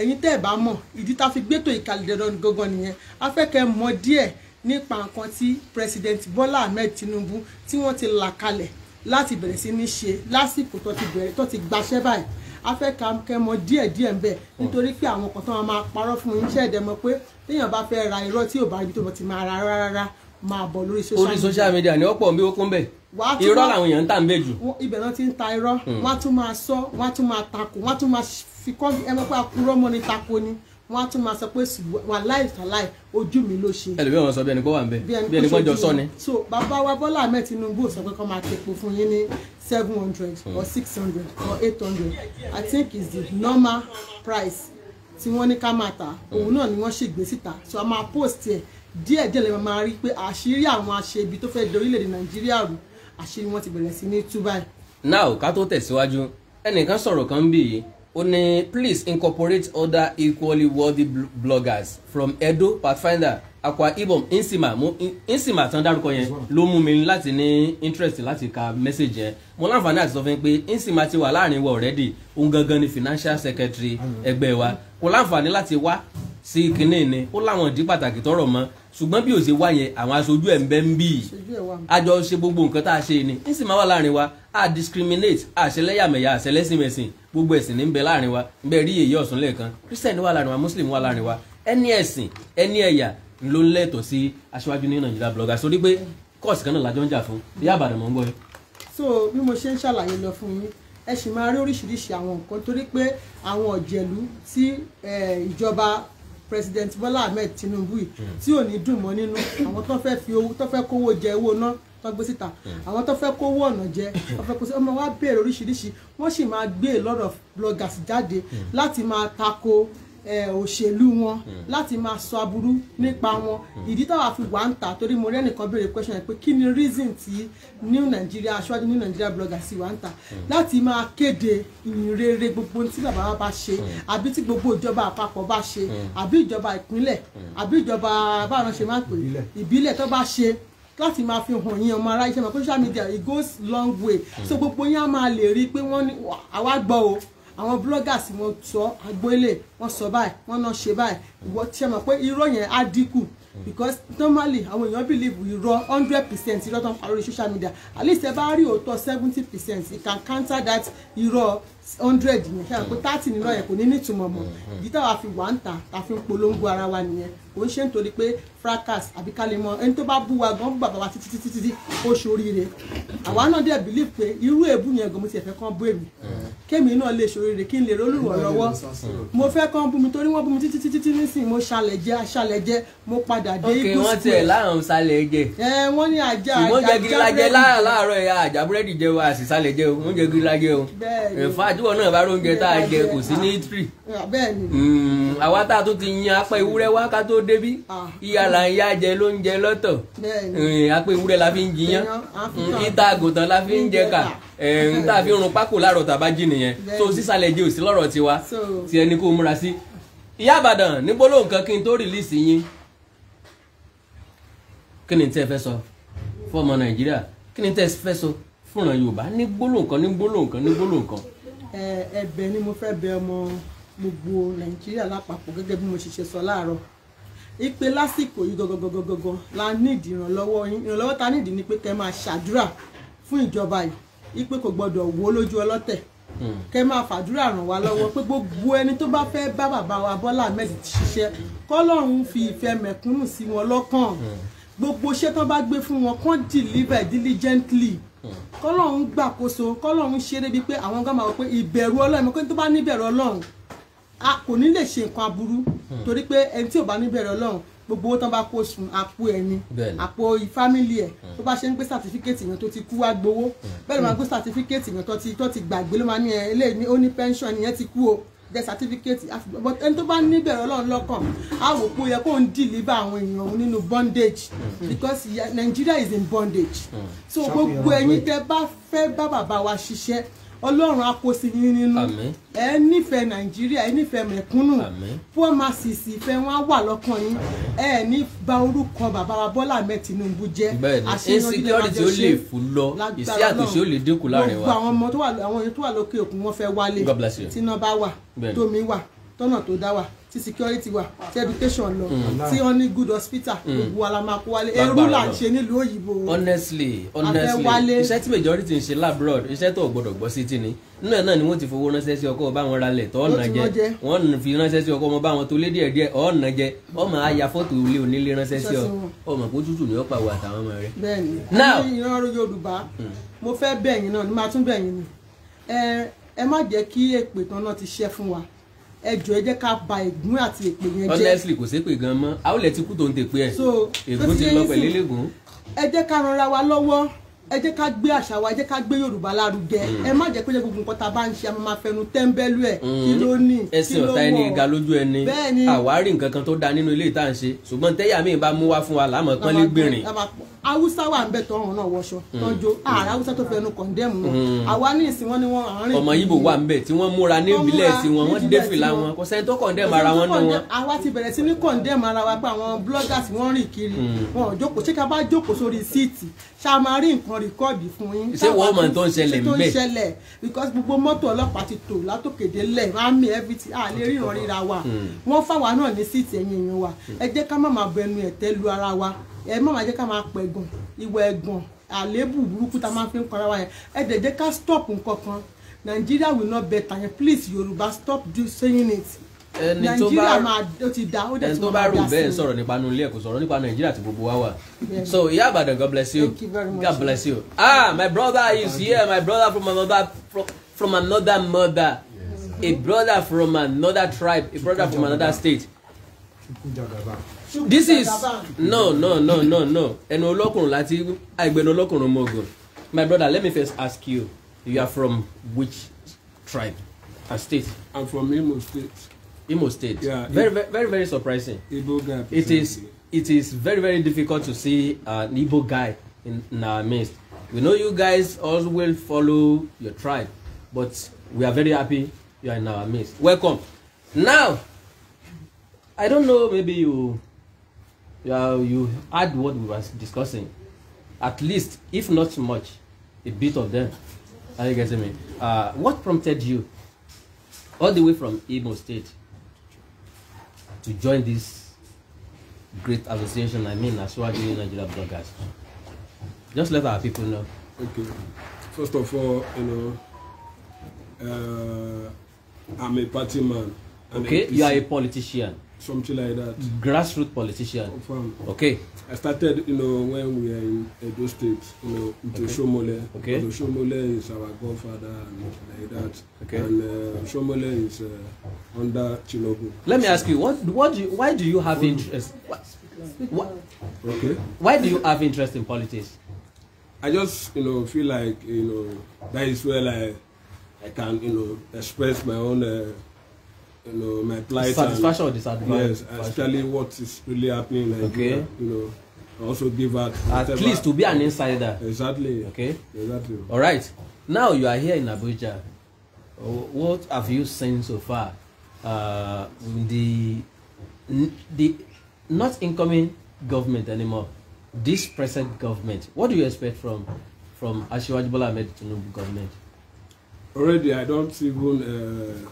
ẹ̀yin tẹ́ ẹ̀ bá mọ̀ ìdí tá fi gbétò ìkàlẹ̀ dandan gangan nìyẹn a fẹ́ díẹ̀ nípa nǹkan tí President Bola Ahmed Tinubu tí wọ́n ti là kalẹ̀ láti bẹ̀rẹ̀ sí ní ṣe lásìkò tó ti bẹ̀rẹ̀ tó ti gbaṣẹ́ báyìí afẹ́ ka kẹmọ díẹ̀ díẹ̀ ń bẹ̀ nítorí pé àwọn kan tó máa máa parọ́ fún yín ṣẹ̀dẹ̀ pé téèyàn bá fẹ́ ra irọ́ tí ò bá ti máa ra rárá máa bọ̀ lórí social media. orí social media ni ọ̀pọ̀ mi ó kún bẹ̀ irọ́ làwọn èèyàn ń tà ń bẹ̀ jù. ibẹ̀ náà ti ń ta irọ́ hmm. wọ́n á tún máa sọ wọ́n á tún máa takò wọ́n á tún máa fi kọ́ ẹmọ pé àkúrọ́ ni takò ni wọn á tún máa sọ pé wà láì ojú mi ló ṣe. ẹlòmíì wọn sọ bí ẹni pọ́ wà ń bẹ bí ẹni pọ́ jọ sọ ni. so bàbá wa Bọ́lá Ahmed Tinubu sọ pé kọ́ máa tepo fún yín ní seven hundred hmm. or six hundred or eight hundred I think is the normal price tí wọ́n ní ká máa tà hmm. òun náà ni wọ́n ṣègbè síta so a máa post ẹ̀ díẹ̀ díẹ̀ lẹ́yìn máa rí pé àṣírí àwọn aṣebi tó fẹ́ẹ́ dorílẹ̀-èdè Nàìjíríà rú àṣírí wọn ti bẹ̀rẹ̀ sí ní túbà. now ká tó tẹ̀síwájú ẹnìkan sọ̀rọ̀ kan bí yìí ó please incorporate other equally worthy bloggers from Edo Pathfinder Akwa Ibom insima mo Nsima tán dárúkọ yẹn ló mú mi láti ní interest láti ka message yẹn mo láǹfààní àti sọ fún yín pé ti wà láàrin wa already òun gangan ni financial secretary ẹgbẹ́ wa kò láǹfààní láti wa sí kinní ni ó láwọn ìdí pàtàkì tọrọ mọ ṣùgbọ́n bí ó ṣe wá yẹn àwọn aṣojú ẹ̀ ń bẹ ń bì í àjọ ṣe gbogbo nǹkan tá a ṣe ni nísìnyí máa wà láàrin wa a discriminate àṣẹlẹ́yàmẹ̀yà àṣẹlẹ́sìnmẹ̀sìn gbogbo ẹ̀sìn ní ń bẹ láàrin wa ń bẹ rí èyí ọ̀sùn lẹ́ẹ̀kan Christian wà láàrin wa Muslim wà láàrin wa ẹni ẹ̀sìn ẹni ẹ̀yà ló ń lẹ́tọ̀ sí aṣáájú ní Nàìjíríà blogger sórí pé kọ́ọ̀sì kan náà lájọ ń jà fún bí àbàdàn mọ́ ń gbọ́ yẹn. so bí mo ṣe ń ṣàlàyé lọ fún mi ẹ sì máa rí oríṣiríṣi àwọn nǹkan torí pé àwọn ọ̀jẹ̀lú tí ìjọba president Bọ́lá Ahmed Tinubu yìí hmm. tí ò ní dùn mọ́ nínú àwọn tó fẹ́ fi owó tó fẹ́ kówó jẹ owó náà tó gbé síta hmm. àwọn tó fẹ́ kówó ọ̀nà jẹ tó fẹ́ sí ọmọ wa béèrè oríṣiríṣi wọ́n sì máa gbé a lot of bloggers jáde hmm. láti máa tako òṣèlú wọn hmm. láti máa sọ aburú nípa hmm. wọn hmm. ìdí táwa fi wà ń tà torí mo rẹ́nìkan béèrè question pé kí ni reason ti new nigeria aṣáájú new nigeria blogger sì wà ń tà láti máa kéde ìrere gbogbo tí bàbá wa bá ṣe àbí tí gbogbo ìjọba àpapọ̀ bá ṣe àbí ìjọba ìpínlẹ̀ àbí ìjọba báwọn ṣe máa pè ìbílẹ̀ tó bá ṣe láti máa fi hàn yín ọmọ ará iṣẹ́ mọ̀ social media it goes long way so gbogbo yín á máa lè rí i pé wọ́n ní àwa gbọ́ o àwọn bloggers wọn sọ agbélé wọn sọ báyìí wọn náà ṣe báyìí ìwọ tí ẹ pé irọ́ yẹn á dínkù because normally àwọn èèyàn believe irọ́ hundred percent irọ́ tó ń pa lórí social media at least ẹ bá rí òótọ́ seventy percent it can counter that irọ́ hundred yẹn ṣáà pé mm. thirty nínú ẹ̀ kò ní nítumọ̀ mọ̀ mm-hmm. ìdí táwa fi wà ń ta ta fi ń polongo ara wa nìyẹn kò ń ṣe nítorí pé fracas àbí ká lè mọ ẹni tó bá bú wa gan bàbá wa títí títí títí ó ṣoríire àwa náà dẹ̀ believe pé irú èébú yẹn gan mo ti ẹ̀fẹ́ kán bú èmi mm. kémi náà lè ṣoríire kí n lè rólùwọ̀ lọ́wọ́ mo fẹ́ kán bú mi torí wọ́n bú mi títí títí nísìnyí mo ṣalẹ̀ jẹ́ mo padà dé ikú ok wọ́n tiẹ̀ láàrùn ṣalẹ̀ ẹ wọ́n ní ajá tíwọ́ náà bá róúnjẹ tá a jẹ kò sí ní tírì ah, hmm, àwa tá a tún ti yan apá ewúrẹ́ wá ká tó débí ah. ìyá jẹ lóúnjẹ lọ́tọ̀ hmm, apá ewúrẹ́ la fi ń hmm, jiyán ìta àgùntàn la fi ń jẹ kà eh, n tá a fi rún pákó láàárọ̀ tàbá jí nìyẹn tó sísàlẹ̀ jẹ́ òsí lọ́rọ̀ tiwa tí ẹni kó múra sí. ìyá àbàdàn ní gbólóhùn kan kí n tó rìlíìsì yín kí ni tẹ́ fẹ́ sọ fún ọmọ nàìjíríà kí ni tẹ́ fẹ́ sọ fúnra yorùbá ní gbólóhùn ní gbólóhùn ní gbólóhùn ẹ̀bẹ̀ ni mo fẹ́ bẹ̀ ọmọ gbogbo nàìjíríà lápapọ̀ gẹ́gẹ́ bí mo ṣe ṣe sọ láàárọ̀ ipe lásìkò yìí gangan la nídìí ìrànlọ́wọ́ yín ta nídìí ni pé kẹ́ máa ṣàdúrà fún ìjọba yìí ipe kò gbọdọ̀ wó lójú ọlọ́tẹ̀ hmm. kẹ́ máa fàdúrà ràn wá lọ́wọ́ pé gbogbo ẹni tó bá fẹ́ bá bàbá wa Bọ́lá Ahmed ṣiṣẹ́ kọ́lọ́run fi ìfẹ́ mẹ̀kúnnù sí wọn lọ́kàn hmm. gbogbo iṣẹ́ tán bá gbé fún wọn kán deliver diligently. Mm kọ́lọ́run gbàkóso kọ́lọ́run ṣe débi pé àwọn gan máa wọ pé ìbẹ̀rù ọlọ́run pé tó bá níbẹ̀rù ọlọ́run a kò ní lè ṣe nǹkan aburú hmm. torí pé ẹni tí ò bá níbẹ̀rù ọlọ́run gbogbo owó tán bá kó sùn àpò ẹni àpò ìfámìlì ẹ hmm. tó bá ṣe ń gbé sàtífíkẹ́tì yẹn tó ti kú wá gbowó hmm. bẹ́ẹ̀ ló máa gbé sàtífíkẹ́tì yẹn tó ti gbàgbé ló máa ní ẹ eléyìí ó ní pẹ́ńsọ̀n yẹn ti kú o The certificate, but ẹni tó bá níbẹ̀rẹ̀ ọlọ́run lọ́kàn á wò pé ó yẹ kó ń dìlíbà àwọn èèyàn nínú bondage mm-hmm. because Nigeria is in bondage mm. so gbogbo ẹ̀yin tẹ́ bá fẹ́ bá bàbá wa ṣiṣẹ́ ọlọ́run akosí yín nínú ẹ nífẹ̀ẹ́ nàìjíríà ẹ nífẹ̀ẹ́ mẹ̀kúnnù fún ọmọ àṣìṣì ìfẹ́ wọn wà lọ́kàn yín ẹ ní ba orúkọ bàbá wa bọ́là mẹ́ Tinubu jẹ́ àṣeyọrí lẹ́wọ̀n jẹ́ ṣe ìsí àtúnṣe ó lè àwọn ọmọ tó wà lókè òkun wọn fẹ́ wálé tíná wà tómi wà tọ́nà tó dá wà tí security wà tí education lọ hmm. tí wọ́n ní good hospital hmm. gbogbo wa la máa kó wálé ẹrú là ń ṣe nílùú òyìnbó. honestly honestly iṣẹ́ tí majority ń ṣe labroad iṣẹ́ tó gbọ́dọ̀ gbọ́ sí ti ni nínú ẹ̀ náà ni wọ́n ti fowó ránṣẹ́ sí ọkọ báwọn ralẹ̀ tó ọ̀nà jẹ wọ́n fi ránṣẹ́ sí ọkọ ọmọ báwọn tó lé díẹ̀ díẹ̀ ọ̀nà jẹ ọmọ aya fọ́tò ilé onílé ránṣẹ́ sí ọ ọmọ kó tútù ní ọ̀pá wo àtàwọn ọmọ rẹ. bẹ́ẹ̀ni ní ìran yorùbá hmm. mo fẹ́ bẹ̀yìn náà ni màá tún bẹ̀yìn ni ẹ má jẹ́ kí èpè tán náà ti ṣẹ́ fún wa ẹjọ́ ẹ ká ba ègún àti èpè yẹn jẹ́. honestly kò sépè gan mọ́ àwọn ilẹ̀ ti kú tó ń tèpè ẹ̀ ègún ti lọ pẹ̀lú eléègún. ẹ jẹ́ ká ranra wa lọ́wọ́ ẹ jẹ́ ká gbé àṣà wa ẹ jẹ́ ká gbé yorùbá lárugẹ mm. ẹ má jẹ́ pé jẹ́ gbogbo nǹkan tá a bá ń ṣe a máa fẹnu tẹ́ńbẹ́lú ẹ̀ mm. kí ló ní kí ló wọ̀ ẹsìn ọ̀tá ẹni ga lójú ẹni àwárí nǹkan kan tó da nínú ilé ìta ń ṣe ṣùgbọ́n tẹ́yà míì bá mú wá fún wa láàmú pọ́nlé gbìnrín haúsá wà ń bẹ tọrùn náà wọṣọ tọjú ààrẹ haúsá tó fẹnu kọndẹmù náà mm. àwa ní ìsìn wọn ni wọn àárín. ọmọ yìbò wà ń bẹ tí wọn múra ní ìbílẹ̀ tí wọn wọn dé fìlà wọn kò sẹ́ni tó kọndẹmù ara wọn náà wọn. àwa ti bẹ̀rẹ̀ sí ní kọndẹmù ara wa pé àwọn bloggers wọn rìn kiri mm. wọn ò jókòó ṣé ká bá jókòó sórí síìtì ṣá máa rí nǹkan rìkọ́ọ̀dì fún yín. ṣé wọ́n mọ̀ tó ń ṣẹlẹ̀ ń bẹ̀. tó ń ṣẹlẹ̀ because gbogbo mọ́tò ọlọ́pàá ti tò látòkèdè lẹ̀ army everything a lè ríran ríra wa mm. wọ́n fáwa náà ní síìtì ẹ̀yìn ìyún wa ẹ jẹ́ ká má máa bẹnu ẹ̀tẹ́ lu ara wa ẹ má máa jẹ́ ká máa pẹ̀gàn ìwà ẹ̀gàn àléébù burúkú tá a máa fi ń para wa yẹn ẹ dẹ̀ jẹ́ ká stop nǹkan kan Nigeria will not better yẹn please Yorùbá stop saying it ẹni tó bá ẹni tó bá rò bẹ́ẹ̀ sọ̀rọ̀ nípa inú ilé ẹ̀kọ́ sọ̀rọ̀ nípa nàìjíríà tí gbogbo wa wà so ìyá àbàdàn god bless you god bless you ah my brother is here my brother from another from, another mother a brother from another tribe a brother from another state this is no no no no no ẹnu ọlọ́kùnrin láti àìgbẹ́nu ọlọ́kùnrin mọ̀ gan my brother let me first ask you you are from which tribe and state. i'm from Imo State. Imo State. Yeah, very, very very very surprising. Igbo guy. It is it is very very difficult to see an Igbo guy in, in our midst. We know you guys always will follow your tribe, but we are very happy you are in our midst. Welcome. Now, I don't know, maybe you uh, you add what we were discussing at least if not much a bit of them are you getting me uh, what prompted you all the way from Imo State to join this great association I mean Asiwaju Nigeria Bloggers just let our people know. okay first of all you know uh, I'm a party man. I'm okay you are a politician. Something like that. Grassroots politician. Confirm. Okay. I started, you know, when we were in Edo State, you know, with okay. Shomole. Okay. So is our godfather and like that. Okay. And uh, is uh, under Chilogo. Let me ask you, what, what do you, why do you have interest? What, okay. Why do you have interest in politics? I just, you know, feel like, you know, that is where I, I can, you know, express my own. Uh, you know my plight satisfaction or disadvantage yes especially what is really happening in Nigeria okay. you know also give out at least to be an insider exactly okay exactly all right now you are here in Abuja what have you seen so far uh, the the not incoming government anymore this present government what do you expect from from Asiwaju Bola Ahmed Tinubu government already i don't even uh,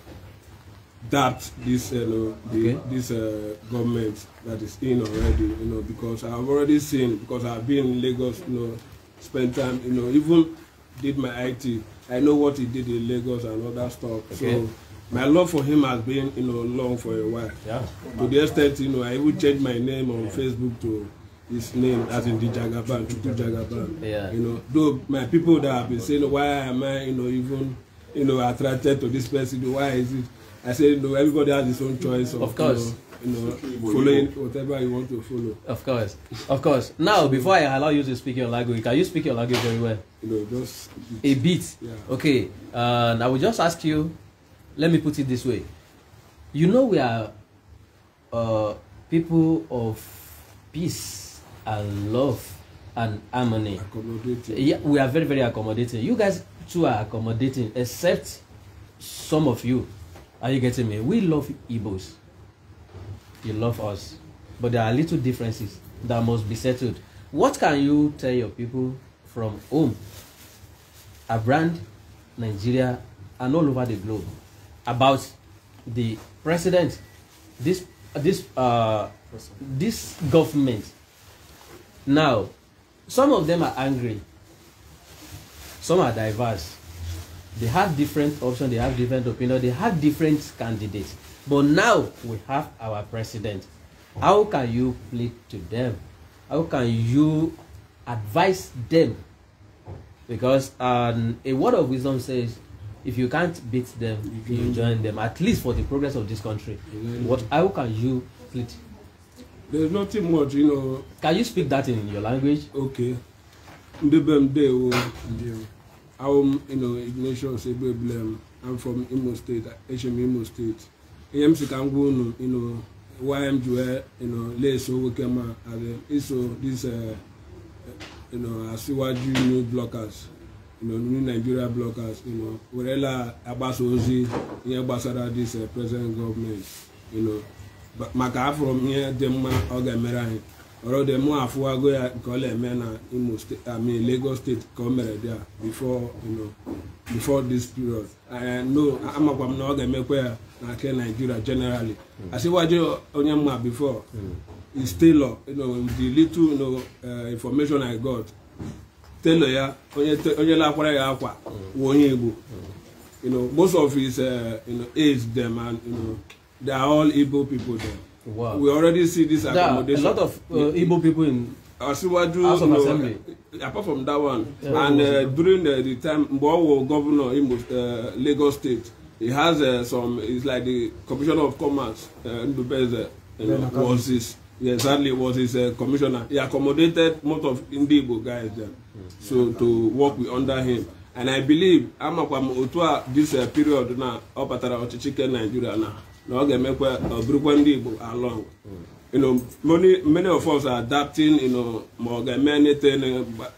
that this you uh, know, the, okay. this uh, government that is in already you know because I've already seen because I've been in Lagos you know spend time you know even did my IT I know what he did in Lagos and other stuff okay. so my love for him has been you know long for a while yeah. to the extent you know I even changed my name on yeah. Facebook to his name as in the Jagaban Chuku Jagaban yeah. you know though my people that have been saying why am I you know even you know attracted to this person why is it I said, no, everybody has his own choice. Of, of course. You know, you know following whatever you want to follow. Of course. Of course. Now, before I allow you to speak your language, can you speak your language very well? You know, just a bit. A bit. Yeah. Okay. and I will just ask you, let me put it this way. You know, we are uh, people of peace and love and harmony. Accommodating. Yeah, we are very, very accommodating. You guys too are accommodating, except some of you. Are you getting me? We love Igbos. You love us. But there are little differences that must be settled. What can you tell your people from home, around Nigeria, and all over the globe about the president, this this uh, this government? Now, some of them are angry. Some are diverse. They had different options, they have different opinions, they had different candidates. But now we have our president. How can you plead to them? How can you advise them? Because um, a word of wisdom says, if you can't beat them, you, you join them, at least for the progress of this country. What, how can you plead? There's nothing much, you know. Can you speak that in your language? Okay. Oh, oh how you know Ignatius Igbeblem I'm from Imo State Eshim Imo State ihe m si ka m gwa unu you know why m ji you know leso nwoke ma iso this uh, you know Asiwaju new blockers you know new Nigeria blockers you know werela agbasa ozi ihe gbasara this uh, present government you know maka afọrọ m ihe dị mma ọ ga-emere anyị ọrọdẹ mú àfọwágó kọlẹ mẹna imo state i mean lagos state kọmẹrẹ dea before you know before this period i know amakwam na ọ ga-emekwa ya na ake nigeria generally asiwaju hmm. onye mma before hmm. is tailor you know the little you know uh, information i got tailor ya onye onye lakwara ya akwa hmm. wụ onye igbo you know most of his uh, you know, age them and you know, they are all igbo people there. Wow. We already see this accommodation. Yeah, a lot of uh, Igbo people in Asiwaju, House of no, Assembly. Uh, apart from that one, yeah, and uh, during the, uh, the time Mbowo governor in uh, Lagos State, he has uh, some. It's like the Commissioner of Commerce, uh, Ndubeze, you know, was his yeah, sadly was his uh, commissioner. He accommodated most of Indigo guys there, yeah. Hmm. so yeah. to work with under him. And I believe I'm Amakwam Otua this uh, period now, up at Nigeria now na ọ ga-emekwa ọ bụrụkwa ndị Igbo along you know many many of us are adapting you know ma ọ ga-eme anything but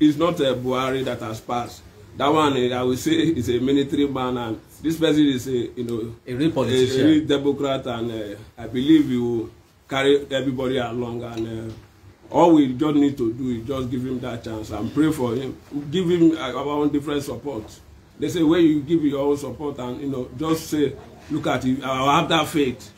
it's not a Buhari that has passed that one I will say is a military man and this person is a you know a real politician a, real democrat and uh, I believe he will carry everybody along and. Uh, all we just need to do is just give him that chance and pray for him give him our own different support they say when you give your own support and you know just say look at it i have that faith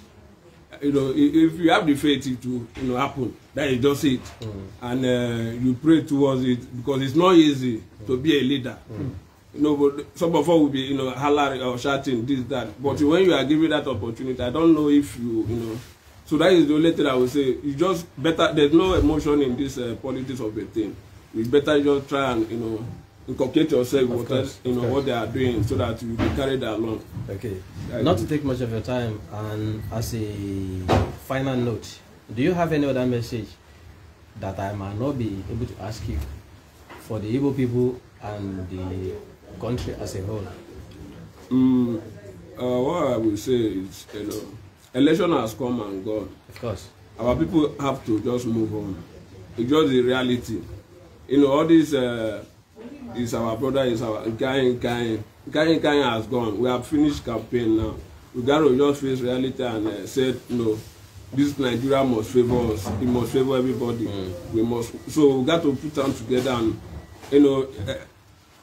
you know if you have the faith it will you know happen that is just it mm. and uh, you pray towards it because it's not easy mm. to be a leader mm. you know but some of us will be you know hollering or shouting this that but mm. when you are given that opportunity i don't know if you you know so that is the only thing i would say you just better there's no emotion in this uh, politics of a thing you better just try and you know inculcate yourself of course, you know course. what they are doing so that you can carry that along. Okay. That Not is. to take much of your time, and as a final note, do you have any other message that I might not be able to ask you for the Igbo people and the country as a whole? Mm, uh, what I will say is, you know, election has come and gone. Of course. Our people have to just move on. It's just the reality. You know, all these. Uh, is our brother is our Nkayi Nkayi Nkayi Nkayi has gone we have finished campaign now we gotta just face reality and uh, say no this Nigeria must favour us it must favour everybody mm. we must so we to put am together and you know uh,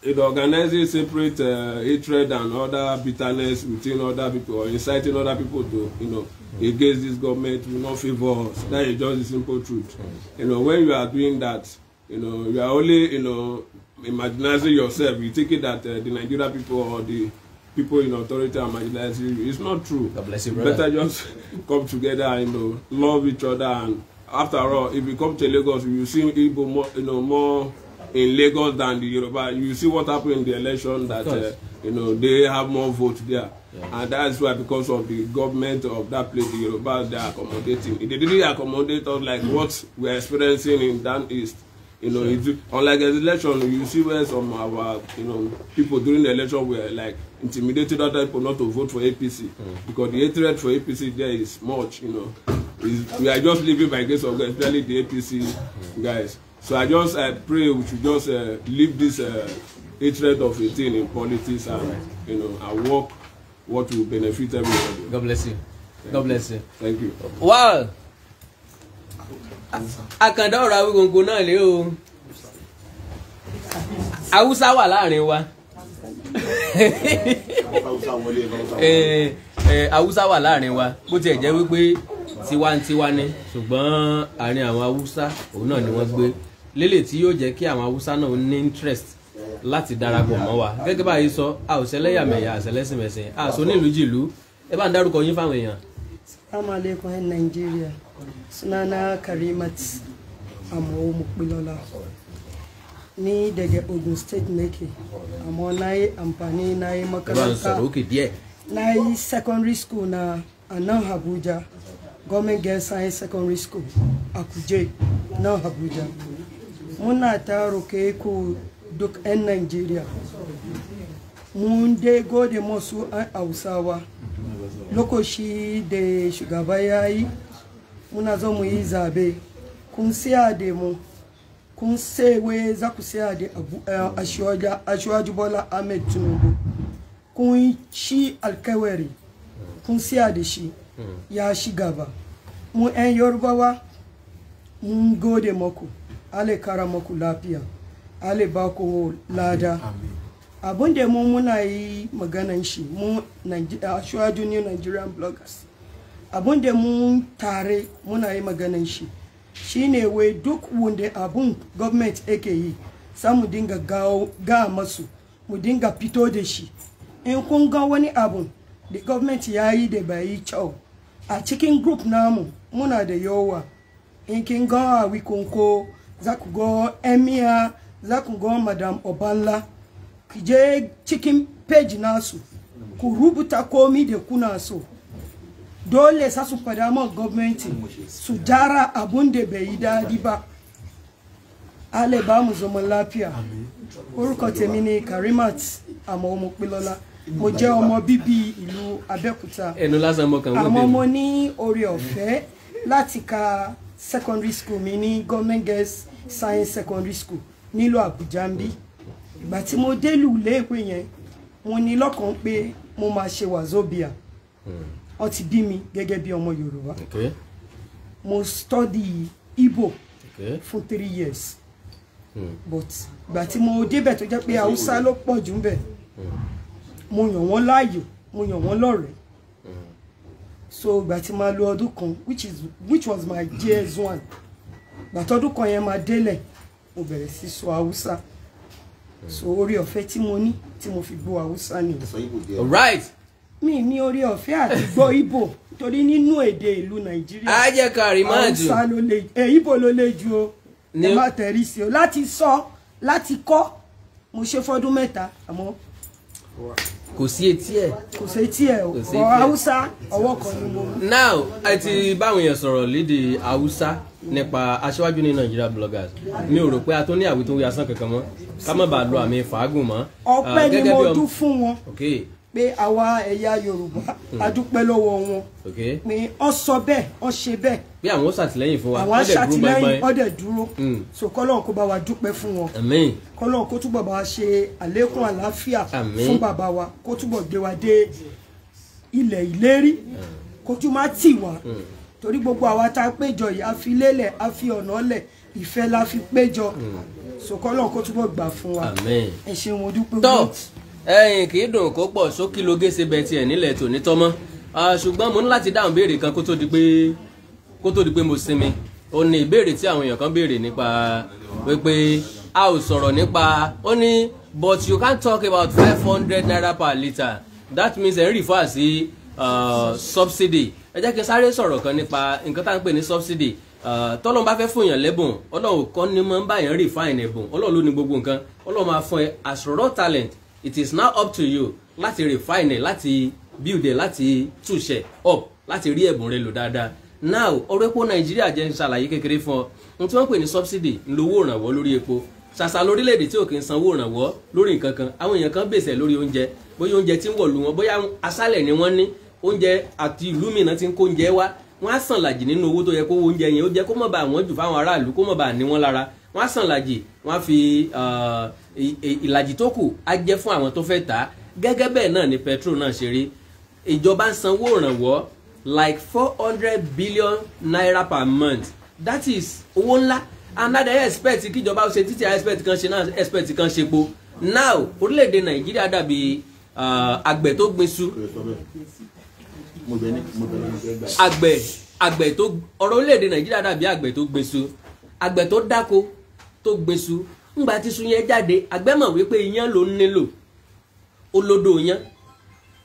it organizes separate uh, hatred and other bitterness within other people or inciting other people to you know mm. against this government We not favour us that is just the simple truth mm. you know when you are doing that you know you are only you know marginalizing yourself you take it that uh, the Nigerian people or the people in authority are marginalizing you it's not true God bless you, brother. better just come together you know, love each other and after all if you come to Lagos you see Igbo more you know more in Lagos than the Yoruba you see what happened in the election that uh, you know they have more vote there yeah. and that's why because of the government of that place the Yoruba they are accommodating they didn't accommodate us like what we are experiencing in down east You know, sure. it's, unlike an election, you see where some of our you know people during the election were like intimidated other people not to vote for APC mm. because the hatred for APC there is much. You know, it's, we are just living by grace of God, especially the APC mm. guys. So I just I pray we should just uh, leave this uh, hatred of a thing in politics and right. you know and work what will benefit everybody. God bless you. Thank God bless you. you. Thank you. Wow àkàndá ọ̀rọ̀ Awíkonko náà lé o haúsá wà láàrin wa haúsá eh, eh, wà láàrin wa bó tiẹ̀ jẹ́ wípé tiwantiwa ni ṣùgbọ́n àárín àwọn haúsá òun náà ni wọ́n gbé lélẹ̀ tí yóò jẹ́ kí àwọn haúsá náà ní interest láti darapọ̀ mọ́ wa gẹ́gẹ́ báyìí sọ a ò ṣẹlẹ́yàmẹ̀yà àṣẹlẹ́sìnmẹ̀sìn a sọ nílùú jìlú ẹ bá ń dárúkọ yín fáwọn èèyàn. sàmàlẹ́kùn ẹ̀ nàìjíríà. sunana karimat amma mukbilola ni daga ogun state nake amma na yi amfani na yi makaranta na yi secondary school na a nan abuja government girls secondary school a kuje nan abuja muna taro ke ku duk 'yan nigeria mun dai gode masu an hausawa lokaci da shugaba ya yi muna zo mu yi zabe kun siya da mu kun sewe za ku siya da eh, ashiwaji bola ahmed tinubu kun shi alkawari kun siya da shi ya shi gaba mu 'yan yorubawa mun gode maku ale kara maku lafiya ale ba ku lada abin da mu muna yi maganan shi mu ashiwaji new nigerian bloggers abun da mu tare muna yi maganan shi shine wai duk wanda abun gwamnati yake yi samu dinga ga masu mu dinga fito da shi in kun ga wani abun da gwamnati ya yi da bayi kyau a cikin group namu muna da yawa in kin ga wikonko za ku ga emir za ku ga madam obanla ki je cikin page nasu ku rubuta komi da kuna so dole sa su fadama gwamnati su jara abun da bai yi daɗi ba alẹ́ bá mu zọmọ lápíà orúkọ tèmi ni Karimat Àmọ̀wọ́mọpẹ́lọ́lá mo jẹ́ ọmọ bíbí ìlú Abẹ́òkúta àmọ́ mo ní oore ọ̀fẹ́ láti ka secondary school mi ní government girls science secondary school nílùú Àbújá ń bí ìgbà tí mo délùú léèpé yẹn mo ní lọ́kàn pé mo máa ṣe wàzóbìà wọ́n ti bí mi gẹ́gẹ́ bí ọmọ Yorùbá mo study Igbo okay. fún three years hmm. but ìgbà tí mo débẹ̀ tó jẹ́ pé Haúsá ló pọ̀ jù ń bẹ̀ hmm. mo yàn wọ́n láàyò mo yàn wọ́n lọ́rẹ̀ẹ́ hmm. so ìgbà tí máa lo ọdún kan which is which was my years one ìgbà tọdún kan yẹn máa délẹ̀ mo bẹ̀rẹ̀ sí sọ Haúsá hmm. so orí ọ̀fẹ́ tí mo ní tí mo fi gbọ́ Haúsá nìyẹn. all right mi ní orí ọ̀fẹ́ àti gbọ́ Ìbò torí nínú èdè ìlú Nàìjíríà á jẹ́ ká rí máa jù eh, Ìbò ló lè ju o ẹ má tẹ̀rí sí o láti sọ láti kọ́ mo ṣe fọ́dún mẹ́ta àmọ́ kò sí etí ẹ kò sí etí ẹ ọ haúsá ọwọ́ kan ni mo. now ẹ ti báwọn èèyàn sọ̀rọ̀ lédè haúsá nípa aṣáájú ní Nigeria bloggers mi ò rò pé a tó ní àwító wí asán kankan mọ́ ká má bàa lo àmì fàágùn mọ́. ọpẹ́ ah, ni mo dún fún wọn pé àwa ẹ̀yà yorùbá a hmm. dúpẹ́ lọ́wọ́ wọn pé ọ sọ bẹ́ẹ̀ ọ ṣe bẹ́ẹ̀. bí àwọn ó ṣàtìlẹ́yìn fún wa àwọn á ṣàtìlẹ́yìn ọdẹ dúró hmm. so kọ́lọ́n kó bá wa dúpẹ́ fún wọn kọ́lọ́n kó túbọ̀ bá wa ṣe àlékún àlàáfíà fún bàbá wa kó túbọ̀ gbé wa dé ilẹ̀ ìlérí hmm. kó tún má tì wá torí gbogbo àwa tá péjọ yìí a fi lélẹ̀ a fi ọ̀nà lẹ̀ ìfẹ́ la fi péjọ so kọ́lọ́n kó túbọ̀ gbà fún wa ẹ ṣeun mo dúpẹ́ wọ́n ti ẹ̀yin kì í dùn kó pọ̀ sókè ló gése bẹ tiẹ̀ nílẹ̀ tòní tọ́mọ́ ṣùgbọ́n mo ní láti dáhùn béèrè kan kó tó di pé kó tó di pé mo sinmi ó ní ìbéèrè tí àwọn èèyàn kan béèrè nípa wípé a ò sọ̀rọ̀ nípa ó ní but you can talk about five hundred naira per litre that means ẹ̀ ń refer sí subsidy ẹ jẹ́ kí n sáré sọ̀rọ̀ kan nípa nǹkan tá à ń pè ní subsidy tọ́lọ́n bá fẹ́ fún yàn lẹ́bùn ọlọ́run kọ́ ni mo ń bá yàn refine ẹ̀bùn ọlọ́run ló ní gbogbo nǹkan ọlọ́run máa fún ẹ as raw talent it is now up to you láti refine it láti build it láti túnṣe up láti rí ẹ̀bùn rẹ lò dáadáa now ọ̀rọ̀ epo nàìjíríà jẹ́ ń ṣàlàyé kékeré fún ọ ohun tí wọ́n pè ní subsidy ń lowó ìrànwọ́ lórí epo ṣàṣà lórílẹ̀‐èdè tí ò kì í sanwó ìrànwọ́ lórí nǹkan kan àwọn èèyàn kan bèsè lórí oúnjẹ bóyá oúnjẹ tí ń wọ̀lú wọn bóyá aṣálẹ̀ ni wọ́n ní oúnjẹ àti ìlú mìíràn ti ń kó oúnjẹ wá wọ́n á san làjì nínú owó tó yẹ kó oúnjẹ yẹn ó jẹ́ kó má bàa wọ́n jù fáwọn aráàlú kó má bàa ní wọn lára wọ́n á san làjì wọ́n á fi ah, ìlàjì tó kù á jẹ́ fún àwọn tó fẹ́ tà á gẹ́gẹ́ bẹ́ẹ̀ náà ni petrol náà ṣe rí ìjọba ń sanwó ìrànwọ́ like four hundred billion naira per month that is owó ńlá another expect kíjọba ṣe títí expect kan ṣe náà expect kan ṣe po now orílẹ̀-èdè nàìjíríà dàbí àgbẹ̀ tó gbin iṣu àgbẹ̀ àgbẹ̀ tó ọ̀rọ̀ orílẹ̀-èdè nàìjíríà dàbí àgbẹ̀ tó gbin iṣu àgbẹ̀ tó dáko tó gbin iṣu ńgbà tí iṣu yẹn jáde àgbẹ̀mọ̀ wípé iyán ló ń nílò olódò yẹn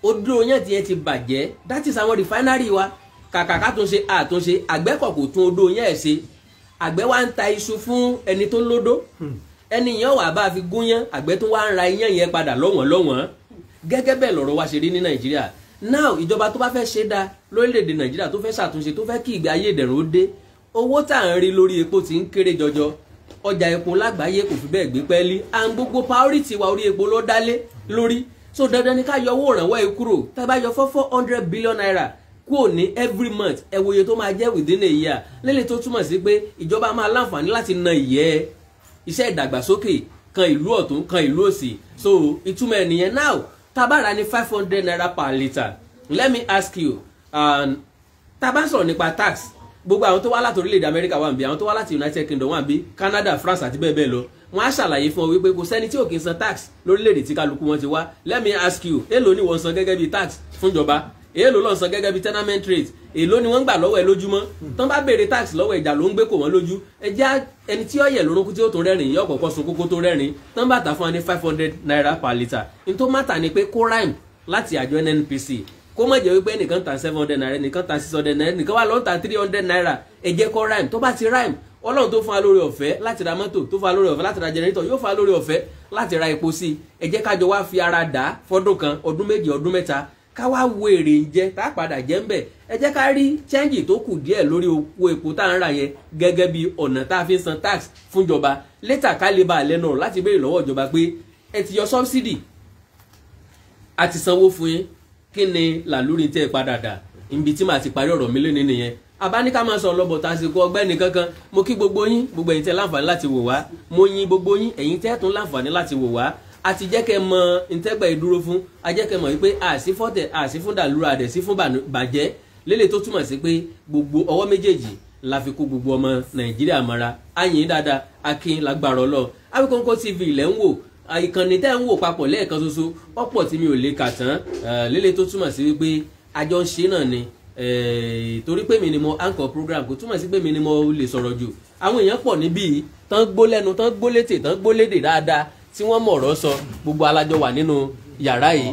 odò yẹn tiẹ̀ ti bàjẹ́ that is àwọn rìfánárì wa kàkà kátúnṣe àtúnṣe àgbẹ̀kọ̀ kò tún odò yẹn ẹ̀ ṣe àgbẹ̀ wa ń ta iṣu fún ẹni tó lódó ẹni yẹn wà bá a fi gún yẹn àgbẹ̀ tó wá ń ra iyán yẹn padà lọ́wọ́n lọ́wọ́n gẹ́gẹ́ bẹ́ẹ̀ lọ̀rọ̀ wa ṣe rí ní nàìjíríà now ìjọba tó bá fẹ́ ṣe dáa lórílẹ̀‐èdè nàìjíríà tó fẹ́ ṣàtúnṣe tó fẹ́ kí ìgbé ayé ìdẹ̀rùn ó dé owó tá ń rí lórí epo ti ń kéré jọjọ ọjà epo lágbàáyé kò fi bẹ́ẹ̀ gbé pẹ́ẹ́lí à ń gbogbo priority wa orí epo ló dálé lórí so dandan ni ká yọ owó ìrànwọ́ yìí kúrò tá a bá yọ four hundred billion naira kúrò ní every month ẹ wo iye tó máa jẹ́ within a year lélẹ̀ tó túmọ̀ sí pé ìjọba máa láǹfààní láti na ìyẹ́ iṣẹ́ ìdàgbàsókè kan ìlú ọ̀tún kan ìlú òsì so ìtumọ̀ ẹ̀nìyẹn now tabara ní five hundred naira per litre let me ask you um, tá a bá sọ̀rọ̀ nípa tax gbogbo àwọn tó wá láti orílẹ̀-èdè amẹ́ríkà wà ń bí àwọn tó wá láti united kingdom wà ń bí canada france àti bẹ́ẹ̀ bẹ́ẹ̀ lọ wọ́n á ṣàlàyé fún ọ wípé kò sẹ́ni tí ò kì í san tax lórílẹ̀-èdè tí kálukú wọn ti wá let me ask you èèlò ni wọ́n san gẹ́gẹ́ bí tax fúnjọba èèlò lọ́n san gẹ́gẹ́ bí tenement rate èèlò ni wọ́n ń gbà lọ́wọ́ ẹ lójúmọ́ tán bá béèrè tax lọ́wọ́ ẹ̀jà ló ń gbé kò wọ́n lójú ẹja ẹni tí ó yẹ lórúnkú tí ó tún rẹ́rìn yóò kọ́kọ́ sun kókó tó rẹ́rìn tán bá tà fún wa ní five hundred naira per litre ní tó má tà ní pé kó rhyme láti àjọ nnpc kó má jẹ́ wípé ẹnìkan ta seven hundred naira ẹnìkan ta six hundred naira ẹnìkan wà lọ́n ta three hundred naira ẹ jẹ́ rhyme tó bá ti rhyme ọlọ́run tó fún wa lórí ọ̀fẹ́ láti ra mọ́tò tó fún wa lórí ọ̀fẹ́ láti ra jẹnẹrétọ̀ yóò fún wa lórí ọ̀fẹ́ láti ra epo sí i ẹ jẹ́ kájọ wá fi ara dà fọ́dún kan ọdún méjì ọdún mẹ́ta ká wá wo èrè ń jẹ tá a padà jẹ́ ń bẹ̀ ẹ jẹ́ ká rí chẹ́ǹgì tó kù díẹ̀ lórí owó epo tá à ń rà yẹn gẹ́gẹ́ bí ọ̀nà tá a fi ń san tax fúnjọba létà ká lè ba àlẹ́ náà láti béèrè lọ́wọ́ ìjọba pé ẹ ti yọ subsidy a sanwó fún yín kí ni làlúrin tẹ́ ẹ padà dà ibi tí màá ti parí ọ̀rọ̀ mi lónìí nìyẹn àbáníká máa sọ lọ́bọ̀ tásìkò ọgbẹ́ni kankan mo kí gbogbo yín gbogbo ẹ̀yin tẹ́ láǹfààní láti wò wá mo yin gbogbo yín ẹ̀yin tẹ́ tún láǹfààní láti wò wá àti jẹ́ kẹ́ mọ ntẹ́gbà ìdúró fún ajẹ́kẹ́ mọ̀ wípé àsí fọ́tẹ̀ àsí fún dàlúrà àdẹ̀ sí fún bàjẹ́ lélẹ̀ tó túmọ̀ sí pé gbogbo ọwọ́ méjèèjì la fi kó gbogbo ọmọ nàìjíríà mọ́ra ayin dáadáa akin lágbára ọlọ́ọ̀ Awikonko TV ilẹ̀ ń wò ìkànnì tẹ́ ń wò papọ̀ lẹ́ẹ̀kan ṣoṣo ọ̀pọ̀ tí mi ò lè kà tán lélẹ̀ tó túmọ̀ sí wípé àjọ ń ṣe náà ni torí pé mi ni mo anchor program kò túmọ̀ sí pé mi ni mo lè sọ̀rọ̀ jù àwọn èèyàn pọ̀ níbí tán gbó lẹ́nu tán gbó létè tán gbó lédè dáadáa tí wọ́n mọ̀ ọ̀rọ̀ sọ gbogbo alájọ wà nínú yàrá yìí.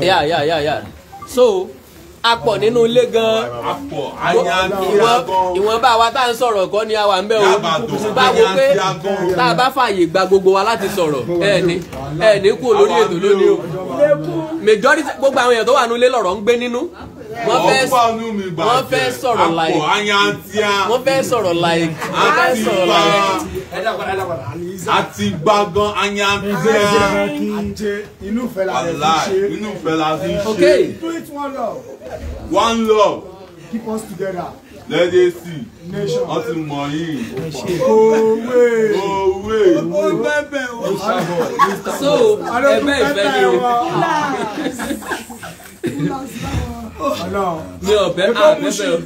ìyá ìyá ìyá ìyá so a pọ̀ nínú ilé gan. a pọ̀ àyà nira gan. ìwọ̀nba tá à ń sọ̀rọ̀ kọ́ ni a wà ń bẹ̀ o. báwo pé tá a bá fààyè gba gbogbo wa láti sọ̀rọ̀ ẹ ní ẹ ní kú olórí ètò lónìí o. majority gbogbo àwọn èèyàn tó wà nínú ilé lọ̀rọ̀ ń gbé nínú wọ́n fẹ́ sọ̀rọ̀ like wọ́n fẹ́ sọ̀rọ̀ like wọ́n fẹ́ sọ̀rọ̀ like. àti gbagan ayantia inú fẹ́ la fi ṣe okay one love one love keep us together lẹ́dẹ̀ẹ́sì wọ́n ti mọ̀ yìí. òwe òwe ó bẹ̀bẹ̀ wá. so ẹgbẹ́ ìfẹ́ ni o mi ò bẹ́ à bẹ́bẹ́ o.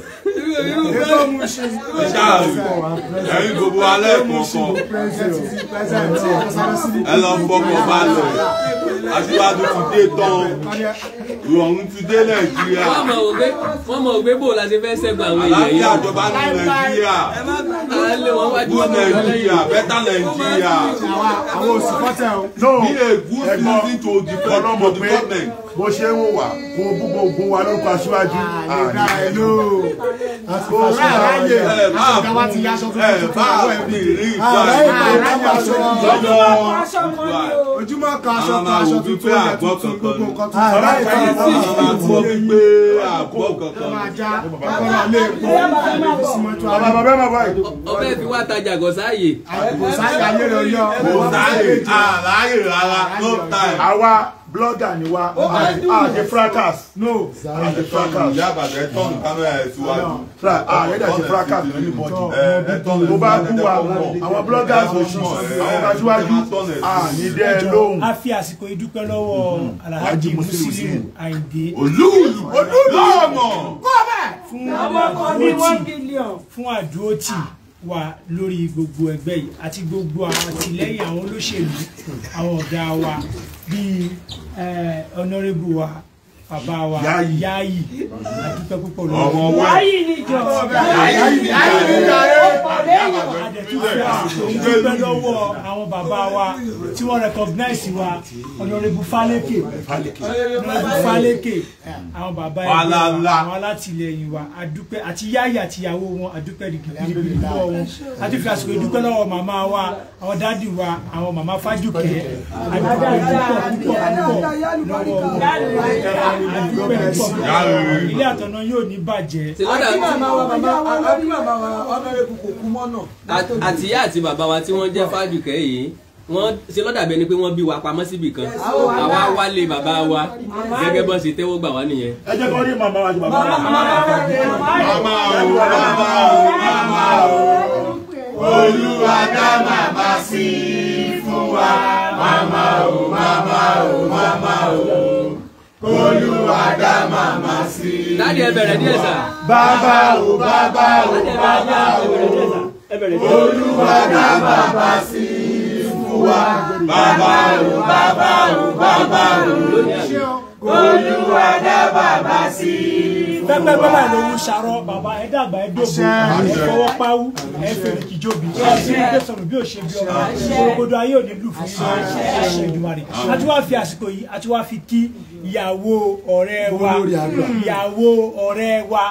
Ebo mu ṣe ẹyin gbogbo alẹ́ òun ti dé nàìjíríà. wọ́n mọ̀ ògbé bò láti fẹ́ sẹ́gun àwọn èèyàn yìí. alájà àjọba ní nàìjíríà. alẹ́ nàìjíríà bẹ́tà nàìjíríà. àwọn òsìkọ́tẹ̀ o. no bí ègún ti ní to government. bó ṣe ń wà kó gbogbo ogun wa lórúkọ aṣíwájú. Ah, àlejò kò ráàyè àtàwá ti yáṣọ fún mi. bá a fi rí ìgbà ah, ojúmọ́ kan aṣọ kan aṣọ tuntun yẹ tuntun gbogbo nǹkan tuntun ẹni tí ìṣúná gbọ́ wípé àgbọ̀ kankan. bàbá bàbá bàbá báyìí. ọbẹ̀ fi wá tajà gọ̀sáyè. gọ̀sáyè ayé rẹ̀ yọ. gọ̀sáyè àlàyé rárá no time. àwa blogger ni wa àdè oh, fracas no àdè fracas àyè ah, dàdé fracas lórí bọ́dì mo bá kú wa àwọn bloggers ò ṣù àwọn gbajúwájú àní dẹ́ lóhùn. a fi àsìkò ìdúpẹ́ lọ́wọ́ alhaji musiliu ayinde olúùlù olúùlù ọmọ fún àdúrótì fún àdúrótì wa lórí gbogbo ẹgbẹ́ yìí àti gbogbo àwọn àtìlẹ́yìn àwọn olóṣèlú àwọn ọ̀gá wa bíi Eh, honorable wa bàbá wa yáyì àdúpẹ́ púpọ̀ lọ́wọ́ wa yáyì níjọ yáyì níjọ àdẹ̀túfẹ́ lọ́wọ́ àwọn bàbá wa tí wọ́n recognize wa ọ̀nàrẹ́bù fálékè ọ̀nàrẹ́bù fálékè àwọn bàbá ẹgbẹ́ wa àwọn alátìlẹyìn wa àdúpẹ́ àti yáyì àtìyàwó wọn àdúpẹ́ gidigidi lọ́wọ́ wọn àti fi àsìkò ìdúpẹ́ lọ́wọ́ màmá wa àwọn dádì wa àwọn màmá fájùkẹ́ àdúpẹ́ púpọ̀ púpọ̀ lọ́wọ́ wọn ilé àtọ̀nà yóò ní bàjẹ́. àti màmá wa màmá àti màmá wa ọ̀nàrẹ́bù kò kú mọ́nà. àtìyá àti bàbá wa tí wọ́n jẹ́ fàdùkẹ́ yìí wọ́n ṣe lọ́dà ni pé wọ́n bí wa pamọ́ síbì kan àwa wálé bàbá wa gẹ́gẹ́ bọ́n ṣe tẹ́wọ́ gbà wá nìyẹn. ẹ jẹ́ kó rí màmá wa ju bàbá wa. màmá o màmá o màmá o olúwa dá màmá sí fún wa màmá o màmá o màmá o olúwa dá màmá sí i. láti bàbá o bàbá o bàbá o olúwa dá màmá sí i fún bàbá o bàbá o bàbá o olúwa bàbá sí i. pẹ́pẹ́ bàbá ló ń ṣàrọ bàbá ẹ dàgbà ẹ dóbo ẹ fọwọ́ páwú ẹ fèrè kìjọbi ẹ sì ń gbé sọ̀rọ̀ bí ó ọba gbogbo ayé òde lù fún yìí àṣẹ Èdùmàrè a ti wá fi àsìkò yìí a ti fi kí ìyàwó ọ̀rẹ́ wa ìyàwó ọ̀rẹ́ wa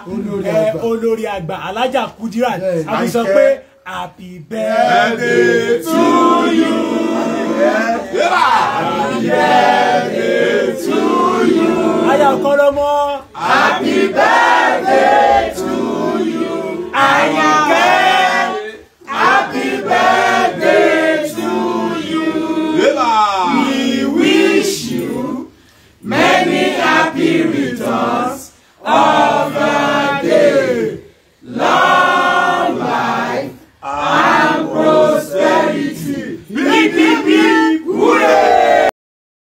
olórí àgbà alájà Kudirat a ti sọ pé. Happy birthday to you. Happy birthday to you. Aya Kọ́lọ́mọ. Happy birthday to you. Àyìnkẹ́. Happy birthday to you. We wish you many happy returns. Of